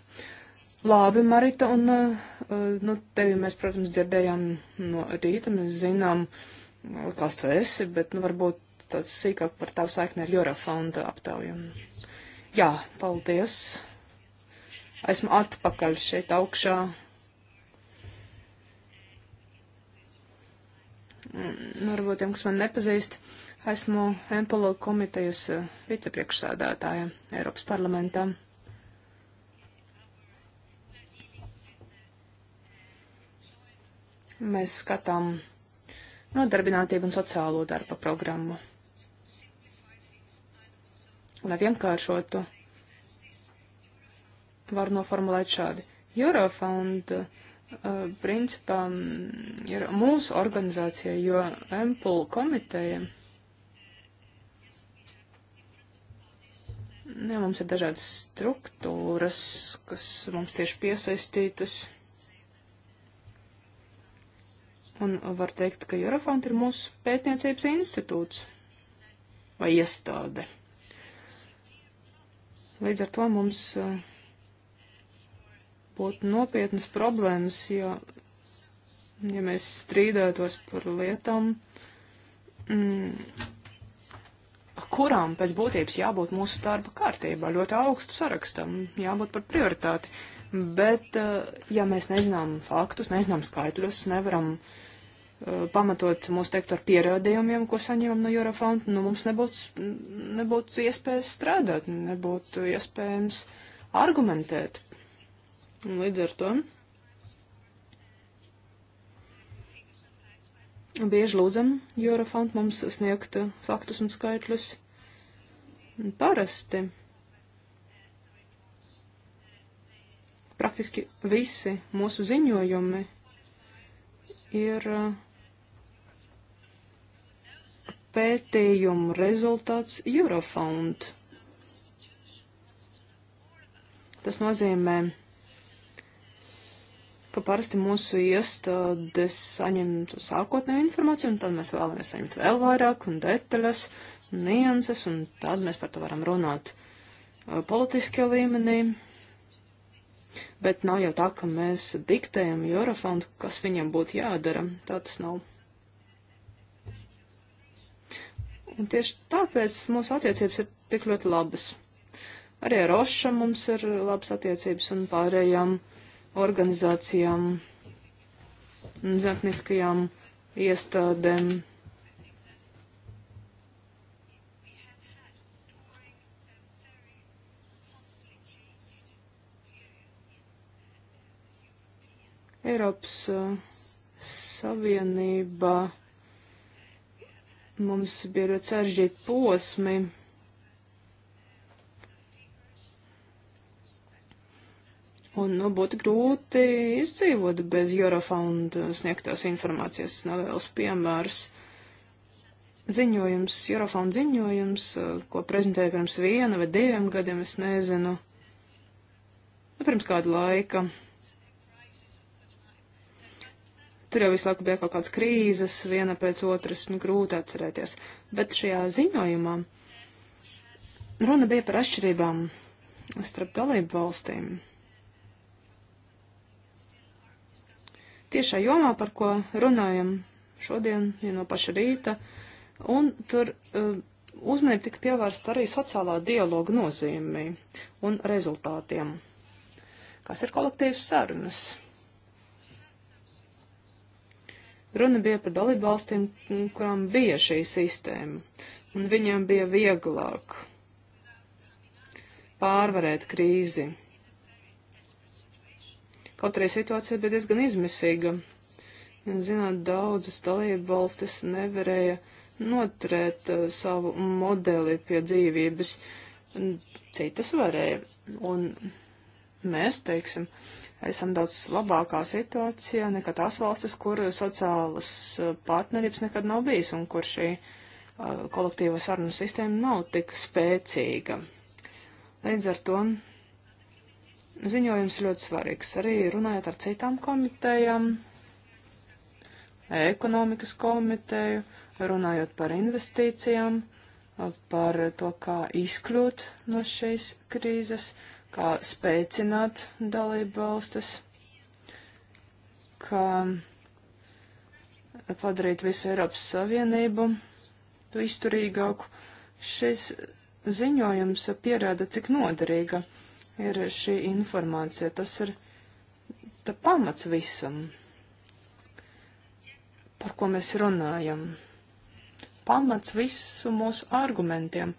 Labi, Marita, un nu, tevi mēs, protams, dzirdējām no rīta, mēs zinām, kas tu esi, bet nu, varbūt tāds sīkāk par tavu saikni ar Eurofonda aptauju. Jā, paldies. Esmu atpakaļ šeit augšā Nu, varbūt tiem, kas man nepazīst, esmu Empolo komitejas eh, vicepriekšsādātāja Eiropas parlamentā. Mēs skatām nodarbinātību un sociālo darba programmu. Lai vienkāršotu, var noformulēt šādi. Eurofound uh, Eh, principā mm, ir mūsu organizācija, jo MPL komiteja. Jā, mums ir dažādas struktūras, kas mums tieši piesaistītas. Un var teikt, ka Eurofond ir mūsu pētniecības institūts vai iestāde. Līdz ar to mums uh, būtu nopietnas problēmas, ja, ja mēs strīdētos par lietām, mm, kurām pēc būtības jābūt mūsu darba kārtībā, ļoti augstu sarakstam, jābūt par prioritāti. Bet, eh, ja mēs nezinām faktus, nezinām skaitļus, nevaram uh, pamatot mūsu teikt ar pierādījumiem, ko saņemam no Eurofonta, nu mums nebūtu, nebūtu iespējas strādāt, nebūtu iespējams argumentēt Līdz ar to bieži lūdzam Eurofond mums sniegt faktus un skaitļus. Parasti praktiski visi mūsu ziņojumi ir uh, pētījumu rezultāts Eurofond. Tas nozīmē, ka parasti mūsu iestādes saņem sākotnēju informāciju, un tad mēs vēlamies saņemt vēl vairāk un detaļas, nianses, un tad mēs par to varam runāt uh, politiskajā līmenī. Bet nav jau tā, ka mēs diktējam Eurofondu, kas viņam būtu jādara. Tā tas nav. Un tieši tāpēc mūsu attiecības ir tik ļoti labas. Arī ar Roša mums ir labas attiecības un pārējām uh, organizācijām un zinātniskajām iestādēm. Eiropas uh, Savienība mums bija ļoti sarežģīti posmi. Un, nu, būtu grūti izdzīvot bez Eurofound sniegtās informācijas. Neliels piemērs. Ziņojums, Eurofound ziņojums, ko prezentēja pirms viena vai diviem gadiem, es nezinu. Nu, pirms kādu laika. Tur jau visu laiku bija kaut kādas krīzes, viena pēc otras, nu, grūti atcerēties. Bet šajā ziņojumā runa bija par atšķirībām starp dalību valstīm tiešā jomā, par ko runājam šodien, ja no paša rīta, un tur uh, uzmanība tika pievērsta arī sociālā dialoga nozīmei un rezultātiem. Kas ir kolektīvas sarunas? Runa bija par dalību valstīm, kurām bija šī sistēma, un viņiem bija vieglāk pārvarēt krīzi Kaut arī situācija bija diezgan izmisīga. Zināt, daudzas dalība valstis nevarēja noturēt uh, savu modeli pie dzīvības, citas varēja. Un mēs, teiksim, esam daudz labākā situācijā nekā tās valstis, kur sociālas uh, partnerības nekad nav bijis un kur šī uh, kolektīvo sarunu sistēma nav tik spēcīga. Līdz ar to ziņojums ļoti svarīgs. Arī runājot ar citām komitejām, ekonomikas komiteju, runājot par investīcijām, par to, kā izkļūt no šīs krīzes, kā spēcināt dalību valstis, kā padarīt visu Eiropas Savienību izturīgāku. Šis ziņojums pierāda, cik noderīga ir ir šī informācija. Tas ir pamats visam, par ko mēs runājam. Pamats visu mūsu argumentiem.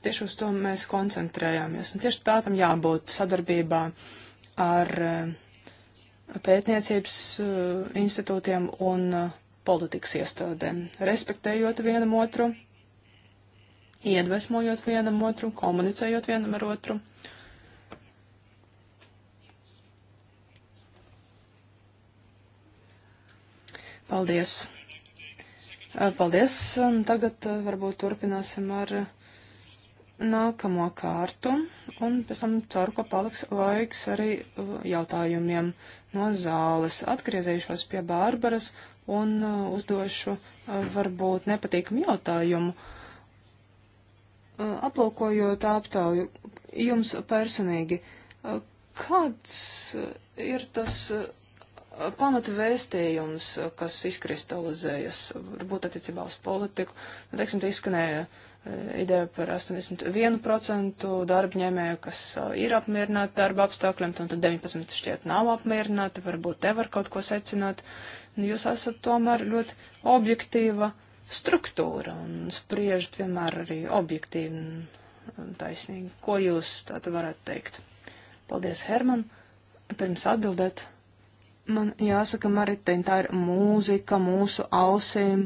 Tieši uz to mēs koncentrējāmies. Un tieši tā tam jābūt sadarbībā ar eh, pētniecības eh, institūtiem un uh, politikas iestādēm, respektējot vienam otru, iedvesmojot vienam otru, komunicējot vienam ar otru. Paldies! Paldies! Un tagad eh, varbūt turpināsim ar nākamo kārtu, un pēc tam ceru, ka paliks laiks arī eh, jautājumiem no zāles. Atgriezīšos pie Bārbaras un uh, uzdošu uh, varbūt nepatīkamu jautājumu. Uh, aplūkojot aptauju, jums personīgi, kāds ir tas pamata vēstījums, kas izkristalizējas, varbūt attiecībā uz politiku? Nu, teiksim, te izskanēja ideja par 81% darbņēmēju, kas ir apmierināti darba apstākļiem, un tad 19% šķiet nav apmierināti, varbūt te var kaut ko secināt. Uh, Nu, jūs esat tomēr ļoti objektīva struktūra un spriežat vienmēr arī objektīvi un taisnīgi. Ko jūs tātad varētu teikt? Paldies, Herman. Pirms atbildēt, man jāsaka, Maritin, tā ir mūzika mūsu ausīm.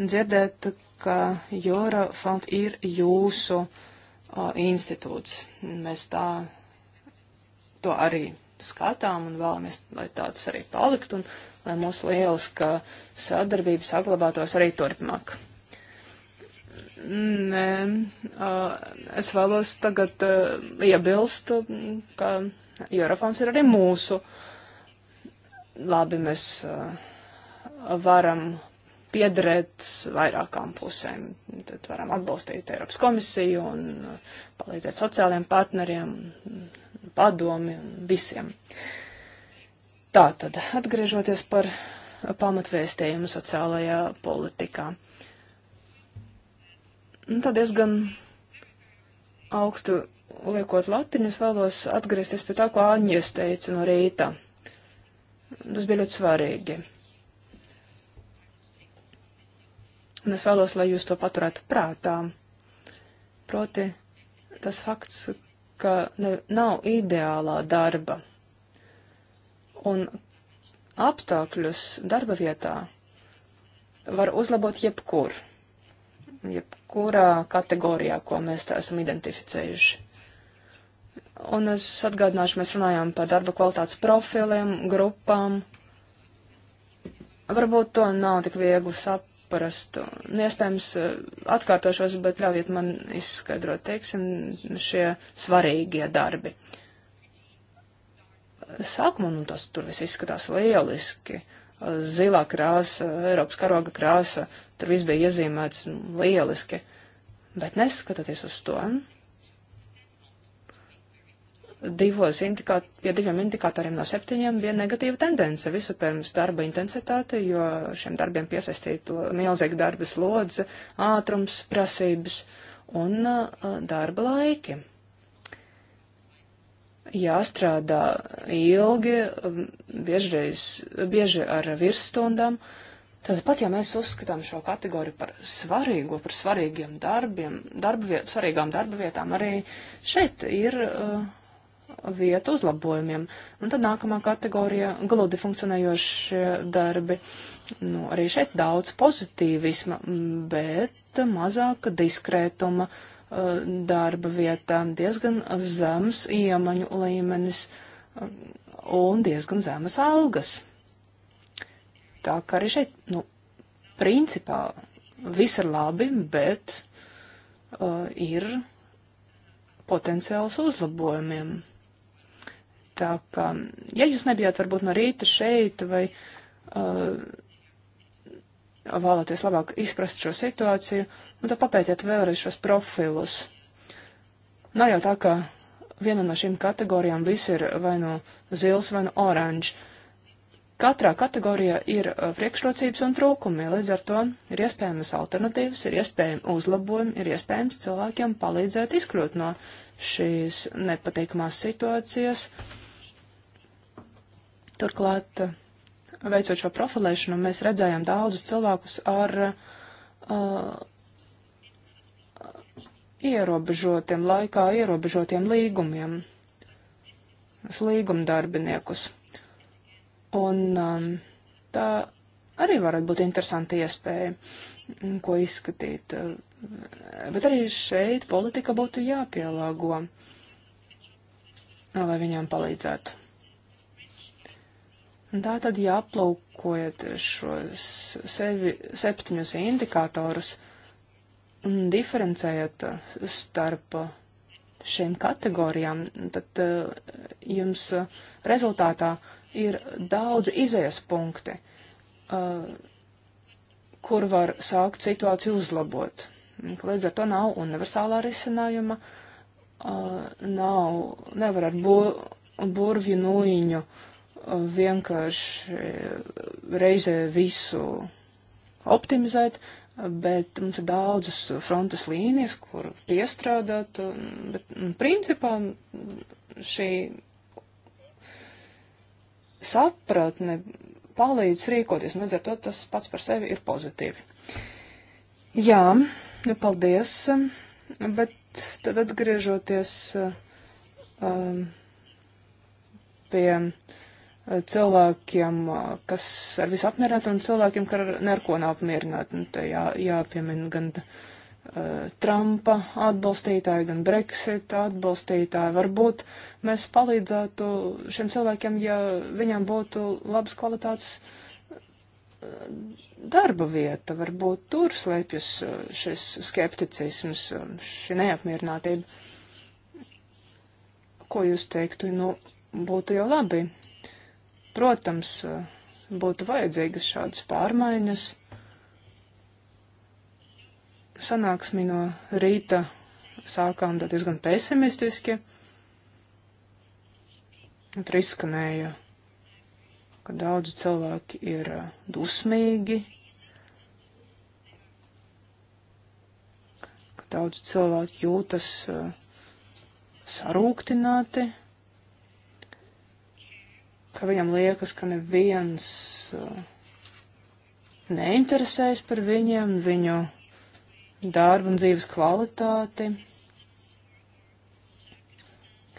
Dzirdēt, ka Jora Font ir jūsu uh, institūts. Mēs tā to arī skatām un vēlamies, lai tāds arī paliktu un lai mūsu lieliska sadarbība saglabātos arī turpmāk. Nē, es vēlos tagad iebilst, ka Eurofons ir arī mūsu. Labi, mēs varam piederēt vairākām pusēm. Tad varam atbalstīt Eiropas komisiju un palīdzēt sociālajiem partneriem, padomi un visiem. Tātad, atgriežoties par pamatvēstījumu sociālajā politikā. Un nu, tad diezgan augstu liekot latiņus, vēlos atgriezties pie tā, ko Aņģis teica no rīta. Tas bija ļoti svarīgi. Un es vēlos, lai jūs to paturētu prātā. Proti, tas fakts, ka ne, nav ideālā darba. Un apstākļus darba vietā var uzlabot jebkur, jebkurā kategorijā, ko mēs tā esam identificējuši. Un es atgādināšu, mēs runājām par darba kvalitātes profiliem, grupām. Varbūt to nav tik viegli sap saprastu. Iespējams, eh, atkārtošos, bet ļaujiet man izskaidrot, teiksim, šie svarīgie darbi. Sākumā, nu, tas tur viss izskatās lieliski. Zilā krāsa, Eiropas karoga krāsa, tur viss bija iezīmēts nu, lieliski. Bet neskatoties uz to, divos indikāt, pie diviem indikatoriem no septiņiem bija negatīva tendence. Vispirms darba intensitāte, jo šiem darbiem piesaistīta milzīga darba slodze, ātrums, prasības un uh, darba laiki. Jāstrādā ilgi, biežreiz, bieži ar virsstundām. Tātad pat, ja mēs uzskatām šo kategoriju par svarīgo, par svarīgiem darbiem, darba viet, svarīgām darba vietām, arī šeit ir uh, vietu uzlabojumiem. Un tad nākamā kategorija - gludi funkcionējošie darbi. Nu, arī šeit daudz pozitīvisma, bet mazāka diskrētuma eh, darba vietā, diezgan zems iemaņu līmenis eh, un diezgan zemas algas. Tā kā arī šeit, nu, principā viss ir labi, bet uh, ir potenciāls uzlabojumiem. Tā kā, ja jūs nebijāt varbūt no rīta šeit vai uh, vēlaties labāk izprast šo situāciju, nu tad papētiet vēlreiz šos profilus. Nav nu jau tā, ka viena no šīm kategorijām viss ir vai no nu zils, vai no nu oranžs. Katrā kategorijā ir uh, priekšrocības un trūkumi, līdz ar to ir iespējamas alternatīvas, ir iespējami uzlabojumi, ir iespējams cilvēkiem palīdzēt izkļūt no šīs nepatīkamās situācijas. Uh, Turklāt, veicot šo profilēšanu, mēs redzējām daudzus cilvēkus ar uh, ierobežotiem, laikā ierobežotiem līgumiem, līgumdarbiniekus. Un um, tā arī varētu būt interesanti iespēja, mm, ko izskatīt. Bet arī šeit politika būtu jāpielāgo, lai viņām palīdzētu. Un tā tad, ja aplūkojat šos sevi, septiņus indikatorus un diferencējat starp šīm kategorijām, tad eh, jums eh, rezultātā ir daudz izējas punkti, eh, kur var sākt situāciju uzlabot. Līdz ar to nav universālā risinājuma, nav, nevar ar bū, burvju nūjiņu uh, vienkārši eh, reizē visu optimizēt, bet mums ir daudzas frontes līnijas, kur piestrādāt, bet principā šī sapratne palīdz rīkoties, un līdz ar to tas pats par sevi ir pozitīvi. Jā, paldies, bet tad atgriežoties um, pie uh, cilvēkiem, kas ar visu apmierināti un cilvēkiem, kas ar neko nav apmierināti. Nu, jā, jāpiemina gan uh, Trumpa atbalstītāji, gan Brexit atbalstītāji. Varbūt mēs palīdzētu šiem cilvēkiem, ja viņiem būtu labas kvalitātes darba vieta, varbūt tur slēpjas šis skepticisms, šī neapmierinātība. Ko jūs teiktu, nu, būtu jau labi, Protams, būtu vajadzīgas šādas pārmaiņas. Sanāksmi no rīta sākām diezgan pesimistiski. Tur izskanēja, ka daudzi cilvēki ir uh, dusmīgi, ka daudzi cilvēki jūtas uh, sarūktināti ka viņam liekas, ka neviens uh, neinteresējas par viņiem, viņu darbu un dzīves kvalitāti,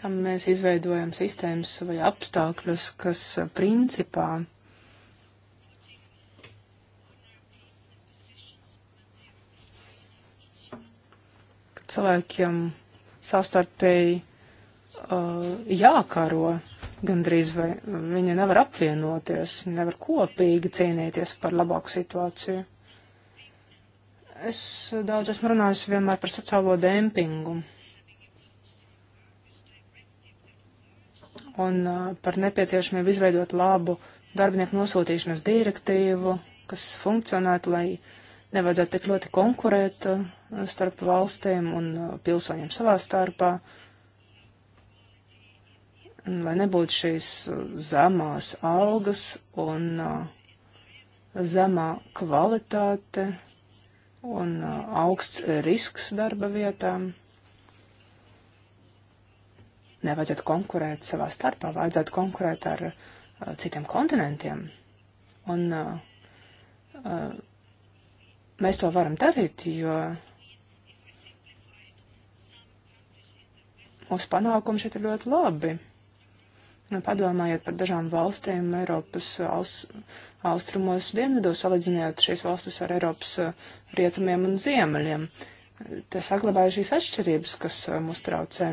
kam mēs izveidojam sistēmas vai apstākļus, kas uh, principā cilvēkiem sastarpēji uh, jākaro gandrīz vai um, viņi nevar apvienoties, nevar kopīgi cīnīties par labāku situāciju. Es uh, daudz esmu runājis vienmēr par sociālo dempingu un uh, par nepieciešamību izveidot labu darbinieku nosūtīšanas direktīvu, kas funkcionētu, lai nevajadzētu tik ļoti konkurēt uh, starp valstīm un pilsoņiem savā starpā. Uh, lai nebūtu šīs uh, zemās algas un uh, zemā kvalitāte un uh, augsts risks darba vietām. Nevajadzētu konkurēt savā starpā, vajadzētu konkurēt ar citiem kontinentiem. Un mēs to varam darīt, jo mūsu panākumi šeit ir ļoti labi. Nu, Padomājot par dažām valstīm Eiropas aus, austrumos, dienvidos, salīdzinot šīs valstis ar Eiropas eh, rietumiem un ziemeļiem, te saglabāja šīs atšķirības, kas eh, mūs traucē.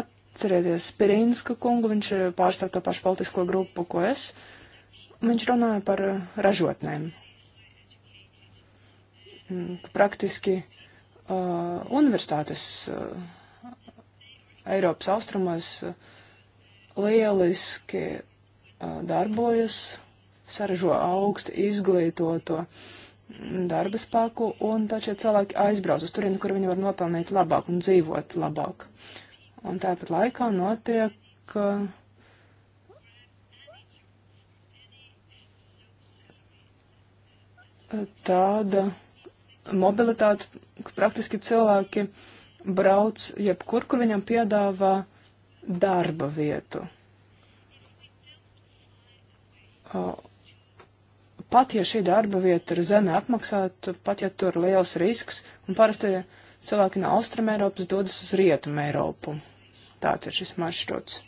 Atcerieties Pirinska kungu, viņš eh, pārstāv to pašu politisko grupu, ko es. Viņš runāja par ražotnēm. Mm, praktiski uh, universitātes uh, Eiropas austrumos uh, lieliski darbojas, saražo augstu izglītoto darba spēku, un tad šie cilvēki aizbrauc uz turieni, kur viņi var nopelnīt labāk un dzīvot labāk. Un tāpat laikā notiek tāda mobilitāte, ka praktiski cilvēki brauc jebkur, kur viņam piedāvā darba vietu. Pat ja šī darba vieta ir zeme apmaksāta, pat ja tur ir liels risks, un parasti cilvēki no Austrum Eiropas dodas uz Rietumu Eiropu. Tāds ir šis maršruts.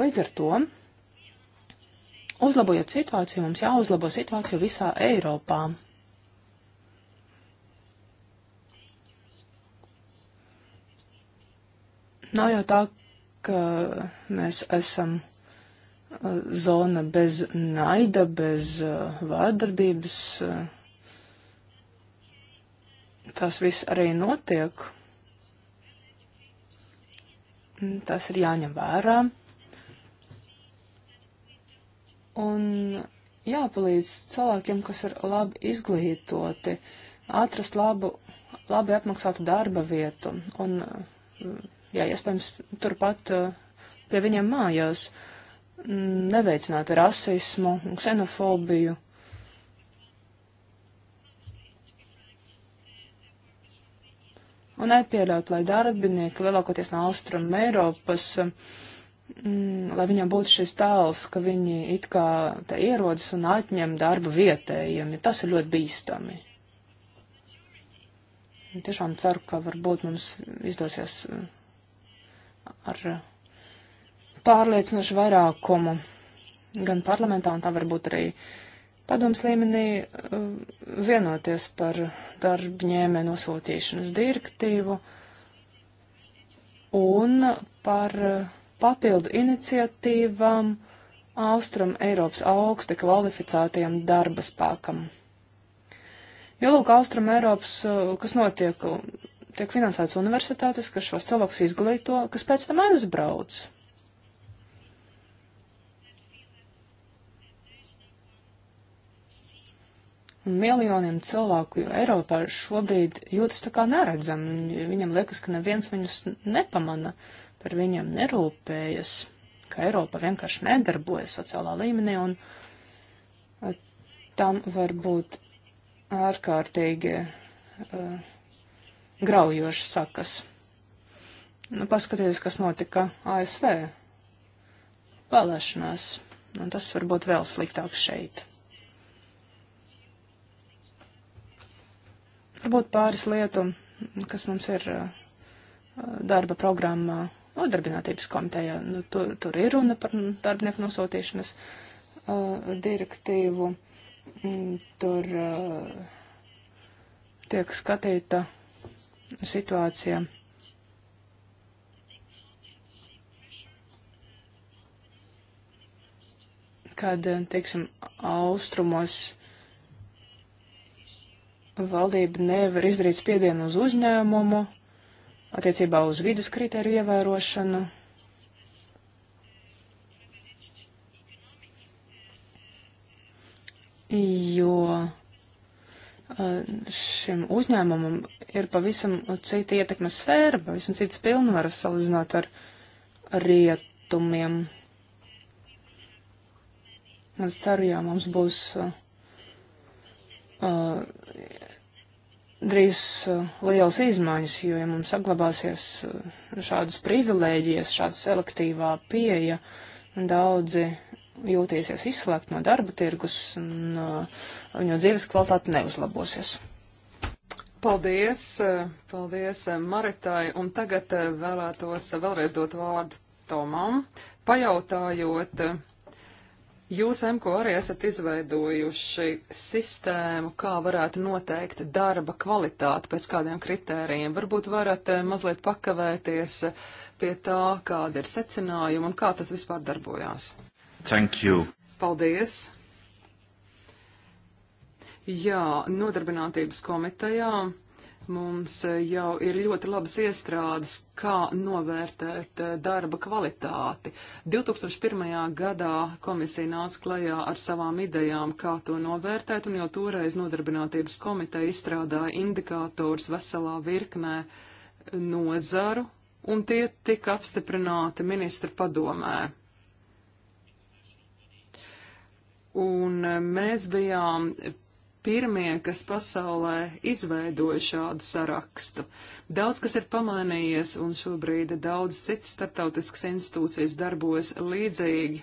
Līdz ar to, uzlabojot situāciju, mums jāuzlabo situāciju visā Eiropā. Nav jau tā, ka mēs esam uh, zona bez naida, bez uh, vārdarbības. Uh, tas viss arī notiek. Mm, tas ir jāņem vērā. Un jāpalīdz cilvēkiem, kas ir labi izglītoti, atrast labu, labi apmaksātu darba vietu un jā, iespējams, turpat uh, pie viņiem mājās mm, neveicināt rasismu un ksenofobiju. Un nepieļaut, lai darbinieki lielākoties no Austrum Eiropas, mm, lai viņam būtu šis tāls, ka viņi it kā te ierodas un atņem darbu vietējiem, ja tas ir ļoti bīstami. Un tiešām ceru, ka varbūt mums izdosies mm, ar pārliecinošu vairākumu gan parlamentā, un tā varbūt arī padoms līmenī uh, vienoties par darbņēmē nosūtīšanas direktīvu un par papildu iniciatīvām Austrum Eiropas augsti kvalificētajam darba spēkam. Jo lūk, Austrum Eiropas, uh, kas notiek tiek finansētas universitātes, kas šos cilvēkus izglīto, kas pēc tam aizbrauc. Un miljoniem cilvēku Eiropā šobrīd jūtas tā kā neredzami. Viņam liekas, ka neviens viņus nepamana, par viņiem nerūpējas, ka Eiropa vienkārši nedarbojas sociālā līmenī un eh, tam var būt ārkārtīgi. Uh, graujoši sakas. Nu, paskaties, kas notika ASV vēlēšanās, un tas varbūt vēl sliktāk šeit. Varbūt pāris lietu, kas mums ir uh, darba programmā nodarbinātības komitejā. Nu, tur, tur ir runa par darbinieku nosūtīšanas uh, direktīvu. Mm, tur uh, tiek skatīta situācijā. Kad, teiksim, austrumos valdība nevar izdarīt spiedienu uz uzņēmumu attiecībā uz vidas kritēriju ievērošanu. Jo uh, šim uzņēmumam ir pavisam cita ietekmes sfēra, pavisam citas pilnvaras salīdzināt ar rietumiem. Es ceru, jā, mums būs uh, uh drīz uh, liels izmaiņas, jo, ja mums saglabāsies uh, šādas privilēģijas, šāda selektīvā pieeja, daudzi jūtīsies izslēgt no darba tirgus un uh, viņu dzīves kvalitāte neuzlabosies. Paldies, paldies Maritai, un tagad eh, vēlētos vēlreiz dot vārdu Tomam, pajautājot, jūs, Emko, arī esat izveidojuši sistēmu, kā varētu noteikt darba kvalitāti pēc kādiem kritērijiem. Varbūt varat eh, mazliet pakavēties eh, pie tā, kāda ir secinājuma un kā tas vispār darbojās. Thank you. Paldies. Jā, nodarbinātības komitejā mums jau ir ļoti labas iestrādes, kā novērtēt eh, darba kvalitāti. 2001. gadā komisija nāca klajā ar savām idejām, kā to novērtēt, un jau toreiz nodarbinātības komiteja izstrādāja indikātors veselā virknē eh, nozaru, un tie tika apstiprināti ministra padomē. Un eh, mēs bijām pirmie, kas pasaulē izveidoja šādu sarakstu. Daudz kas ir pamainījies, un šobrīd daudz citas starptautiskas institūcijas darbojas līdzīgi.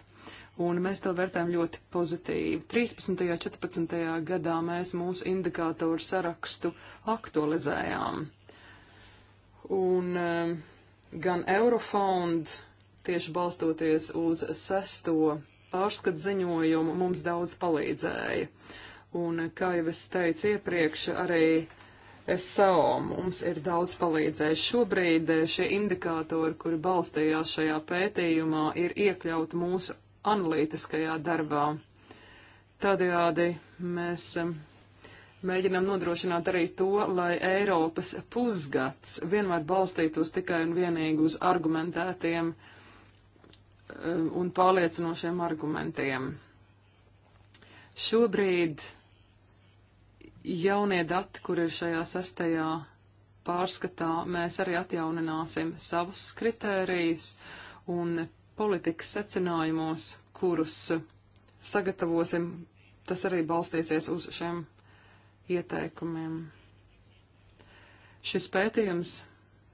Un mēs to vērtējam ļoti pozitīvi. 13. un 14. gadā mēs mūsu indikātoru sarakstu aktualizējām. Un um, gan Eurofond, tieši balstoties uz sesto pārskat ziņojumu, mums daudz palīdzēja. Un, kā jau es teicu iepriekš, arī SAO mums ir daudz palīdzējis. Šobrīd eh, šie indikātori, kuri balstījās šajā pētījumā, ir iekļauti mūsu analītiskajā darbā. Tādējādi mēs eh, mēģinām nodrošināt arī to, lai Eiropas pusgads vienmēr balstītos tikai un vienīgi uz argumentētiem eh, un pārliecinošiem argumentiem. Šobrīd jaunie dati, kur ir šajā sastajā pārskatā, mēs arī atjaunināsim savus kritērijus un politikas secinājumos, kurus sagatavosim, tas arī balstīsies uz šiem ieteikumiem. Šis pētījums,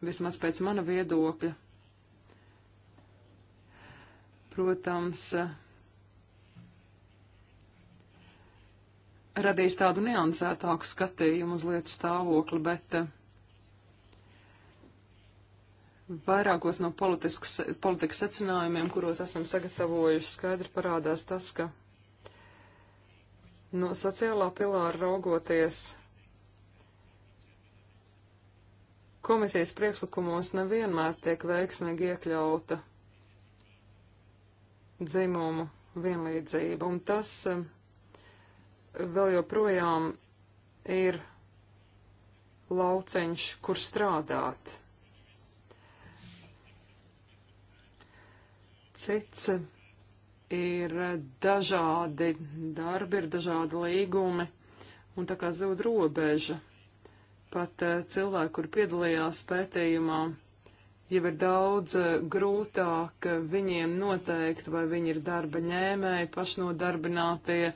vismaz pēc mana viedokļa, protams, radīs tādu neansētāku skatījumu uz lietu stāvokli, bet eh, vairākos no politikas, politikas secinājumiem, kuros esam sagatavojuši, skaidri parādās tas, ka no sociālā pilāra raugoties komisijas priekšlikumos nevienmēr tiek veiksmīgi iekļauta dzimumu vienlīdzība, un tas eh, vēl joprojām ir lauceņš, kur strādāt. Cits ir dažādi darbi, ir dažādi līgumi, un tā kā zūd robeža. Pat eh, cilvēki, kur piedalījās pētījumā, jau ir daudz eh, grūtāk eh, viņiem noteikt, vai viņi ir darba ņēmēji, pašnodarbinātie,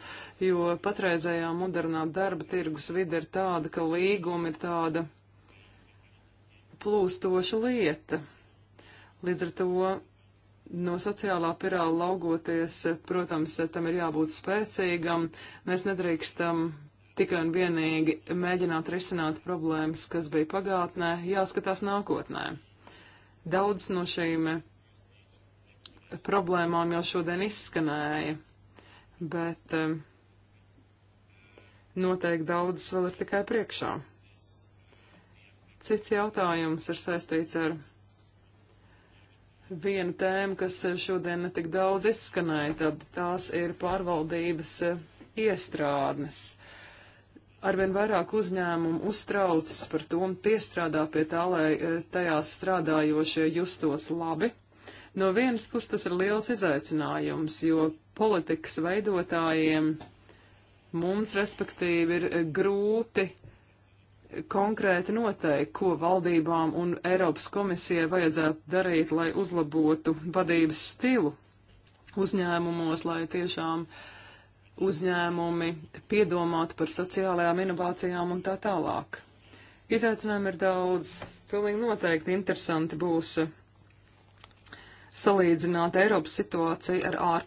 jo patreizējā modernā darba tirgus vide ir tāda, ka līguma ir tāda plūstoša lieta. Līdz ar to no sociālā pirāla laugoties, protams, tam ir jābūt spēcīgam. Mēs nedrīkstam tikai un vienīgi mēģināt risināt problēmas, kas bija pagātnē, jāskatās nākotnē. Daudz no šīm eh, problēmām jau šodien izskanēja, bet eh, noteikti daudzas vēl ir tikai priekšā. Cits jautājums ir saistīts ar vienu tēmu, kas eh, šodien netik daudz izskanēja, tad tās ir pārvaldības iestrādnes arvien vairāk uzņēmumu uztraucas par to un piestrādā pie tā, lai e, tajās strādājošie justos labi. No vienas puses tas ir liels izaicinājums, jo politikas veidotājiem mums, respektīvi, ir e, grūti konkrēti noteikt, ko valdībām un Eiropas komisijai vajadzētu darīt, lai uzlabotu vadības stilu uzņēmumos, lai tiešām uh, uzņēmumi piedomāt par sociālajām inovācijām un tā tālāk. Izaicinājumi ir daudz. Pilnīgi noteikti interesanti būs salīdzināt Eiropas situāciju ar ār,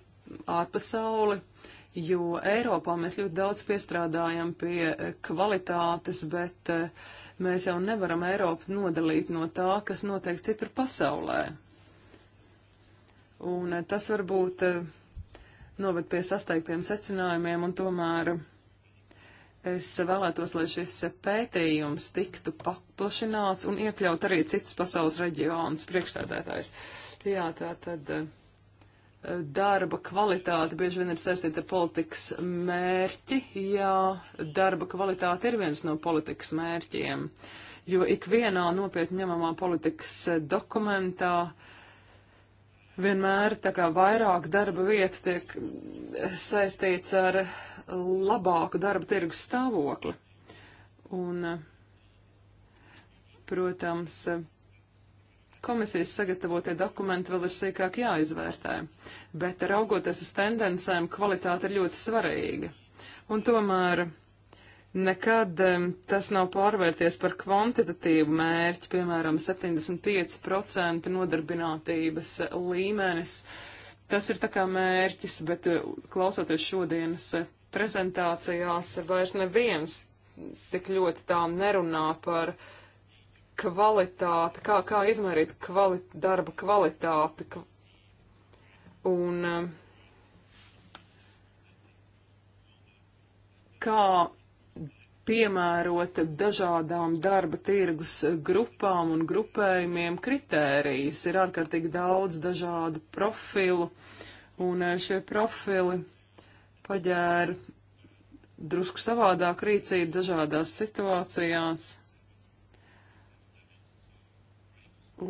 ārpasauli, jo Eiropā mēs ļoti daudz piestrādājam pie kvalitātes, bet eh, mēs jau nevaram Eiropu nodalīt no tā, kas notiek citur pasaulē. Un eh, tas varbūt eh, noved pie sasteigtiem secinājumiem, un tomēr es vēlētos, lai šis pētījums tiktu paplašināts un iekļaut arī citus pasaules reģionus priekšsēdētājs. Jā, tā tad eh, darba kvalitāte bieži vien ir saistīta ar politikas mērķi, ja darba kvalitāte ir viens no politikas mērķiem, jo ikvienā nopietni ņemamā politikas dokumentā uh, vienmēr tā kā vairāk darba vietas tiek saistīts ar labāku darba tirgus stāvokli. Un, protams, komisijas sagatavotie dokumenti vēl ir sīkāk jāizvērtē, bet raugoties uz tendencēm, kvalitāte ir ļoti svarīga. Un tomēr Nekad tas nav pārvērties par kvantitatīvu mērķi, piemēram, 75% nodarbinātības līmenis. Tas ir tā kā mērķis, bet eh, klausoties šodienas eh, prezentācijās, vairs neviens tik ļoti tā nerunā par kvalitāti, kā, kā izmērīt kvali, darba kvalitāti. Un kā piemērota dažādām darba tirgus grupām un grupējumiem kritērijas. Ir ārkārtīgi daudz dažādu profilu, un eh, šie profili paģēra drusku savādāk rīcību dažādās situācijās.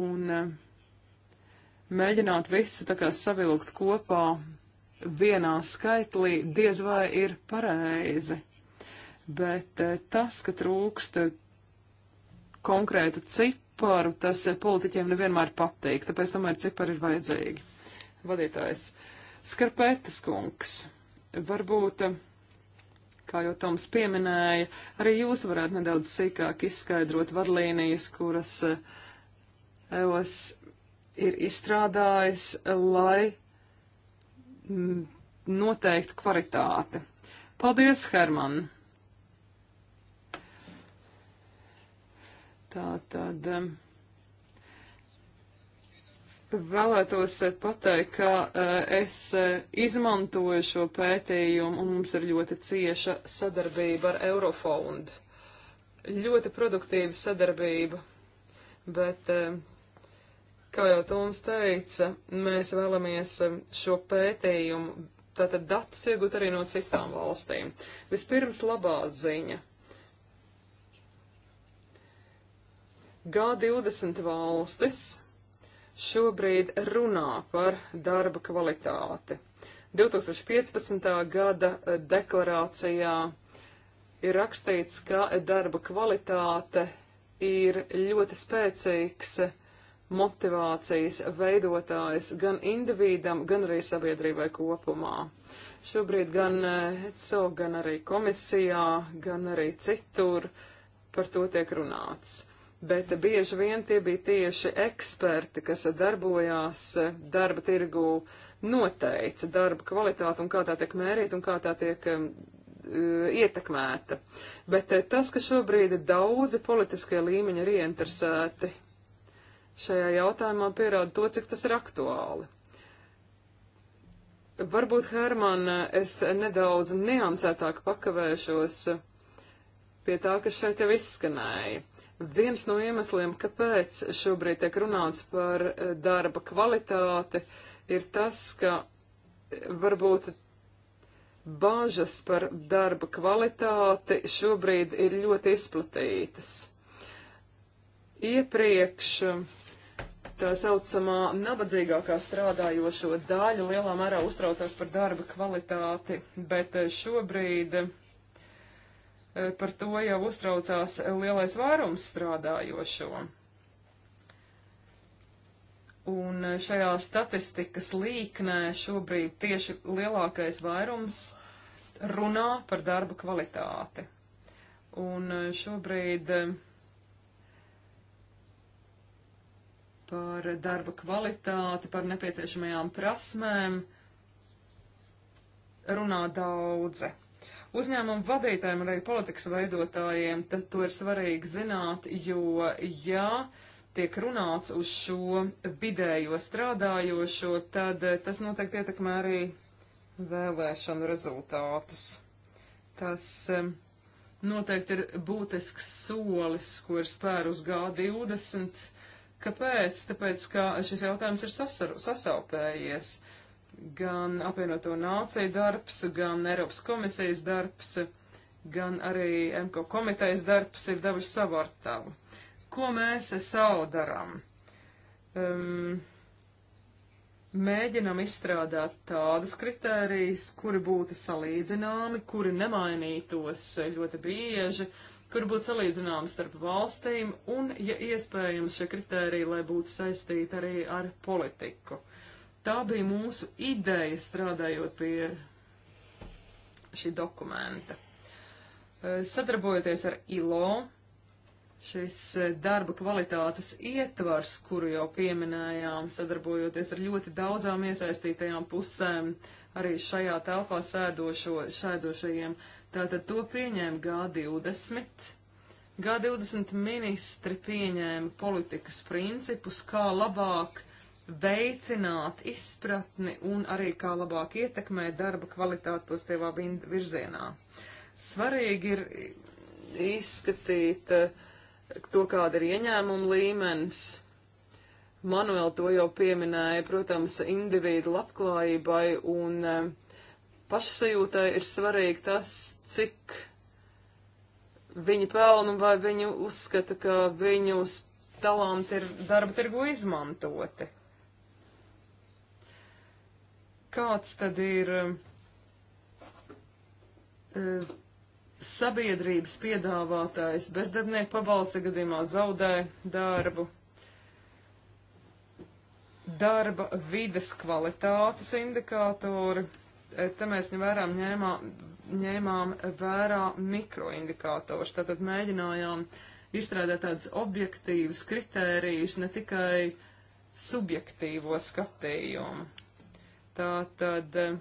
Un eh, mēģināt visu tā kā savilkt kopā vienā skaitlī diez vai ir pareizi bet eh, tas, ka trūkst konkrētu ciparu, tas eh, politiķiem nevienmēr patīk, tāpēc tomēr cipari ir vajadzīgi. Vadītājs Skarpētas kungs, varbūt, eh, kā jau Toms pieminēja, arī jūs varētu nedaudz sīkāk izskaidrot vadlīnijas, kuras EOS ir izstrādājis, lai mm, noteiktu kvalitāti. Paldies, Herman! Tā tad um, vēlētos pateikt, ka uh, es uh, izmantoju šo pētījumu un mums ir ļoti cieša sadarbība ar Eurofondu. Ļoti produktīva sadarbība, bet, um, kā jau Toms teica, mēs vēlamies um, šo pētījumu, tātad datus iegūt arī no citām valstīm. Vispirms labā ziņa G20 valstis šobrīd runā par darba kvalitāti. 2015. gada eh, deklarācijā ir rakstīts, ka darba kvalitāte ir ļoti spēcīgs motivācijas veidotājs gan individam, gan arī sabiedrībai kopumā. Šobrīd gan ECO, eh, gan arī komisijā, gan arī citur par to tiek runāts bet bieži vien tie bija tieši eksperti, kas darbojās darba tirgu, noteica darba kvalitāti un kā tā tiek mērīta un kā tā tiek um, uh, ietekmēta. Bet uh, tas, ka šobrīd daudzi politiskie līmeņi ir ieinteresēti šajā jautājumā, pierāda to, cik tas ir aktuāli. Varbūt, Herman, es nedaudz niansētāk pakavēšos pie tā, kas šeit jau izskanēja. Viens no iemesliem, kāpēc šobrīd tiek runāts par eh, darba kvalitāti, ir tas, ka varbūt bāžas par darba kvalitāti šobrīd ir ļoti izplatītas. Iepriekš tā saucamā nabadzīgākā strādājošo daļa lielā mērā uztraucās par darba kvalitāti, bet eh, šobrīd Eh, par to jau uztraucās lielais vairums strādājošo. Un eh, šajā statistikas līknē šobrīd tieši lielākais vairums runā par darba kvalitāti. Un eh, šobrīd par darba kvalitāti, par nepieciešamajām prasmēm runā daudzi. Uzņēmumu vadītājiem un arī politikas veidotājiem tad to ir svarīgi zināt, jo ja tiek runāts uz šo vidējo strādājošo, tad eh, tas noteikti ietekmē arī vēlēšanu rezultātus. Tas eh, noteikti ir būtisks solis, ko ir spērus G20. Kāpēc? Tāpēc, ka šis jautājums ir sasar, sasautējies gan apvienoto nāciju darbs, gan Eiropas komisijas darbs, gan arī MKO komitejas darbs ir devuši savu artavu. Ko mēs savu darām? Um, mēģinam izstrādāt tādus kritērijus, kuri būtu salīdzināmi, kuri nemainītos ļoti bieži, kuri būtu salīdzināmi starp valstīm un, ja iespējams, šie kritēriji, lai būtu saistīti arī ar politiku. Uh, Tā bija mūsu ideja strādājot pie šī dokumenta. Eh, sadarbojoties ar ILO, šis eh, darba kvalitātes ietvars, kuru jau pieminējām, sadarbojoties ar ļoti daudzām iesaistītajām pusēm, arī šajā telpā sēdošo, sēdošajiem, tātad to pieņēma G20. G20 ministri pieņēma politikas principus, kā labāk uh, veicināt izpratni un arī kā labāk ietekmēt darba kvalitāti pozitīvā virzienā. Svarīgi ir izskatīt eh, to, kāda ir ieņēmuma līmenis. Manuēl to jau pieminēja, protams, individu labklājībai un eh, pašsajūtai ir svarīgi tas, cik viņi pelna un vai viņi uzskata, ka viņus talanti ir darba tirgu izmantoti kāds tad ir uh, sabiedrības piedāvātājs bezdarbnieku pabalsta gadījumā zaudē darbu. Darba vides kvalitātes indikātori. E, te mēs vērām ņēmām, ņēmām vērā mikroindikātors. Tātad mēģinājām izstrādāt tādus objektīvus kritērijus, ne tikai subjektīvo skatījumu. Tā tad eh,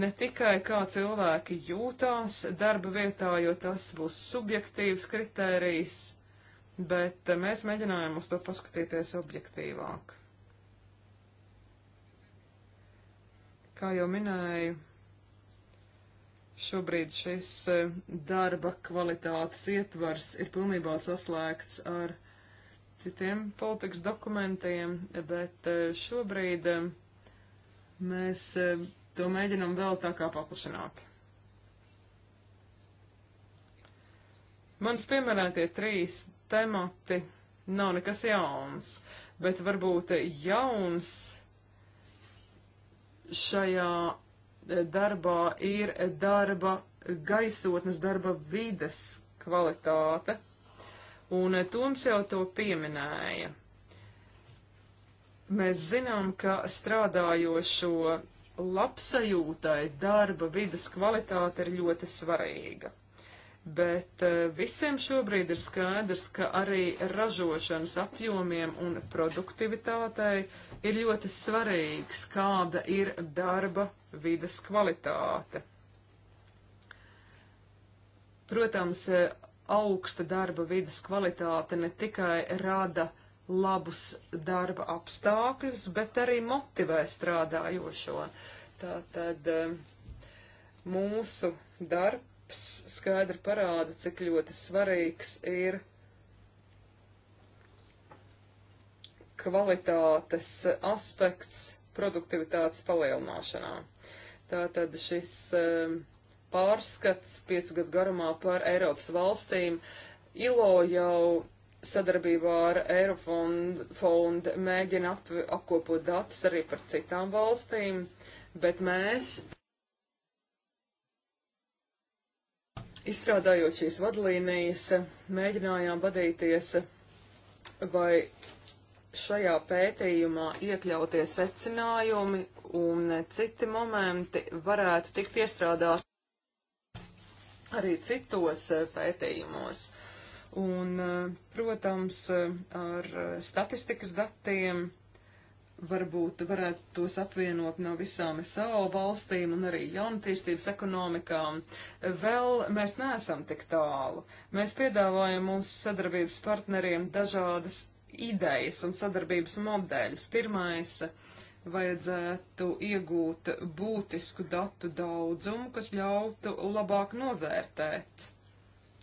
ne tikai kā cilvēki jūtās darba vietā, jo tas būs subjektīvs kritērijs, bet eh, mēs mēģinājām uz to paskatīties objektīvāk. Kā jau minēju, šobrīd šis eh, darba kvalitātes ietvars ir pilnībā saslēgts ar citiem politikas dokumentiem, bet šobrīd Mēs e, to mēģinām vēl tā kā paplašināt. Mans pieminētie trīs temati nav nekas jauns, bet varbūt jauns šajā e, darbā ir darba gaisotnes, darba vides kvalitāte. Un e, Toms jau to pieminēja. Mēs zinām, ka strādājošo labsajūtai darba vidas kvalitāte ir ļoti svarīga. Bet eh, visiem šobrīd ir skaidrs, ka arī ražošanas apjomiem un produktivitātei ir ļoti svarīgs, kāda ir darba vidas kvalitāte. Protams, eh, augsta darba vidas kvalitāte ne tikai rada uh, labus darba apstākļus, bet arī motivē strādājošo. Tātad eh, mūsu darbs skaidri parāda, cik ļoti svarīgs ir kvalitātes aspekts produktivitātes palielināšanā. Tātad šis eh, pārskats piecu gadu garumā par Eiropas valstīm ILO jau sadarbībā ar Eirofondu mēģina ap, apkopot datus arī par citām valstīm, bet mēs, izstrādājot šīs vadlīnijas, mēģinājām vadīties vai šajā pētījumā iekļautie secinājumi un citi momenti varētu tikt iestrādāti arī citos pētījumos. Un, eh, protams, eh, ar eh, statistikas datiem varbūt varētu tos apvienot no visām SAO valstīm un arī jaunatīstības ekonomikām. Vēl mēs neesam tik tālu. Mēs piedāvājam mūsu sadarbības partneriem dažādas idejas un sadarbības modeļus. Pirmais vajadzētu iegūt būtisku datu daudzumu, kas ļautu labāk novērtēt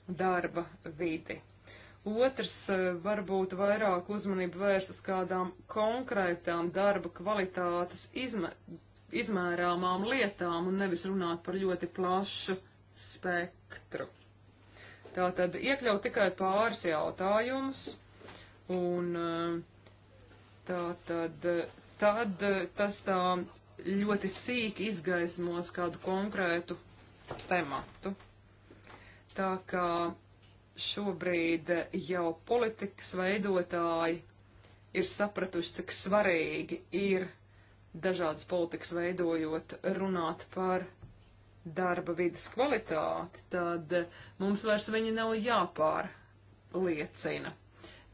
darba vidi. Otrs eh, varbūt vairāk uzmanību vērs uz kādām konkrētām darba kvalitātes izmē, izmērāmām lietām un nevis runāt par ļoti plašu spektru. Tātad iekļaut tikai pāris jautājumus un eh, tātad eh, tad tas tā ļoti sīki izgaismos kādu konkrētu tematu. Tā kā šobrīd jau politikas veidotāji ir sapratuši, cik svarīgi ir dažādas politikas veidojot runāt par darba vidas kvalitāti, tad mums vairs viņi nav jāpārliecina.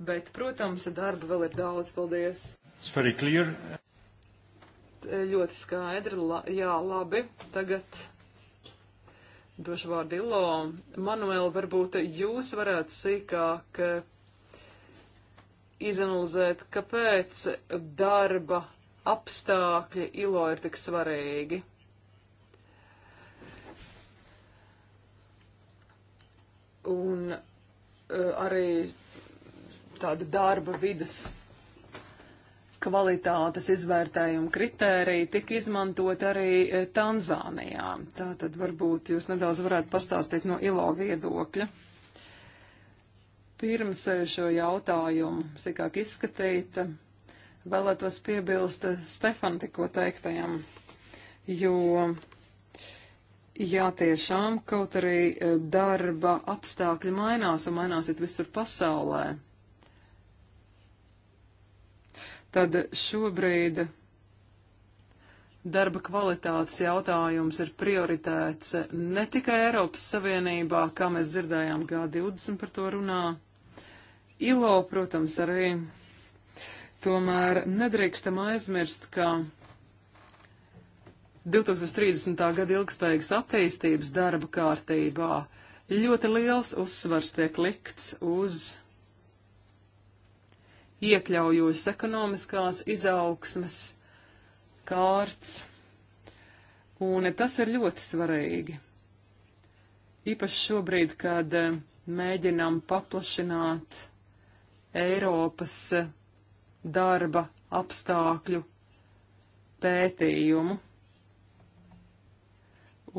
Bet, protams, darba vēl ir daudz. Paldies! Ļoti skaidri. La, jā, labi. Tagad došu vārdu Ilo. Manuēl, varbūt jūs varētu sīkāk eh, izanalizēt, kāpēc darba apstākļi Ilo ir tik svarīgi. Un eh, arī tāda darba vidas kvalitātes izvērtējumu kritēriji tika izmantot arī e, Tanzānijā. Tā tad varbūt jūs nedaudz varētu pastāstīt no ILO viedokļa. Pirms e, šo jautājumu sīkāk izskatīt, vēlētos piebilst e, Stefan tikko teiktajam, jo jā, tiešām kaut arī darba apstākļi mainās un mainās it visur pasaulē tad šobrīd darba kvalitātes jautājums ir prioritēts ne tikai Eiropas Savienībā, kā mēs dzirdējām G20 par to runā, ILO, protams, arī. Tomēr nedrīkstam aizmirst, ka 2030. gada ilgspējīgas attīstības darba kārtībā ļoti liels uzsvars tiek likts uz iekļaujošas ekonomiskās izaugsmas kārts, un tas ir ļoti svarīgi. Īpaši šobrīd, kad eh, mēģinām paplašināt Eiropas eh, darba apstākļu pētījumu.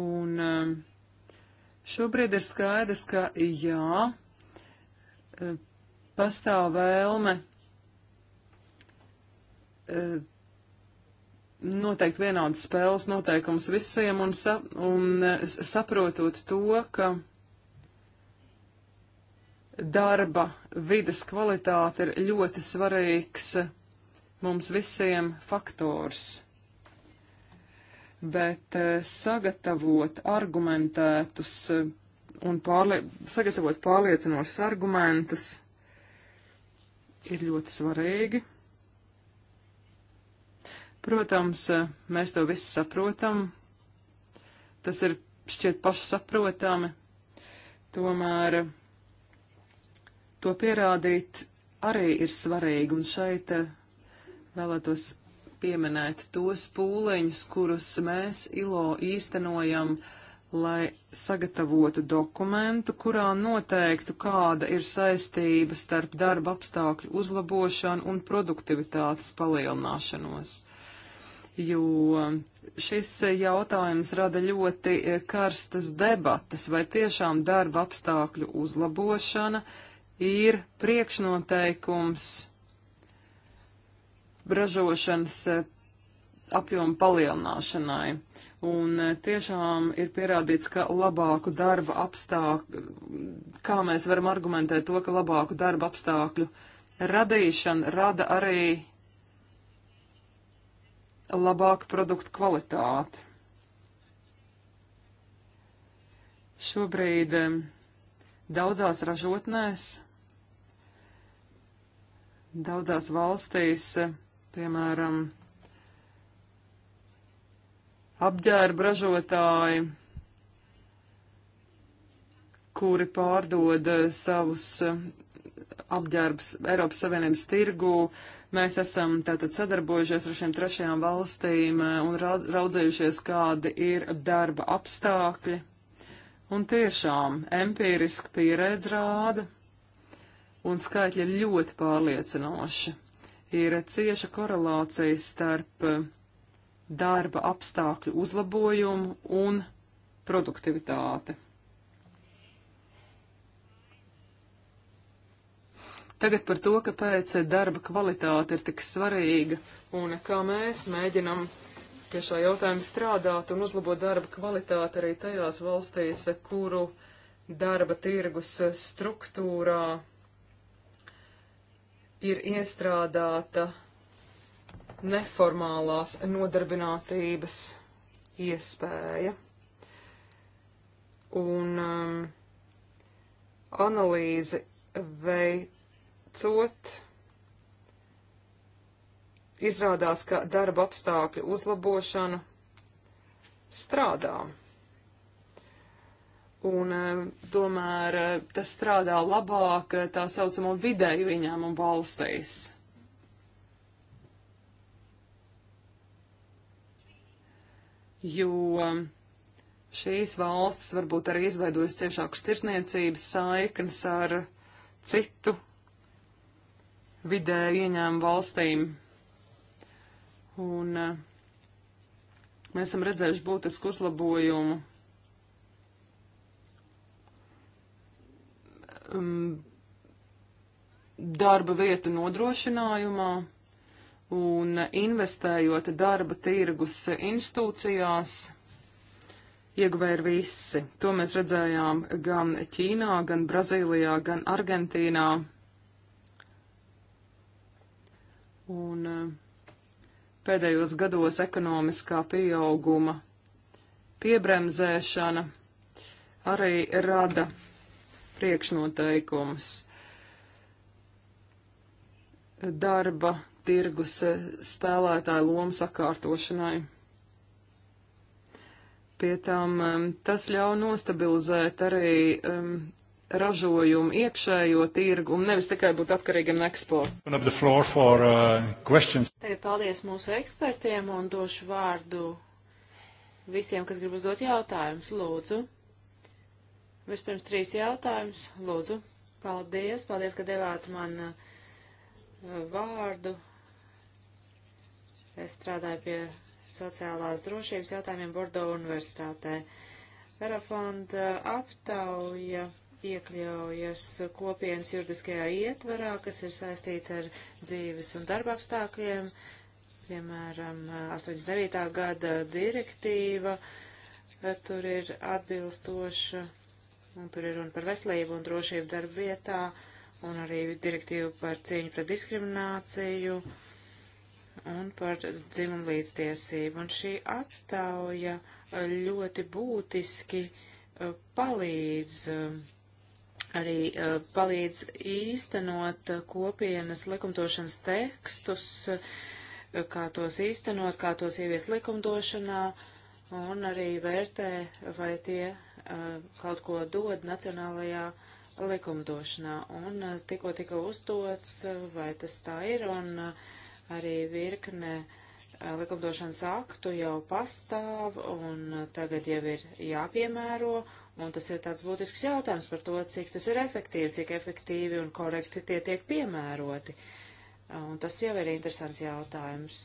Un eh, šobrīd ir skaidrs, ka jā, pastāv vēlme Eh, noteikti vienādas spēles noteikums visiem un, sa un eh, saprotot to, ka darba vidas kvalitāte ir ļoti svarīgs eh, mums visiem faktors. Bet sagatavot argumentētus un pārlie sagatavot pārliecinošus argumentus ir ļoti svarīgi. Protams, eh, mēs to visu saprotam. Tas ir šķiet pašsaprotami. Tomēr eh, to pierādīt arī ir svarīgi, un šeit eh, vēlētos pieminēt tos pūliņus, kurus mēs ILO īstenojam, lai sagatavotu dokumentu, kurā noteiktu, kāda ir saistība starp darba apstākļu uzlabošanu un produktivitātes palielināšanos jo šis jautājums rada ļoti eh, karstas debatas, vai tiešām darba apstākļu uzlabošana ir priekšnoteikums ražošanas eh, apjomu palielināšanai. Un eh, tiešām ir pierādīts, ka labāku darba apstākļu, kā mēs varam argumentēt to, ka labāku darba apstākļu radīšana rada arī labāku produktu kvalitāti. Šobrīd daudzās ražotnēs, daudzās valstīs, piemēram, apģērba ražotāji, kuri pārdod eh, savus apģērbs Eiropas Savienības tirgū, Mēs esam tātad sadarbojušies ar šiem trešajām valstīm eh, un raudzējušies, kādi ir darba apstākļi. Un tiešām empīriski pieredze rāda, un skaitļi ir ļoti pārliecinoši. Ir cieša korelācija starp eh, darba apstākļu uzlabojumu un produktivitāti. Tagad par to, kāpēc darba kvalitāte ir tik svarīga un kā mēs mēģinam pie šā jautājuma strādāt un uzlabot darba kvalitāti arī tajās valstīs, kuru darba tirgus struktūrā ir iestrādāta neformālās nodarbinātības iespēja. Un um, analīzi veikt Beidzot, izrādās, ka darba apstākļu uzlabošana strādā. Un e, tomēr e, tas strādā labāk e, tā saucamo vidēju ieņēmumu valstīs. Jo šīs valstis varbūt arī izveidojas ciešākas tirsniecības saiknes ar citu vidēju ieņēmumu valstīm. Un eh, mēs esam redzējuši būtisku uzlabojumu. Mm, darba vietu nodrošinājumā un investējot darba tirgus institūcijās, ieguvēja visi. To mēs redzējām gan Ķīnā, gan Brazīlijā, gan Argentīnā. Un eh, pēdējos gados ekonomiskā pieauguma piebremzēšana arī rada priekšnoteikumus darba tirgus eh, spēlētāju lomu sakārtošanai. Pie tam eh, tas ļauj nostabilizēt arī um, ražojumu iekšējo tirgu un nevis tikai būt atkarīgam no eksporta. Tagad uh, paldies mūsu ekspertiem un došu vārdu visiem, kas grib uzdot jautājumus. Lūdzu. Vispirms trīs jautājumus. Lūdzu. Paldies. Paldies, ka devāt man uh, vārdu. Es strādāju pie sociālās drošības jautājumiem Bordo universitātē. Verafonda uh, aptauja iekļaujas kopienas juridiskajā ietvarā, kas ir saistīta ar dzīves un darba apstākļiem, piemēram, 89. gada direktīva, eh, tur ir atbilstoša, un tur ir runa par veselību un drošību darba vietā, un arī direktīva par cīņu pret diskrimināciju un par dzimumu līdztiesību. Un šī aptauja eh, ļoti būtiski eh, palīdz uh, arī uh, palīdz īstenot kopienas likumdošanas tekstus, uh, kā tos īstenot, kā tos ievies likumdošanā, un arī vērtē, vai tie uh, kaut ko dod nacionālajā likumdošanā. Un tikko tika uzdots, vai tas tā ir, un arī virkne likumdošanas aktu jau pastāv, un tagad jau ir jāpiemēro Un tas ir tāds būtisks jautājums par to, cik tas ir efektīvi, cik efektīvi un korekti tie tiek piemēroti. Un tas jau ir interesants jautājums.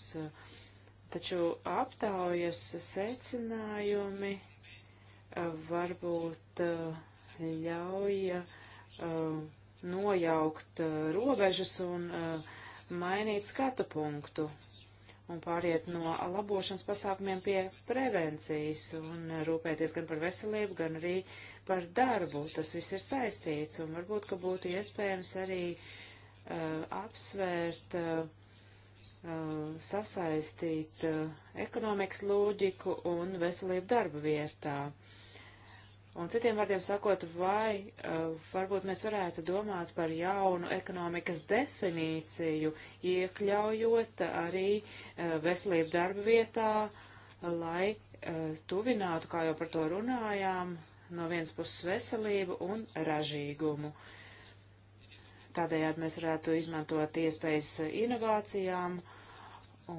Taču aptaujas secinājumi varbūt ļauj nojaukt robežas un mainīt skatu punktu un pāriet no labošanas pasākumiem pie prevencijas un rūpēties gan par veselību, gan arī par darbu. Tas viss ir saistīts un varbūt, ka būtu iespējams arī uh, apsvērt, uh, uh sasaistīt uh, ekonomikas loģiku un veselību darba vietā. Uh, Un citiem vārdiem sakot, vai uh, varbūt mēs varētu domāt par jaunu ekonomikas definīciju, iekļaujot arī uh, veselību darba vietā, lai uh, tuvinātu, kā jau par to runājām, no vienas puses veselību un ražīgumu. Tādējādi mēs varētu izmantot iespējas inovācijām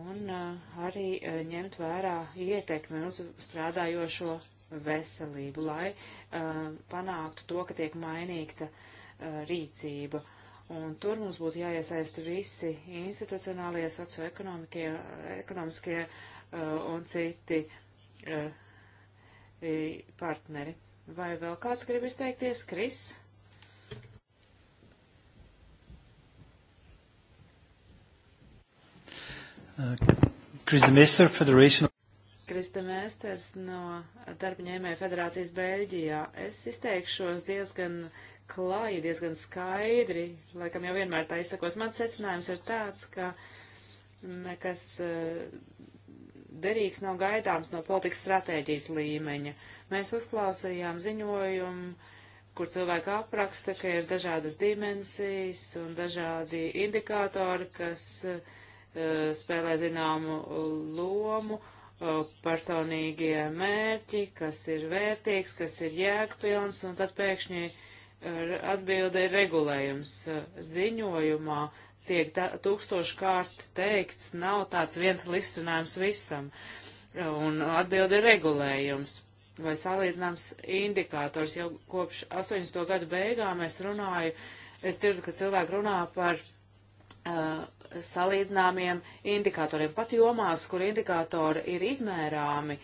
un uh, arī uh, ņemt vērā ietekmi uz strādājošo veselību, lai uh, panāktu to, ka tiek mainīta uh, rīcība. Un tur mums būtu jāiesaist visi institucionālie, socioekonomiskie ekonomiskie, uh, un citi partneri. Vai vēl kāds grib izteikties? Kris? Kris uh, Demisler, Federation. Krista Mēsters no Darbaņēmēja federācijas Beļģijā. Es izteikšos diezgan klāji, diezgan skaidri, laikam jau vienmēr tā izsakos. Mans secinājums ir tāds, ka nekas eh, derīgs nav gaidāms no politikas stratēģijas līmeņa. Mēs uzklausījām ziņojumu, kur cilvēki apraksta, ka ir dažādas dimensijas un dažādi indikātori, kas uh, spēlē zināmu eh, lomu personīgie mērķi, kas ir vērtīgs, kas ir jēgpilns, un tad pēkšņi e, atbilde ir regulējums. E, ziņojumā tiek tā, tūkstoši kārt teikts, nav tāds viens lisinājums visam, e, un atbilde ir regulējums. Vai salīdzināms indikators jau kopš 80. gadu beigām es runāju, es dzirdu, ka cilvēki runā par uh, salīdzināmiem indikatoriem. Pat jomās, kur indikatori ir izmērāmi,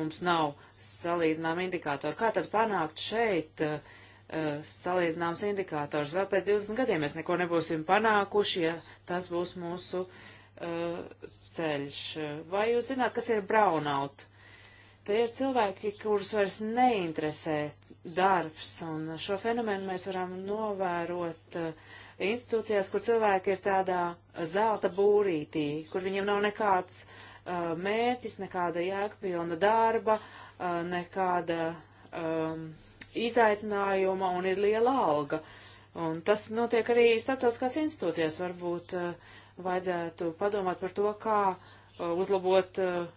mums nav salīdzināmi indikatori. Kā tad panākt šeit uh, uh salīdzināms indikators? Vēl pēc 20 gadiem mēs neko nebūsim panākuši, ja tas būs mūsu uh, ceļš. Vai jūs zināt, kas ir brownout? Tie ir cilvēki, kurus vairs neinteresē darbs, un šo fenomenu mēs varam novērot uh, institūcijās, kur cilvēki ir tādā zelta būrītī, kur viņiem nav nekāds uh, mērķis, nekāda jēgpilna darba, uh, nekāda um, izaicinājuma un ir liela alga. Un tas notiek arī starptautiskās institūcijās. Varbūt uh, vajadzētu padomāt par to, kā uh, uzlabot uh,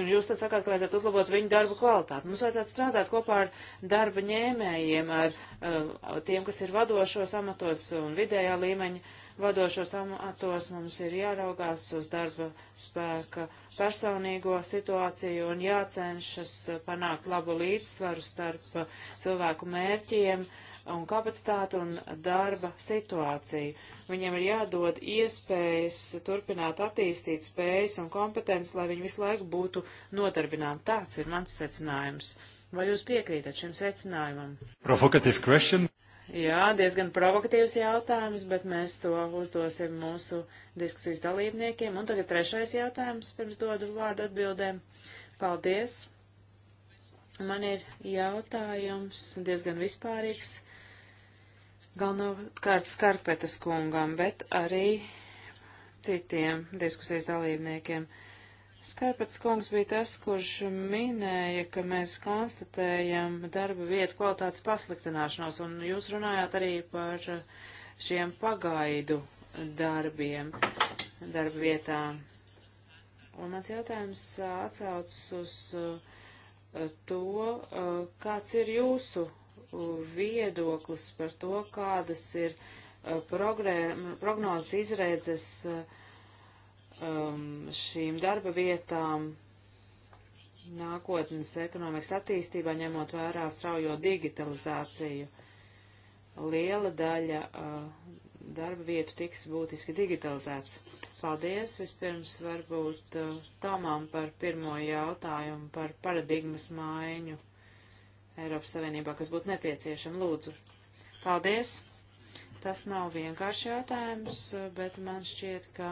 Un jūs tad sakāt, ka vajadzētu uzlabot viņu darbu kvalitāti. Mums vajadzētu strādāt kopā ar darba ņēmējiem, ar uh, tiem, kas ir vadošos amatos un vidējā līmeņa vadošos amatos. Mums ir jāraugās uz darba spēka personīgo situāciju un jācenšas uh, panākt labu līdzsvaru starp uh, cilvēku mērķiem. Uh, un kapacitātu un darba situāciju. Viņiem ir jādod iespējas turpināt attīstīt spējas un kompetences, lai viņi visu laiku būtu nodarbināti. Tāds ir mans secinājums. Vai jūs piekrītat šim secinājumam? Provocative question. Jā, diezgan provokatīvs jautājums, bet mēs to uzdosim mūsu diskusijas dalībniekiem. Un tagad trešais jautājums, pirms dodu vārdu atbildēm. Paldies! Man ir jautājums diezgan vispārīgs galvenokārt Skarpetas kungam, bet arī citiem diskusijas dalībniekiem. Skarpats kungs bija tas, kurš minēja, ka mēs konstatējam darba vietu kvalitātes pasliktināšanos, un jūs runājāt arī par šiem pagaidu darbiem, darba vietām. Un mans jautājums atsaucas uz uh, to, uh, kāds ir jūsu viedoklis par to, kādas ir eh, prognozes izredzes eh, um, šīm darba vietām nākotnes ekonomikas attīstībā, ņemot vērā straujo digitalizāciju. Liela daļa eh, darba vietu tiks būtiski digitalizēts. Paldies vispirms varbūt Tomam par pirmo jautājumu par paradigmas maiņu Eiropas Savienībā, kas būtu nepieciešama. Lūdzu. Paldies. Tas nav vienkārši jautājums, bet man šķiet, ka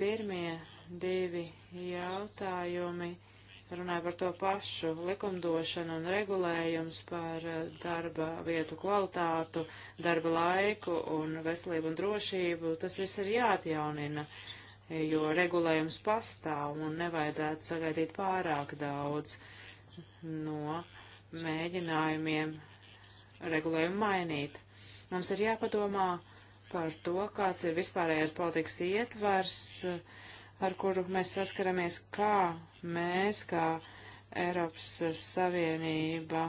pirmie divi jautājumi runāja par to pašu likumdošanu un regulējums par eh, darba vietu kvalitātu, darba laiku un veselību un drošību. Tas viss ir jāatjaunina, jo regulējums pastāv un nevajadzētu sagaidīt pārāk daudz. Uh, no mēģinājumiem regulējumu mainīt. Mums ir jāpadomā par to, kāds ir vispārējais politikas ietvars, ar kuru mēs saskaramies, kā mēs, kā Eiropas Savienība,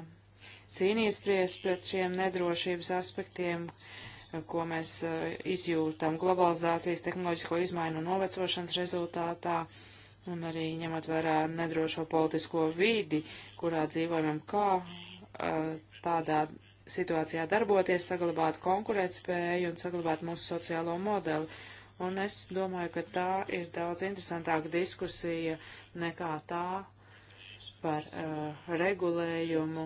cīnīsies pret šiem nedrošības aspektiem, ko mēs eh, izjūtam globalizācijas tehnoloģisko izmaiņu un novecošanas rezultātā. Uh, un arī ņemot vērā nedrošo politisko vīdi, kurā dzīvojam, kā eh, tādā situācijā darboties, saglabāt konkurētspēju un saglabāt mūsu sociālo modeli. Un es domāju, ka tā ir daudz interesantāka diskusija nekā tā par uh, regulējumu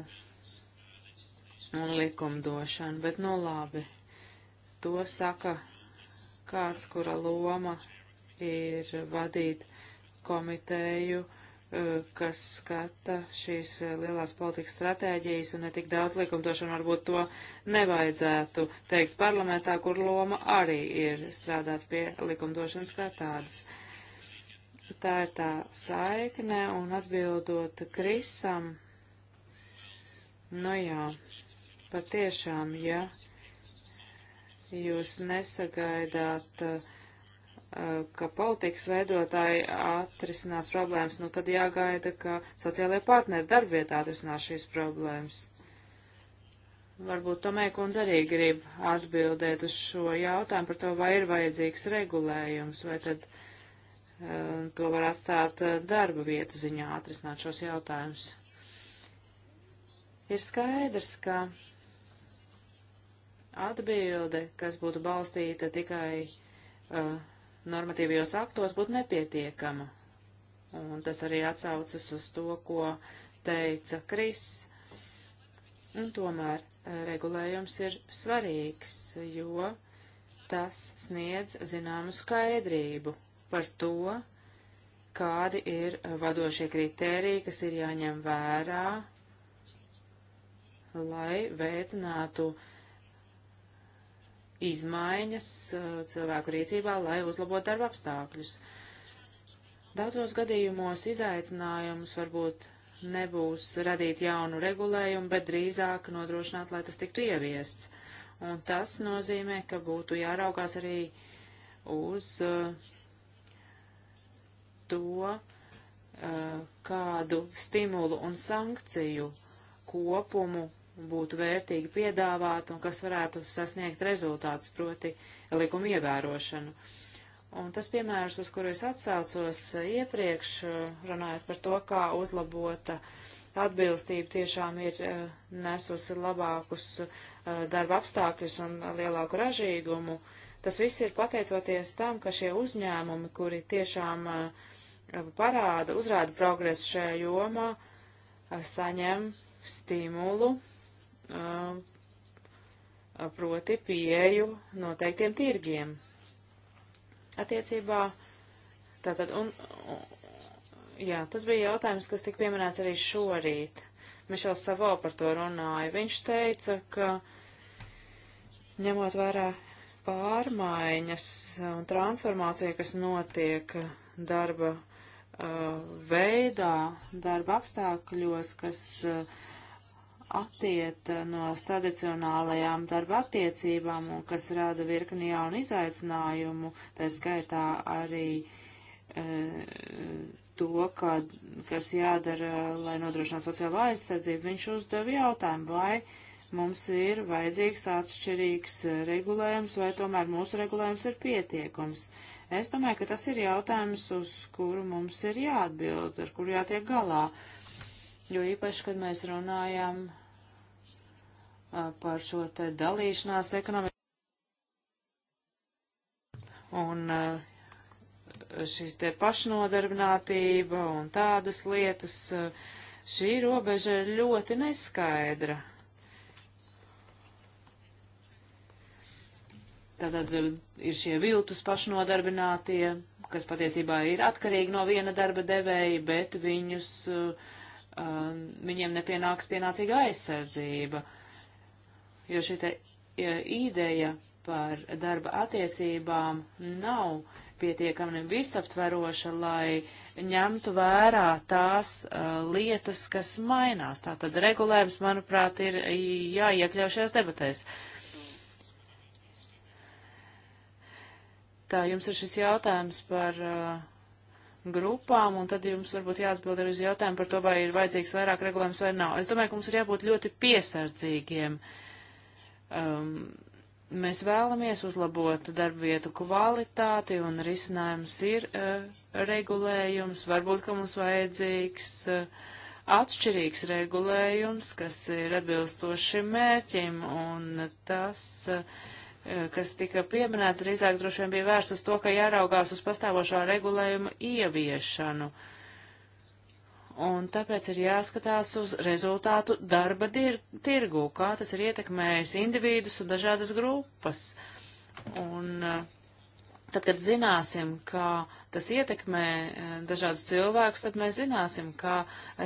un likumdošanu. Bet nu labi, to saka kāds, kura loma ir vadīt uh, komiteju, eh, kas skata šīs eh, lielās politikas stratēģijas un ne tik daudz likumdošanu, varbūt to nevajadzētu teikt parlamentā, kur loma arī ir strādāt pie likumdošanas kā tādas. Tā ir tā saikne un atbildot Krisam, nu jā, patiešām, ja jūs nesagaidāt uh, ka politikas veidotāji atrisinās problēmas, nu tad jāgaida, ka sociālajie partneri darbvietā atrisinās šīs problēmas. Varbūt Tomē kundze arī grib atbildēt uz šo jautājumu par to, vai ir vajadzīgs regulējums, vai tad uh, to var atstāt uh, darba vietu ziņā atrisināt šos jautājumus. Ir skaidrs, ka atbilde, kas būtu balstīta tikai uh, normatīvajos aktos būtu nepietiekama. Un tas arī atsaucas uz to, ko teica Kris. Un tomēr eh, regulējums ir svarīgs, jo tas sniedz zināmu skaidrību par to, kādi ir vadošie kritēriji, kas ir jāņem vērā, lai veicinātu uh, izmaiņas uh, cilvēku rīcībā, lai uzlabotu darba apstākļus. Daudzos gadījumos izaicinājums varbūt nebūs radīt jaunu regulējumu, bet drīzāk nodrošināt, lai tas tiktu ieviests. Un tas nozīmē, ka būtu jāraugās arī uz uh, to, uh, kādu stimulu un sankciju kopumu būtu vērtīgi piedāvāt un kas varētu sasniegt rezultātus, proti likumu ievērošanu. Un tas piemērs, uz kuru es atsaucos eh, iepriekš, eh, runājot par to, kā uzlabota eh, atbilstība tiešām ir nesusi labākus darba apstākļus un lielāku ražīgumu, tas viss ir pateicoties tam, ka šie uzņēmumi, kuri tiešām parāda, uzrāda progresu šajā jomā, saņem stimulu Um, proti pieeju noteiktiem tirgiem. Attiecībā tātad, un, jā, tas bija jautājums, kas tika pieminēts arī šorīt. Mišels Savo par to runāja. Viņš teica, ka ņemot vērā pārmaiņas un transformācija, kas notiek darba uh, veidā, darba apstākļos, kas uh, attiet no tradicionālajām darba attiecībām un kas rada virkni jaunu izaicinājumu, tā skaitā arī e, to, kā, kas jādara, lai nodrošinātu sociālo aizsardzību, viņš uzdeva jautājumu, vai mums ir vajadzīgs atšķirīgs regulējums, vai tomēr mūsu regulējums ir pietiekums. Es domāju, ka tas ir jautājums, uz kuru mums ir jāatbild, ar kuru jātiek galā. Jo īpaši, kad mēs runājam par šo te dalīšanās ekonomiku. Un šīs te pašnodarbinātība un tādas lietas, šī robeža ir ļoti neskaidra. Tātad ir šie viltus pašnodarbinātie, kas patiesībā ir atkarīgi no viena darba devēja, bet viņus, uh, viņiem nepienāks pienācīga aizsardzība. Uh, jo šī te e, ideja par darba attiecībām nav pietiekami visaptveroša, lai ņemtu vērā tās uh, lietas, kas mainās. Tātad regulējums, manuprāt, ir jāiekļauj šajās debatēs. Tā, jums ir šis jautājums par uh, grupām, un tad jums varbūt jāatbild arī uz jautājumu par to, vai ir vajadzīgs vairāk regulējums vai nav. Es domāju, ka mums ir jābūt ļoti piesardzīgiem. Uh, um, mēs vēlamies uzlabot darbvietu kvalitāti un risinājums ir uh, regulējums. Varbūt, ka mums vajadzīgs uh, atšķirīgs regulējums, kas ir atbilstošs šim mērķim un tas. Uh, kas tika pieminēts, drīzāk droši vien bija vērsts uz to, ka jāraugās uz pastāvošā regulējuma ieviešanu. Uh, Un tāpēc ir jāskatās uz rezultātu darba tirgū, kā tas ir ietekmējis individus un dažādas grupas. Un eh, tad, kad zināsim, kā tas ietekmē eh, dažādus cilvēkus, tad mēs zināsim, kā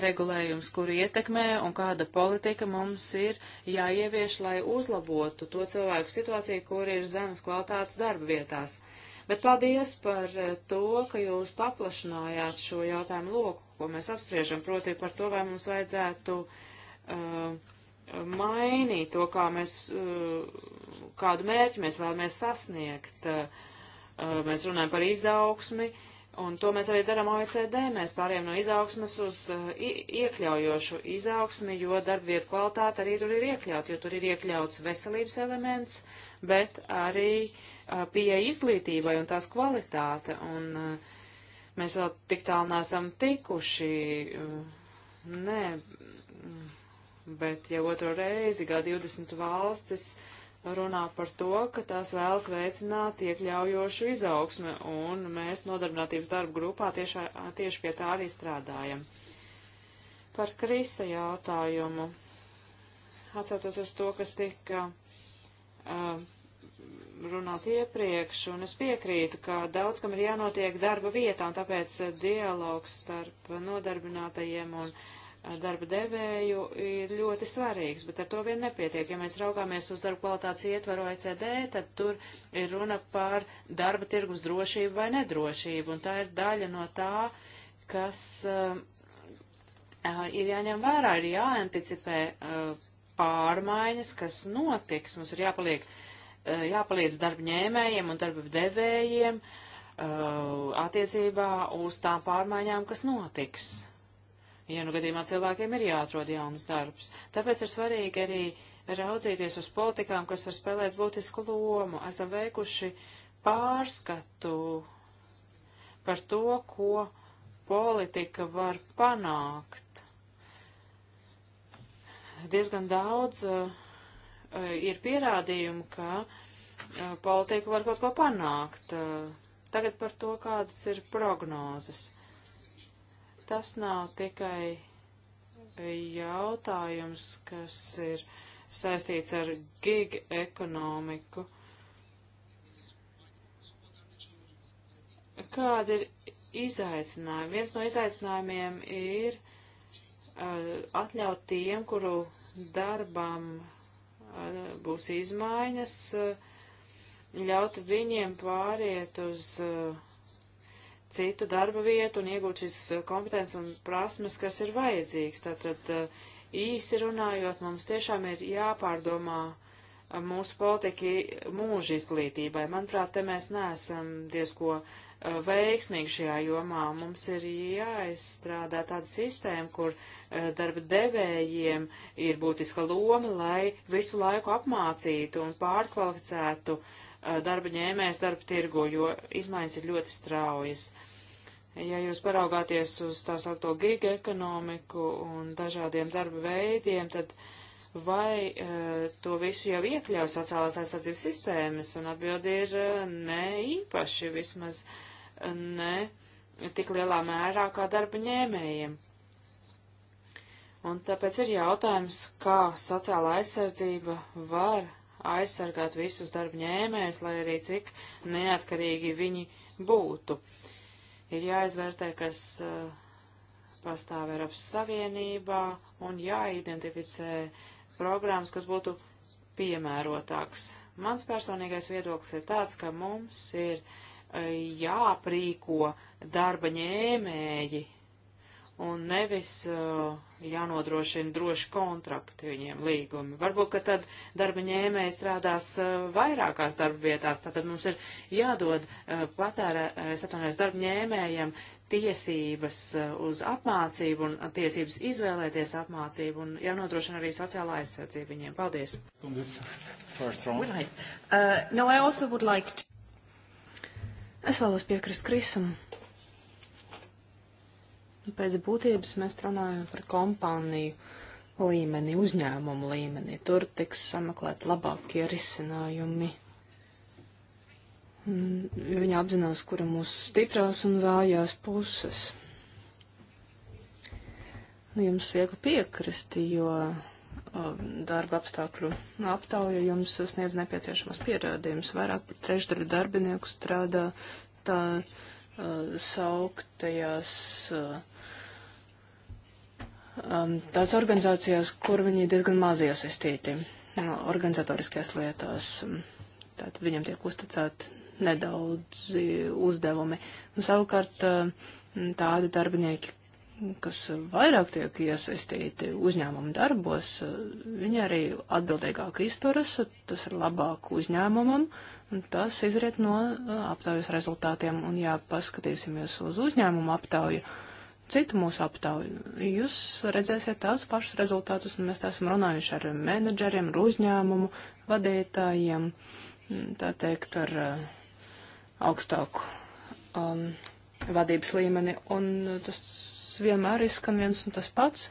regulējums, kur ietekmē un kāda politika mums ir jāievieš, lai uzlabotu to cilvēku situāciju, kur ir zemes kvalitātes darba vietās. Bet paldies par eh, to, ka jūs paplašinājāt šo jautājumu loku, ko mēs apspriežam, proti par to, vai mums vajadzētu uh, mainīt to, kā mēs, uh, kādu mērķi mēs vēlamies sasniegt. Uh, mēs runājam par izaugsmi, un to mēs arī darām OECD. Mēs pārējām no izaugsmes uz uh, iekļaujošu izaugsmi, jo darbvietu kvalitāte arī tur ir iekļaut, jo tur ir iekļauts veselības elements, bet arī uh, pieeja izglītībai un tās kvalitāte. Un, uh, Mēs vēl tik tālu nesam tikuši. Eh, Nē, bet jau otro reizi G20 valstis runā par to, ka tās vēlas veicināt iekļaujošu izaugsmi, un mēs nodarbinātības darba grupā tiešā, tieši pie tā arī strādājam. Par krīsa jautājumu. Atcaucos uz to, kas tika uh, runāts iepriekš, un es piekrītu, ka daudz kam ir jānotiek darba vietā, un tāpēc eh, dialogs starp nodarbinātajiem un eh, darba devēju ir ļoti svarīgs, bet ar to vien nepietiek. Ja mēs raugāmies uz darba kvalitātes ietvaru OECD, tad tur ir runa par darba tirgus drošību vai nedrošību, un tā ir daļa no tā, kas uh, ir jāņem vērā, ir jāanticipē uh, pārmaiņas, kas notiks. Mums ir jāpaliek uh, Eh, jāpalīdz darba ņēmējiem un darba devējiem eh, attiecībā uz tām pārmaiņām, kas notiks. Ja nu gadījumā cilvēkiem ir jāatrod jauns darbs, tāpēc ir svarīgi arī raudzīties uz politikām, kas var spēlēt būtisku lomu. Esam veikuši pārskatu par to, ko politika var panākt. Diezgan daudz uh, Eh, ir pierādījumi, ka eh, politika var kaut ko panākt. Eh, tagad par to, kādas ir prognozes. Tas nav tikai jautājums, kas ir saistīts ar gig ekonomiku. Kāda ir izaicinājuma? Viens no izaicinājumiem ir atļaut tiem, kuru darbam būs izmaiņas, eh, ļaut viņiem pāriet uz eh, citu darba vietu un iegūt šīs eh, kompetences un prasmes, kas ir vajadzīgs. Tātad īsi runājot, mums tiešām ir jāpārdomā mūsu politika mūža izglītībai. Manuprāt, te mēs neesam diezko ko Uh, veiksmīgi šajā jomā. Mums ir jāizstrādā tāda sistēma, kur uh, darba devējiem ir būtiska loma, lai visu laiku apmācītu un pārkvalificētu uh, darba ņēmējs darba tirgu, jo izmaiņas ir ļoti straujas. Ja jūs paraugāties uz tā saucamo giga ekonomiku un dažādiem darba veidiem, tad uh, vai uh, to visu jau iekļauj sociālās aizsardzības sistēmas, un atbildi ir uh, ne īpaši, vismaz eh, ne tik lielā mērā kā darba ņēmējiem. Un tāpēc ir jautājums, kā sociālā aizsardzība var aizsargāt visus darba ņēmējus, lai arī cik neatkarīgi viņi būtu. Ir jāizvērtē, kas uh, pastāv Eiropas Savienībā un jāidentificē uh, programmas, kas būtu piemērotāks. Mans personīgais viedoklis ir tāds, ka mums ir e, jāprīko darba ņēmēji un nevis uh, jānodrošina droši kontrakti viņiem līgumi. Varbūt, ka tad darba ņēmēji strādās uh, vairākās darba vietās, tātad mums ir jādod uh, patērē, es atvainojos, darba ņēmējiem tiesības eh, uz apmācību un tiesības izvēlēties apmācību un jānodrošina arī sociālā aizsardzība viņiem. Paldies! I, uh, no, like to... Es vēlos piekrist Krisam. Pēc būtības mēs runājam par kompāniju līmeni, uzņēmumu līmeni. Tur tiks sameklēt labākie risinājumi. Mm, viņa apzinās, kura mūsu stiprās un vājās puses. Nu, jums viegli piekrist, jo darba apstākļu aptauja jums sniedz nepieciešamas pierādījumus. Vairāk par trešdaļu darbinieku strādā tā sauktajās um, tās organizācijās, kur viņi diezgan maz iesaistīti organizatoriskajās lietās. Tātad viņam tiek uzticēti nedaudzi uzdevumi. Un nu, savukārt eh, tādi darbinieki, kas vairāk tiek iesaistīti uzņēmumu darbos, eh, viņi arī atbildīgāk izturas, tas ir labāk uzņēmumam, un tas izriet no eh, aptaujas rezultātiem. Un ja paskatīsimies uz uzņēmumu aptauju, citu mūsu aptauju, jūs redzēsiet tās pašas rezultātus, un mēs esam runājuši ar menedžeriem, ar uzņēmumu vadītājiem, tā teikt, ar uh, augstāku um, vadības līmeni. Un uh, tas vienmēr izskan viens un tas pats.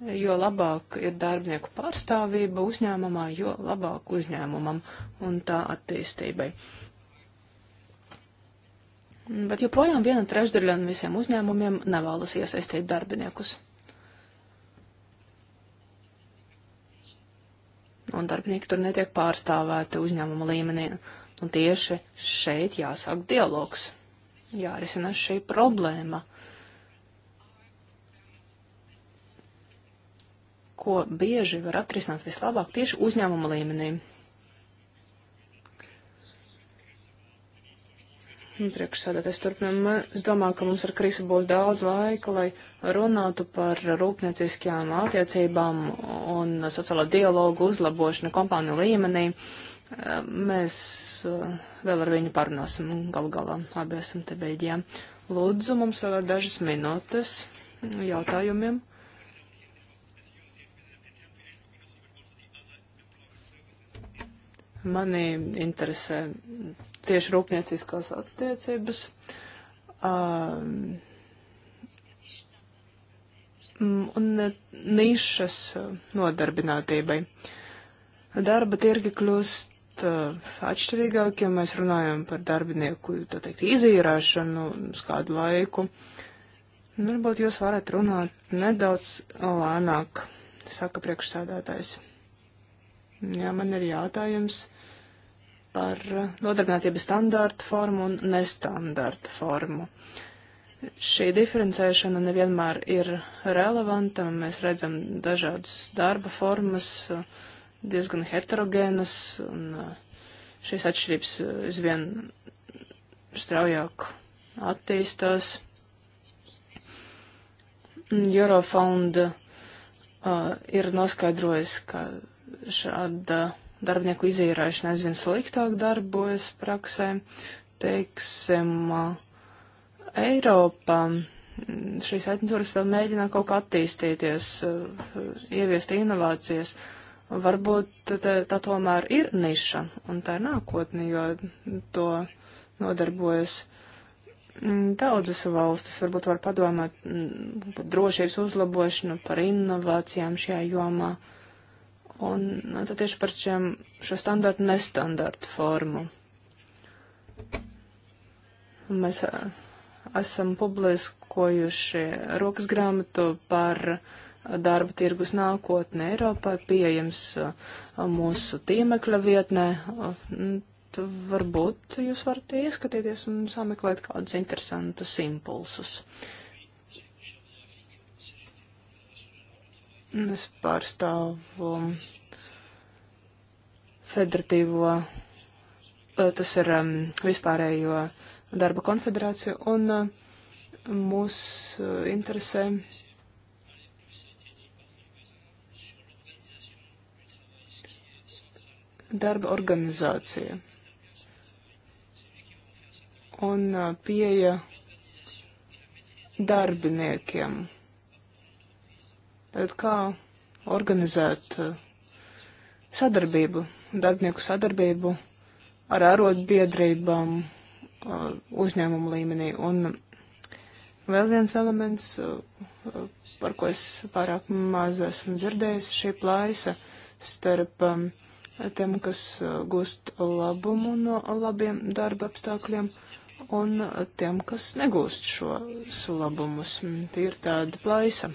Jo labāk ir darbinieku pārstāvība uzņēmumā, jo labāk uzņēmumam un tā attīstībai. Bet joprojām viena trešdaļa no visiem uzņēmumiem nevēlas iesaistīt darbiniekus. Un darbinieki tur netiek pārstāvēti uzņēmuma līmenī. Uh, Un tieši šeit jāsāk dialogs, jārisina šī problēma, ko bieži var atrisināt vislabāk tieši uzņēmuma līmenī. Priekšsēdētājs turpinām. Es domāju, ka mums ar Krisu būs daudz laika, lai runātu par rūpnieciskajām attiecībām un sociālo dialogu uzlabošanu kompāniju līmenī. Mēs uh, vēl ar viņu parunāsim, galu galā abi esam te beidījām. Lūdzu, mums vēl ir dažas minūtes jautājumiem. Mani interesē tieši rūpnieciskās attiecības. Um, un nišas nodarbinātībai. Darba tirgi kļūst atšķirīgāk, ja mēs runājam par darbinieku, tā teikt, izīrāšanu uz kādu laiku. Nu, varbūt jūs varat runāt nedaudz lēnāk, saka priekšsādātājs. Jā, man ir jātājums par nodarbinātības standārtu formu un nestandartu formu. Šī diferencēšana nevienmēr ir relevanta, mēs redzam dažādas darba formas, uh, diezgan heterogēnas, un eh, šīs atšķirības aizvien eh, straujāk attīstās. Eurofonda uh, eh, ir noskaidrojis, ka šāda darbinieku izīrēšana aizvien sliktāk darbojas praksē. Teiksim, uh, Eiropā mm, šīs aģentūras vēl mēģina kaut kā attīstīties, uh, ieviest inovācijas. Uh, Varbūt tā tomēr ir niša, un tā ir nākotne, jo to nodarbojas daudzas valstis. Varbūt var padomāt mm, par drošības uzlabošanu, par inovācijām šajā jomā. Un nu, tad tieši par šiem, šo standartu nestandartu formu. Mēs esam publiskojuši rokas grāmatu par uh, darba tirgus nākotne Eiropā ir pieejams uh, mūsu tiemekļa vietnē. Uh, varbūt jūs varat ieskatīties un sameklēt kādus interesantus impulsus. Es pārstāvu um, federatīvo, uh, tas ir um, vispārējo darba konfederāciju, un uh, mūs interesē uh, darba organizācija un pieeja darbiniekiem. Tad kā organizēt sadarbību, darbinieku sadarbību ar arotbiedrībām uzņēmumu līmenī. Un vēl viens elements, par ko es pārāk maz esmu dzirdējis, šī plājas starp um, tiem, kas uh, gūst labumu no labiem darba apstākļiem, un tiem, kas negūst šos labumus. Mm, tie ir tāda plaisa.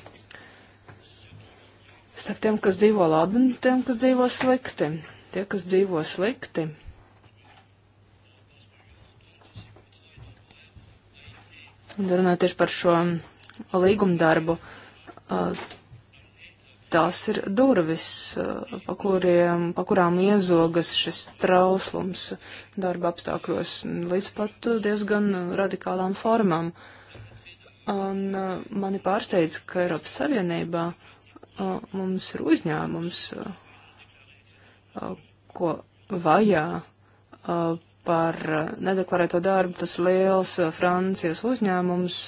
Starp tiem, kas dzīvo labi, un tiem, kas dzīvo slikti. Tie, kas dzīvo slikti, runājot tieši par šo līgumdarbu, uh, tās ir durvis, eh, pa, kuriem, pa kurām iezogas šis trauslums darba apstākļos, līdz pat diezgan radikālām formām. Un eh, mani pārsteidz, ka Eiropas Savienībā eh, mums ir uzņēmums, ko vajā par nedeklarēto darbu. Tas liels Francijas uzņēmums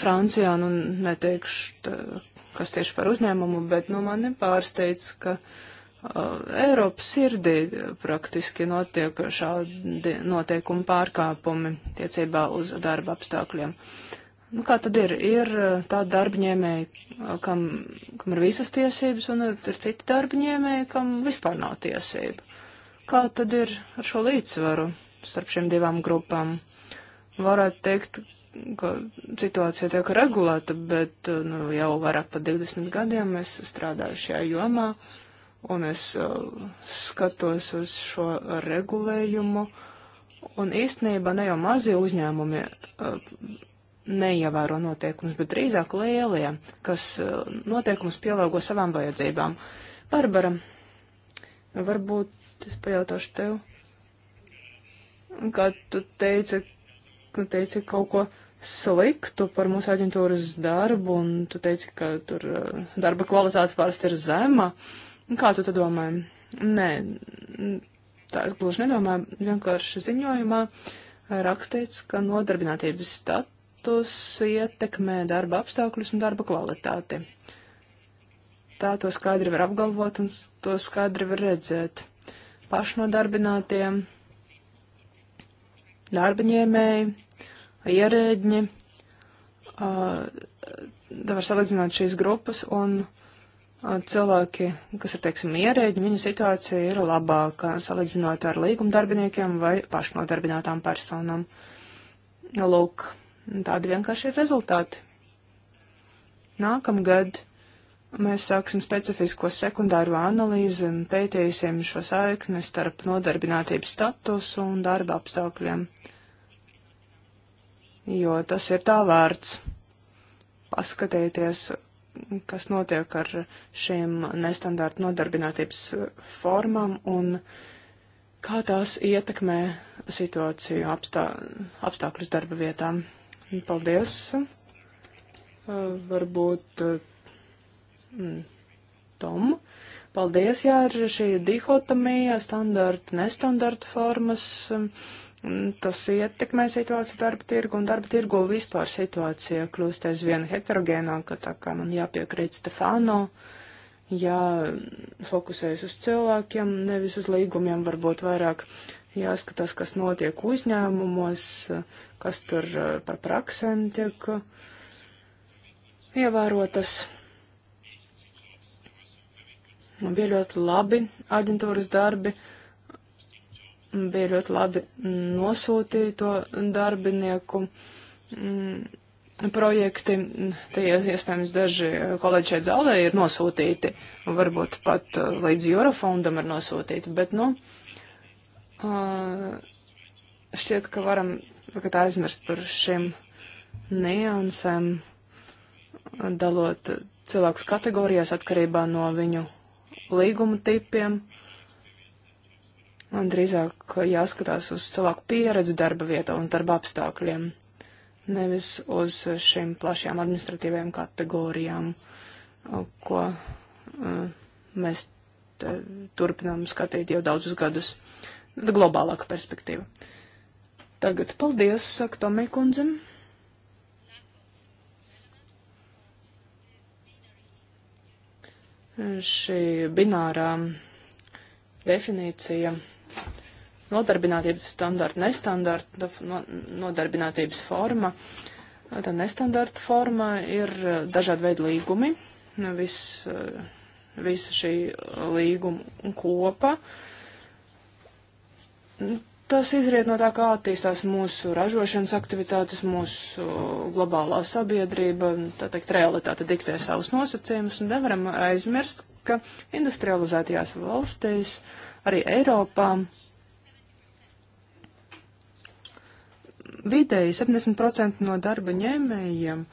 Francijā, nu neteikšu kas tieši par uzņēmumu, bet nu, man nepārsteidz, ka uh, Eiropas sirdī praktiski notiek šādi noteikumi pārkāpumi tiecībā uz darba apstākļiem. Nu, kā tad ir? Ir uh, tādi darbņēmēji, uh, kam, kam ir visas tiesības, un ir citi darbņēmēji, kam vispār nav tiesība. Kā tad ir ar šo līdzsvaru starp šiem divām grupām? Varētu teikt, ka situācija tiek regulēta, bet eh, nu, jau vairāk par 20 gadiem es strādāju šajā jomā, un es uh, skatos uz šo regulējumu, un īstenībā ne jau mazie uzņēmumi uh, neievēro noteikumus, bet drīzāk lielie, kas uh, noteikumus pielāgo savām vajadzībām. Barbara, varbūt es pajautāšu tev, kā tu teici, nu, teici kaut ko sliktu par mūsu aģentūras darbu, un tu teici, ka tur eh, darba kvalitāte parasti ir zema. Kā tu to domā? Nē, tā es gluži nedomāju. Vienkārši ziņojumā rakstīts, ka nodarbinātības status ietekmē darba apstākļus un darba kvalitāti. Tā to skaidri var apgalvot un to skaidri var redzēt. Pašnodarbinātiem, darbaņēmēji, ierēģi. Tā var salīdzināt šīs grupas un cilvēki, kas ir, teiksim, ierēģi, viņu situācija ir labāka salīdzinot ar līgumdarbiniekiem vai pašnodarbinātām personām. Lūk, tādi vienkārši ir rezultāti. Nākamgad mēs sāksim specifisko sekundāro analīzi un pētīsim šo saikni starp nodarbinātības statusu un darba apstākļiem. Uh, jo tas ir tā vērts. Paskatieties, kas notiek ar šīm nestandarta nodarbinātības formām un kā tās ietekmē situāciju apstā, apstākļus darba vietām. Paldies! Varbūt mm, Tom. Paldies, jā, ar šī dihotomija, standarta, nestandarta formas. Um, Tas ietekmē situāciju darba tirgu un darba tirgu vispār situācija kļūst aizvien heterogēnāka, tā kā man jāpiekrīt Stefano, jāfokusējas uz cilvēkiem, nevis uz līgumiem, varbūt vairāk jāskatās, kas notiek uzņēmumos, kas tur eh, par praksēm tiek eh, ievērotas. Man bija ļoti labi aģentūras darbi. Uh, bija ļoti labi nosūtīto darbinieku mm, projekti. Tie iespējams daži kolēģi šeit zaldē ir nosūtīti, varbūt pat uh, līdz Eurofondam ir nosūtīti, bet, nu, uh, šķiet, ka varam tagad aizmirst par šiem niansēm, dalot cilvēkus kategorijās atkarībā no viņu līguma tipiem. Uh, Un drīzāk jāskatās uz cilvēku pieredzi darba vietā un darba apstākļiem, nevis uz šīm plašajām administratīvajām kategorijām, ko eh, mēs turpinām skatīt jau daudzus gadus. Tad globālāka perspektīva. Tagad paldies, saka Tomē kundzim. Šī binārā definīcija nodarbinātības standarta, nestandarta no, nodarbinātības forma. Tā nestandarta forma ir e, dažādi veidi līgumi, vis, e, visa šī līguma kopa. Tas izriet no tā, kā attīstās mūsu ražošanas aktivitātes, mūsu globālā sabiedrība, tā teikt, realitāte diktē savus nosacījumus, un nevaram aizmirst, ka industrializētajās valstīs uh, arī Eiropā. Vidēji 70% no darba ņēmējiem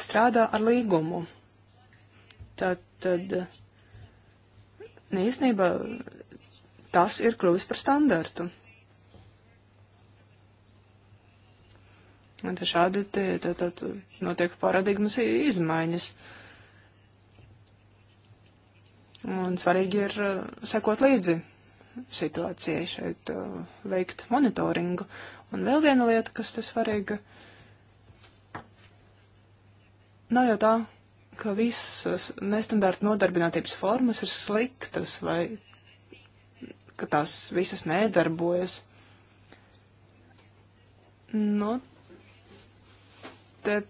strādā ar līgumu. Tad, tad īstenībā tas ir kļuvis par standartu. Un te šādi te, te, te, te notiek paradigmas izmaiņas. Un svarīgi ir uh, sekot līdzi situācijai šeit uh, veikt monitoringu. Un vēl viena lieta, kas te svarīga, nav jau tā, ka visas nestandarta nodarbinātības formas ir sliktas vai ka tās visas nedarbojas. Nu, te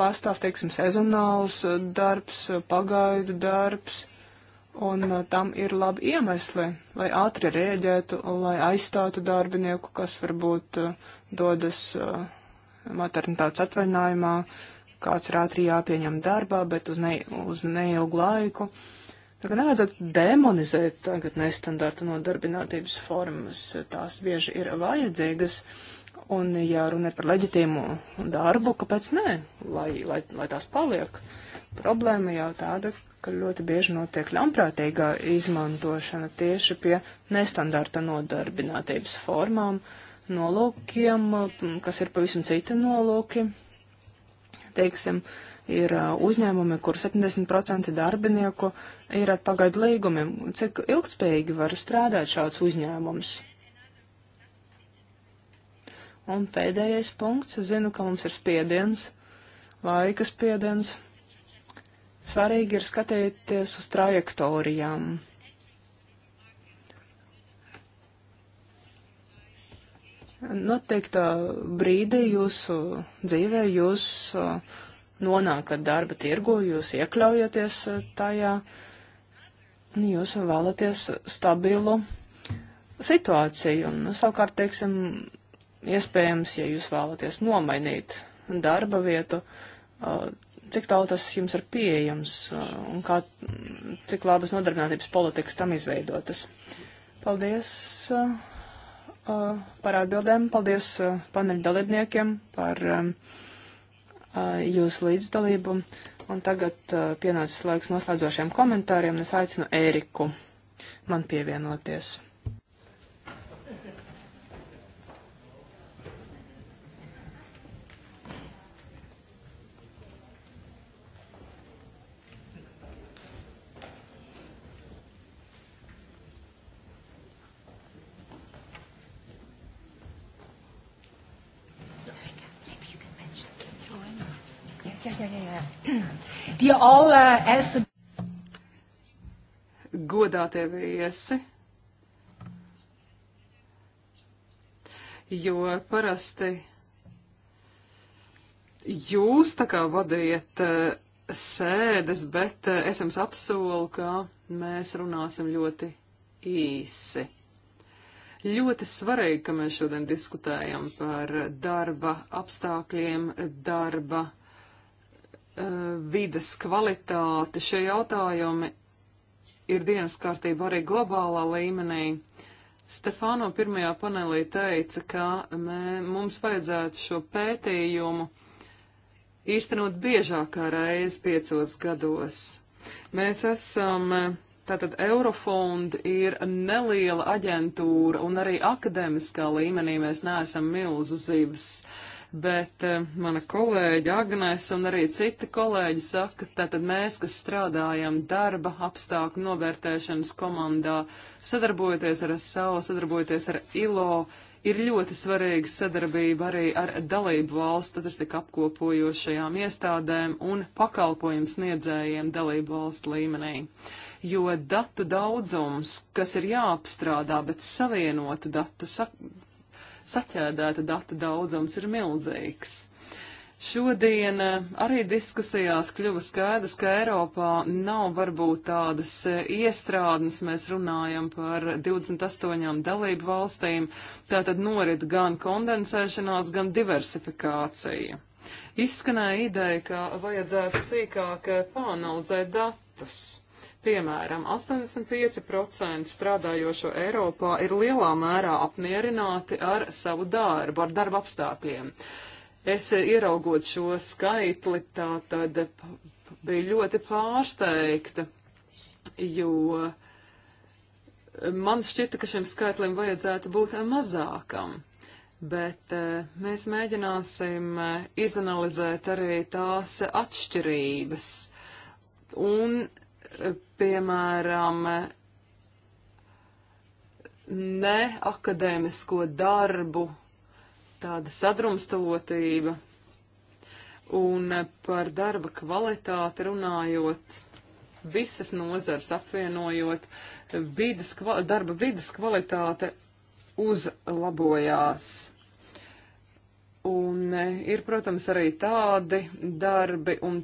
pastāv, teiksim, sezonāls darbs, pagaidu darbs, Un uh, tam ir labi iemesli, lai ātri rēģētu, lai aizstātu darbinieku, kas varbūt uh, dodas uh, maternitātes atvaļinājumā, kāds ir ātri jāpieņem darbā, bet uz, ne, uz neilgu laiku. Tā kā nevajadzētu demonizēt tagad nestandarta nodarbinātības formas, tās bieži ir vajadzīgas, un ja runa ir par leģitīmu darbu, kāpēc nē, lai, lai, lai tās paliek. Uh, Problēma jau tāda, ka ļoti bieži notiek ļaunprātīgā izmantošana tieši pie nestandarta nodarbinātības formām, nolūkiem, kas ir pavisam citi nolūki. Teiksim, ir uh, uzņēmumi, kur 70% darbinieku ir ar pagaidu līgumiem. Cik ilgspējīgi var strādāt šāds uzņēmums? Un pēdējais punkts. Zinu, ka mums ir spiediens, laika spiediens. Svarīgi ir skatīties uz trajektorijām. Noteikta brīdī jūsu dzīvē jūs nonākat darba tirgu, jūs iekļaujaties tajā, jūs vēlaties stabilu situāciju. Un, savukārt, teiksim, iespējams, ja jūs vēlaties nomainīt darba vietu, cik tālu tas jums ir pieejams uh, un kā, cik labas nodarbinātības politikas tam izveidotas. Paldies uh, uh par atbildēm, paldies uh, paneļu dalībniekiem par um, uh, jūsu līdzdalību. Un tagad uh, pienācis laiks noslēdzošiem komentāriem, un es aicinu Ēriku man pievienoties. jā, jā, jā. All, uh, as... Godātie viesi, jo parasti jūs tā kā vadījat uh, sēdes, bet uh, es jums apsolu, ka mēs runāsim ļoti īsi. Ļoti svarīgi, ka mēs šodien diskutējam par darba apstākļiem, darba Uh, vides kvalitāte, šie jautājumi ir dienas kārtība arī globālā līmenī. Stefāno pirmajā panelī teica, ka mē, mums vajadzētu šo pētījumu īstenot biežākā reize piecos gados. Mēs esam, tātad Eurofond ir neliela aģentūra un arī akademiskā līmenī mēs neesam milzu zivs. Uh, bet eh, mana kolēģa Agnēs un arī citi kolēģi saka, tātad mēs, kas strādājam darba apstākļu novērtēšanas komandā, sadarbojoties ar SAO, sadarbojoties ar ILO, ir ļoti svarīga sadarbība arī ar dalību valsts statistika apkopojošajām iestādēm un pakalpojumu sniedzējiem dalību valstu līmenī. Jo datu daudzums, kas ir jāapstrādā, bet savienotu datu saķēdēta data daudzums ir milzīgs. Šodien eh, arī diskusijās kļuva skaidrs, ka Eiropā nav varbūt tādas eh, iestrādnes, mēs runājam par 28 dalību valstīm, tātad norit gan kondensēšanās, gan diversifikācija. Izskanēja ideja, ka vajadzētu sīkāk eh, pāanalizēt datus. Piemēram, 85% strādājošo Eiropā ir lielā mērā apmierināti ar savu darbu, ar darba apstākļiem. Es eh, ieraugot šo skaitli, tā tad bija ļoti pārsteigta, jo man šķita, ka šim skaitlim vajadzētu būt mazākam bet e, mēs mēģināsim e, izanalizēt arī tās atšķirības un piemēram, neakadēmisko darbu, tāda sadrumstalotība. Un par darba kvalitāti runājot, visas nozars apvienojot, vidas, darba vidas kvalitāte uzlabojās. Un ir, protams, arī tādi darbi un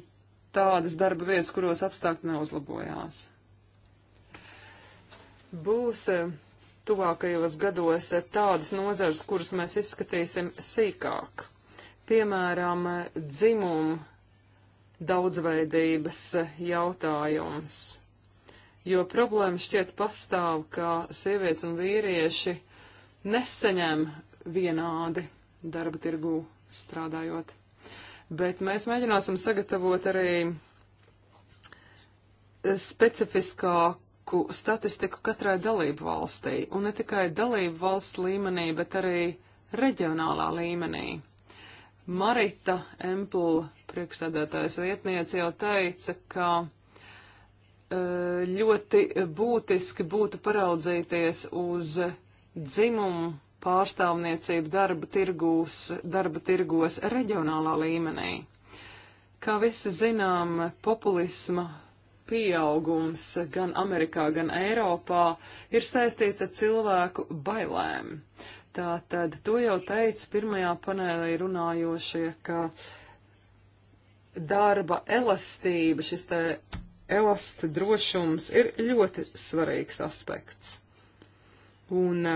tādas darba vietas, kuros apstākļi neuzlabojās. Būs eh, tuvākajos gados eh, tādas nozars, kuras mēs izskatīsim sīkāk. Piemēram, eh, dzimumu daudzveidības jautājums. Jo problēma šķiet pastāv, ka sievietes un vīrieši nesaņem vienādi darba tirgū strādājot bet mēs mēģināsim sagatavot arī eh, specifiskāku statistiku katrai dalību valstī, un ne tikai dalību valsts līmenī, bet arī reģionālā līmenī. Marita Empula priekšsēdētājas vietniece jau teica, ka eh, ļoti būtiski būtu paraudzīties uz dzimumu pārstāvniecību darba tirgūs, darba tirgos reģionālā līmenī. Kā visi zinām, populisma pieaugums gan Amerikā, gan Eiropā ir saistīts ar cilvēku bailēm. Tātad to jau teica pirmajā panelī runājošie, ka darba elastība, šis te elasta drošums ir ļoti svarīgs aspekts. Un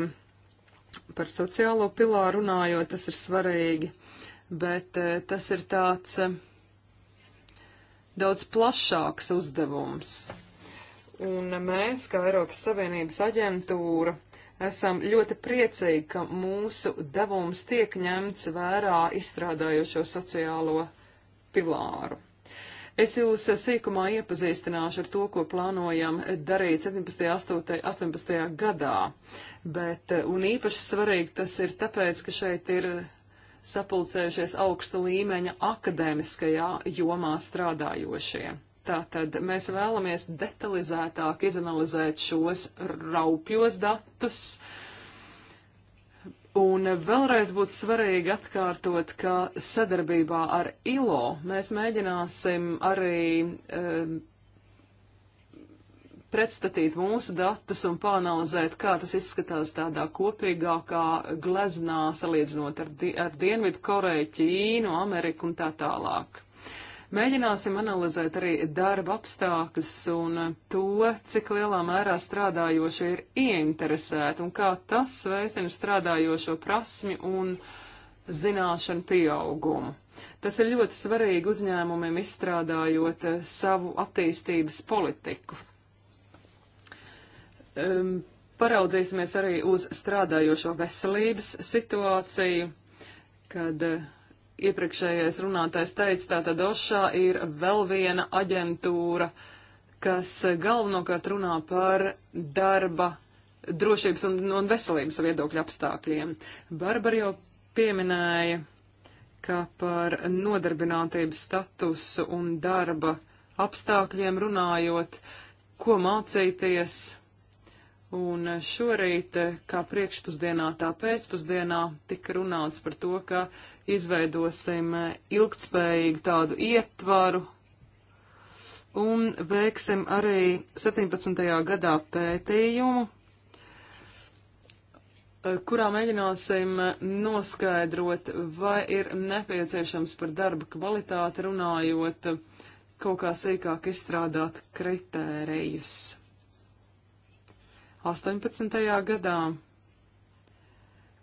Par sociālo pilāru runājot, tas ir svarīgi, bet eh, tas ir tāds eh, daudz plašāks uzdevums. Un mēs, kā Eiropas Savienības aģentūra, esam ļoti priecīgi, ka mūsu devums tiek ņemts vērā izstrādājošo sociālo pilāru. Es jūs sīkumā iepazīstināšu ar to, ko plānojam darīt 17. 8, 18. gadā, bet, eh, un īpaši svarīgi tas ir tāpēc, ka šeit ir sapulcējušies augsta līmeņa akadēmiskajā jomā strādājošie. Tātad mēs vēlamies detalizētāk izanalizēt šos raupjos datus, uh, Un vēlreiz būtu svarīgi atkārtot, ka sadarbībā ar ILO mēs mēģināsim arī e, pretstatīt mūsu datus un pāanalizēt, kā tas izskatās tādā kopīgākā gleznā, salīdzinot ar, di ar Dienvidu Koreju, Ķīnu, Ameriku un tā tālāk. Mēģināsim analizēt arī darba apstākļus un to, cik lielā mērā strādājošie ir ieinteresēti un kā tas veicina strādājošo prasmi un zināšanu pieaugumu. Tas ir ļoti svarīgi uzņēmumiem izstrādājot eh, savu attīstības politiku. Um, paraudzīsimies arī uz strādājošo veselības situāciju, kad uh, iepriekšējais runātājs teica, tātad OŠA ir vēl viena aģentūra, kas galvenokārt runā par darba drošības un, un veselības viedokļu apstākļiem. Barbara jau pieminēja, ka par nodarbinātības statusu un darba apstākļiem runājot, ko mācīties. Un šorīt, kā priekšpusdienā, tā pēcpusdienā tika runāts par to, ka izveidosim eh, ilgtspējīgu tādu ietvaru un veiksim arī 17. gadā pētījumu, eh, kurā mēģināsim eh, noskaidrot, vai ir nepieciešams par darba kvalitāti runājot kaut kā sīkāk izstrādāt kritērijus. 18. gadā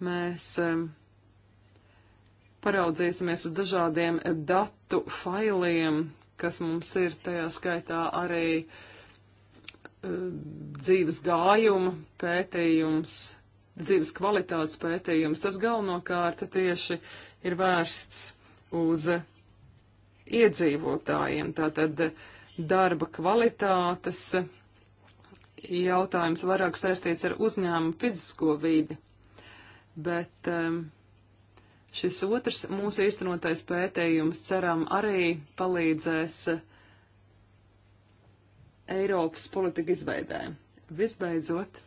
mēs paraudzīsimies uz dažādiem datu failiem, kas mums ir, tajā skaitā arī uh, dzīves gājuma pētījums, dzīves kvalitātes pētījums. Tas galvenokārt tieši ir vērsts uz iedzīvotājiem, tātad darba kvalitātes jautājums vairāk saistīts ar uzņēmumu fizisko vidi. Bet um, Šis otrs mūsu īstenotais pētījums, ceram, arī palīdzēs Eiropas politika izveidē. Visbeidzot,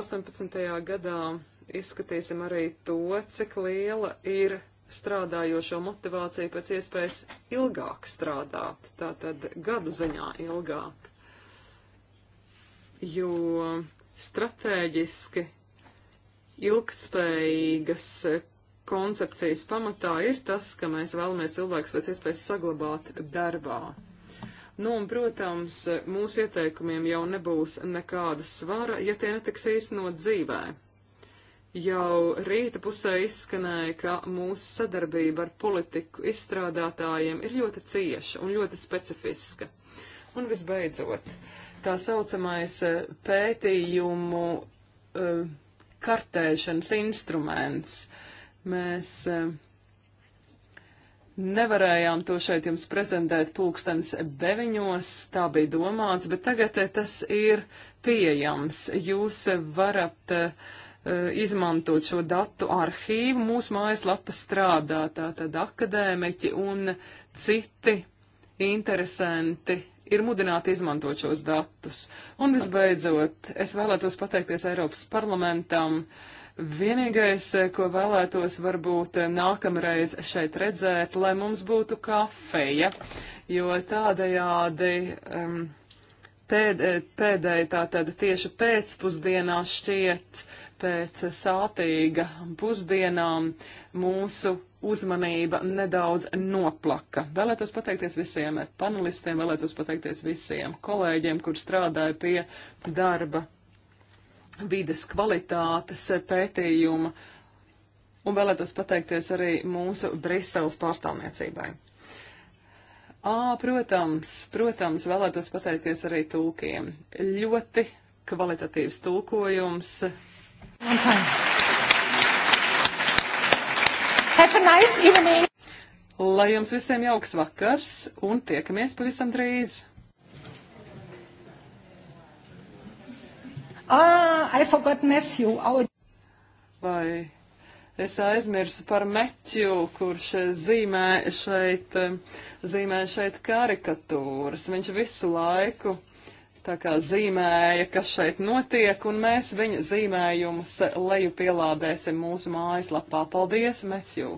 18. gadā izskatīsim arī to, cik liela ir strādājošo motivācija pēc iespējas ilgāk strādāt, tātad gadu ziņā ilgāk. Jo stratēģiski ilgtspējīgas eh, koncepcijas pamatā ir tas, ka mēs vēlamies cilvēks pēc iespējas saglabāt darbā. Nu, un, protams, mūsu ieteikumiem jau nebūs nekāda svara, ja tie netiks īstenot dzīvē. Jau rīta pusē izskanēja, ka mūsu sadarbība ar politiku izstrādātājiem ir ļoti cieša un ļoti specifiska. Un visbeidzot, tā saucamais eh, pētījumu uh, kartēšanas instruments. Mēs eh, nevarējām to šeit jums prezentēt pulkstens deviņos, tā bija domāts, bet tagad eh, tas ir pieejams. Jūs varat eh, izmantot šo datu arhīvu. Mūsu mājaslapa strādā tātad akadēmiķi un citi interesanti ir mudināti izmantot šos datus. Un visbeidzot, es vēlētos pateikties Eiropas parlamentam. Vienīgais, ko vēlētos varbūt nākamreiz šeit redzēt, lai mums būtu kafeja, jo tādējādi um, pēd, pēdēji tātad tieši pēcpusdienā šķiet pēc sātīga pusdienām mūsu uzmanība nedaudz noplaka. Vēlētos pateikties visiem panelistiem, vēlētos pateikties visiem kolēģiem, kur strādāja pie darba vides kvalitātes pētījuma, un vēlētos pateikties arī mūsu Briseles pārstāvniecībai. Ā, protams, protams, vēlētos pateikties arī tulkiem. Ļoti kvalitatīvs tulkojums. Okay. nice evening! Lai jums visiem jauks vakars un tiekamies pavisam drīz! Ah, I forgot Matthew. Our... Vai es aizmirsu par Matthew, kurš zīmē šeit, eh, zīmē šeit karikatūras. Viņš visu laiku tā kā zīmēja, kas šeit notiek, un mēs viņa zīmējumus leju pielādēsim mūsu mājaslapā. Paldies, Matthew!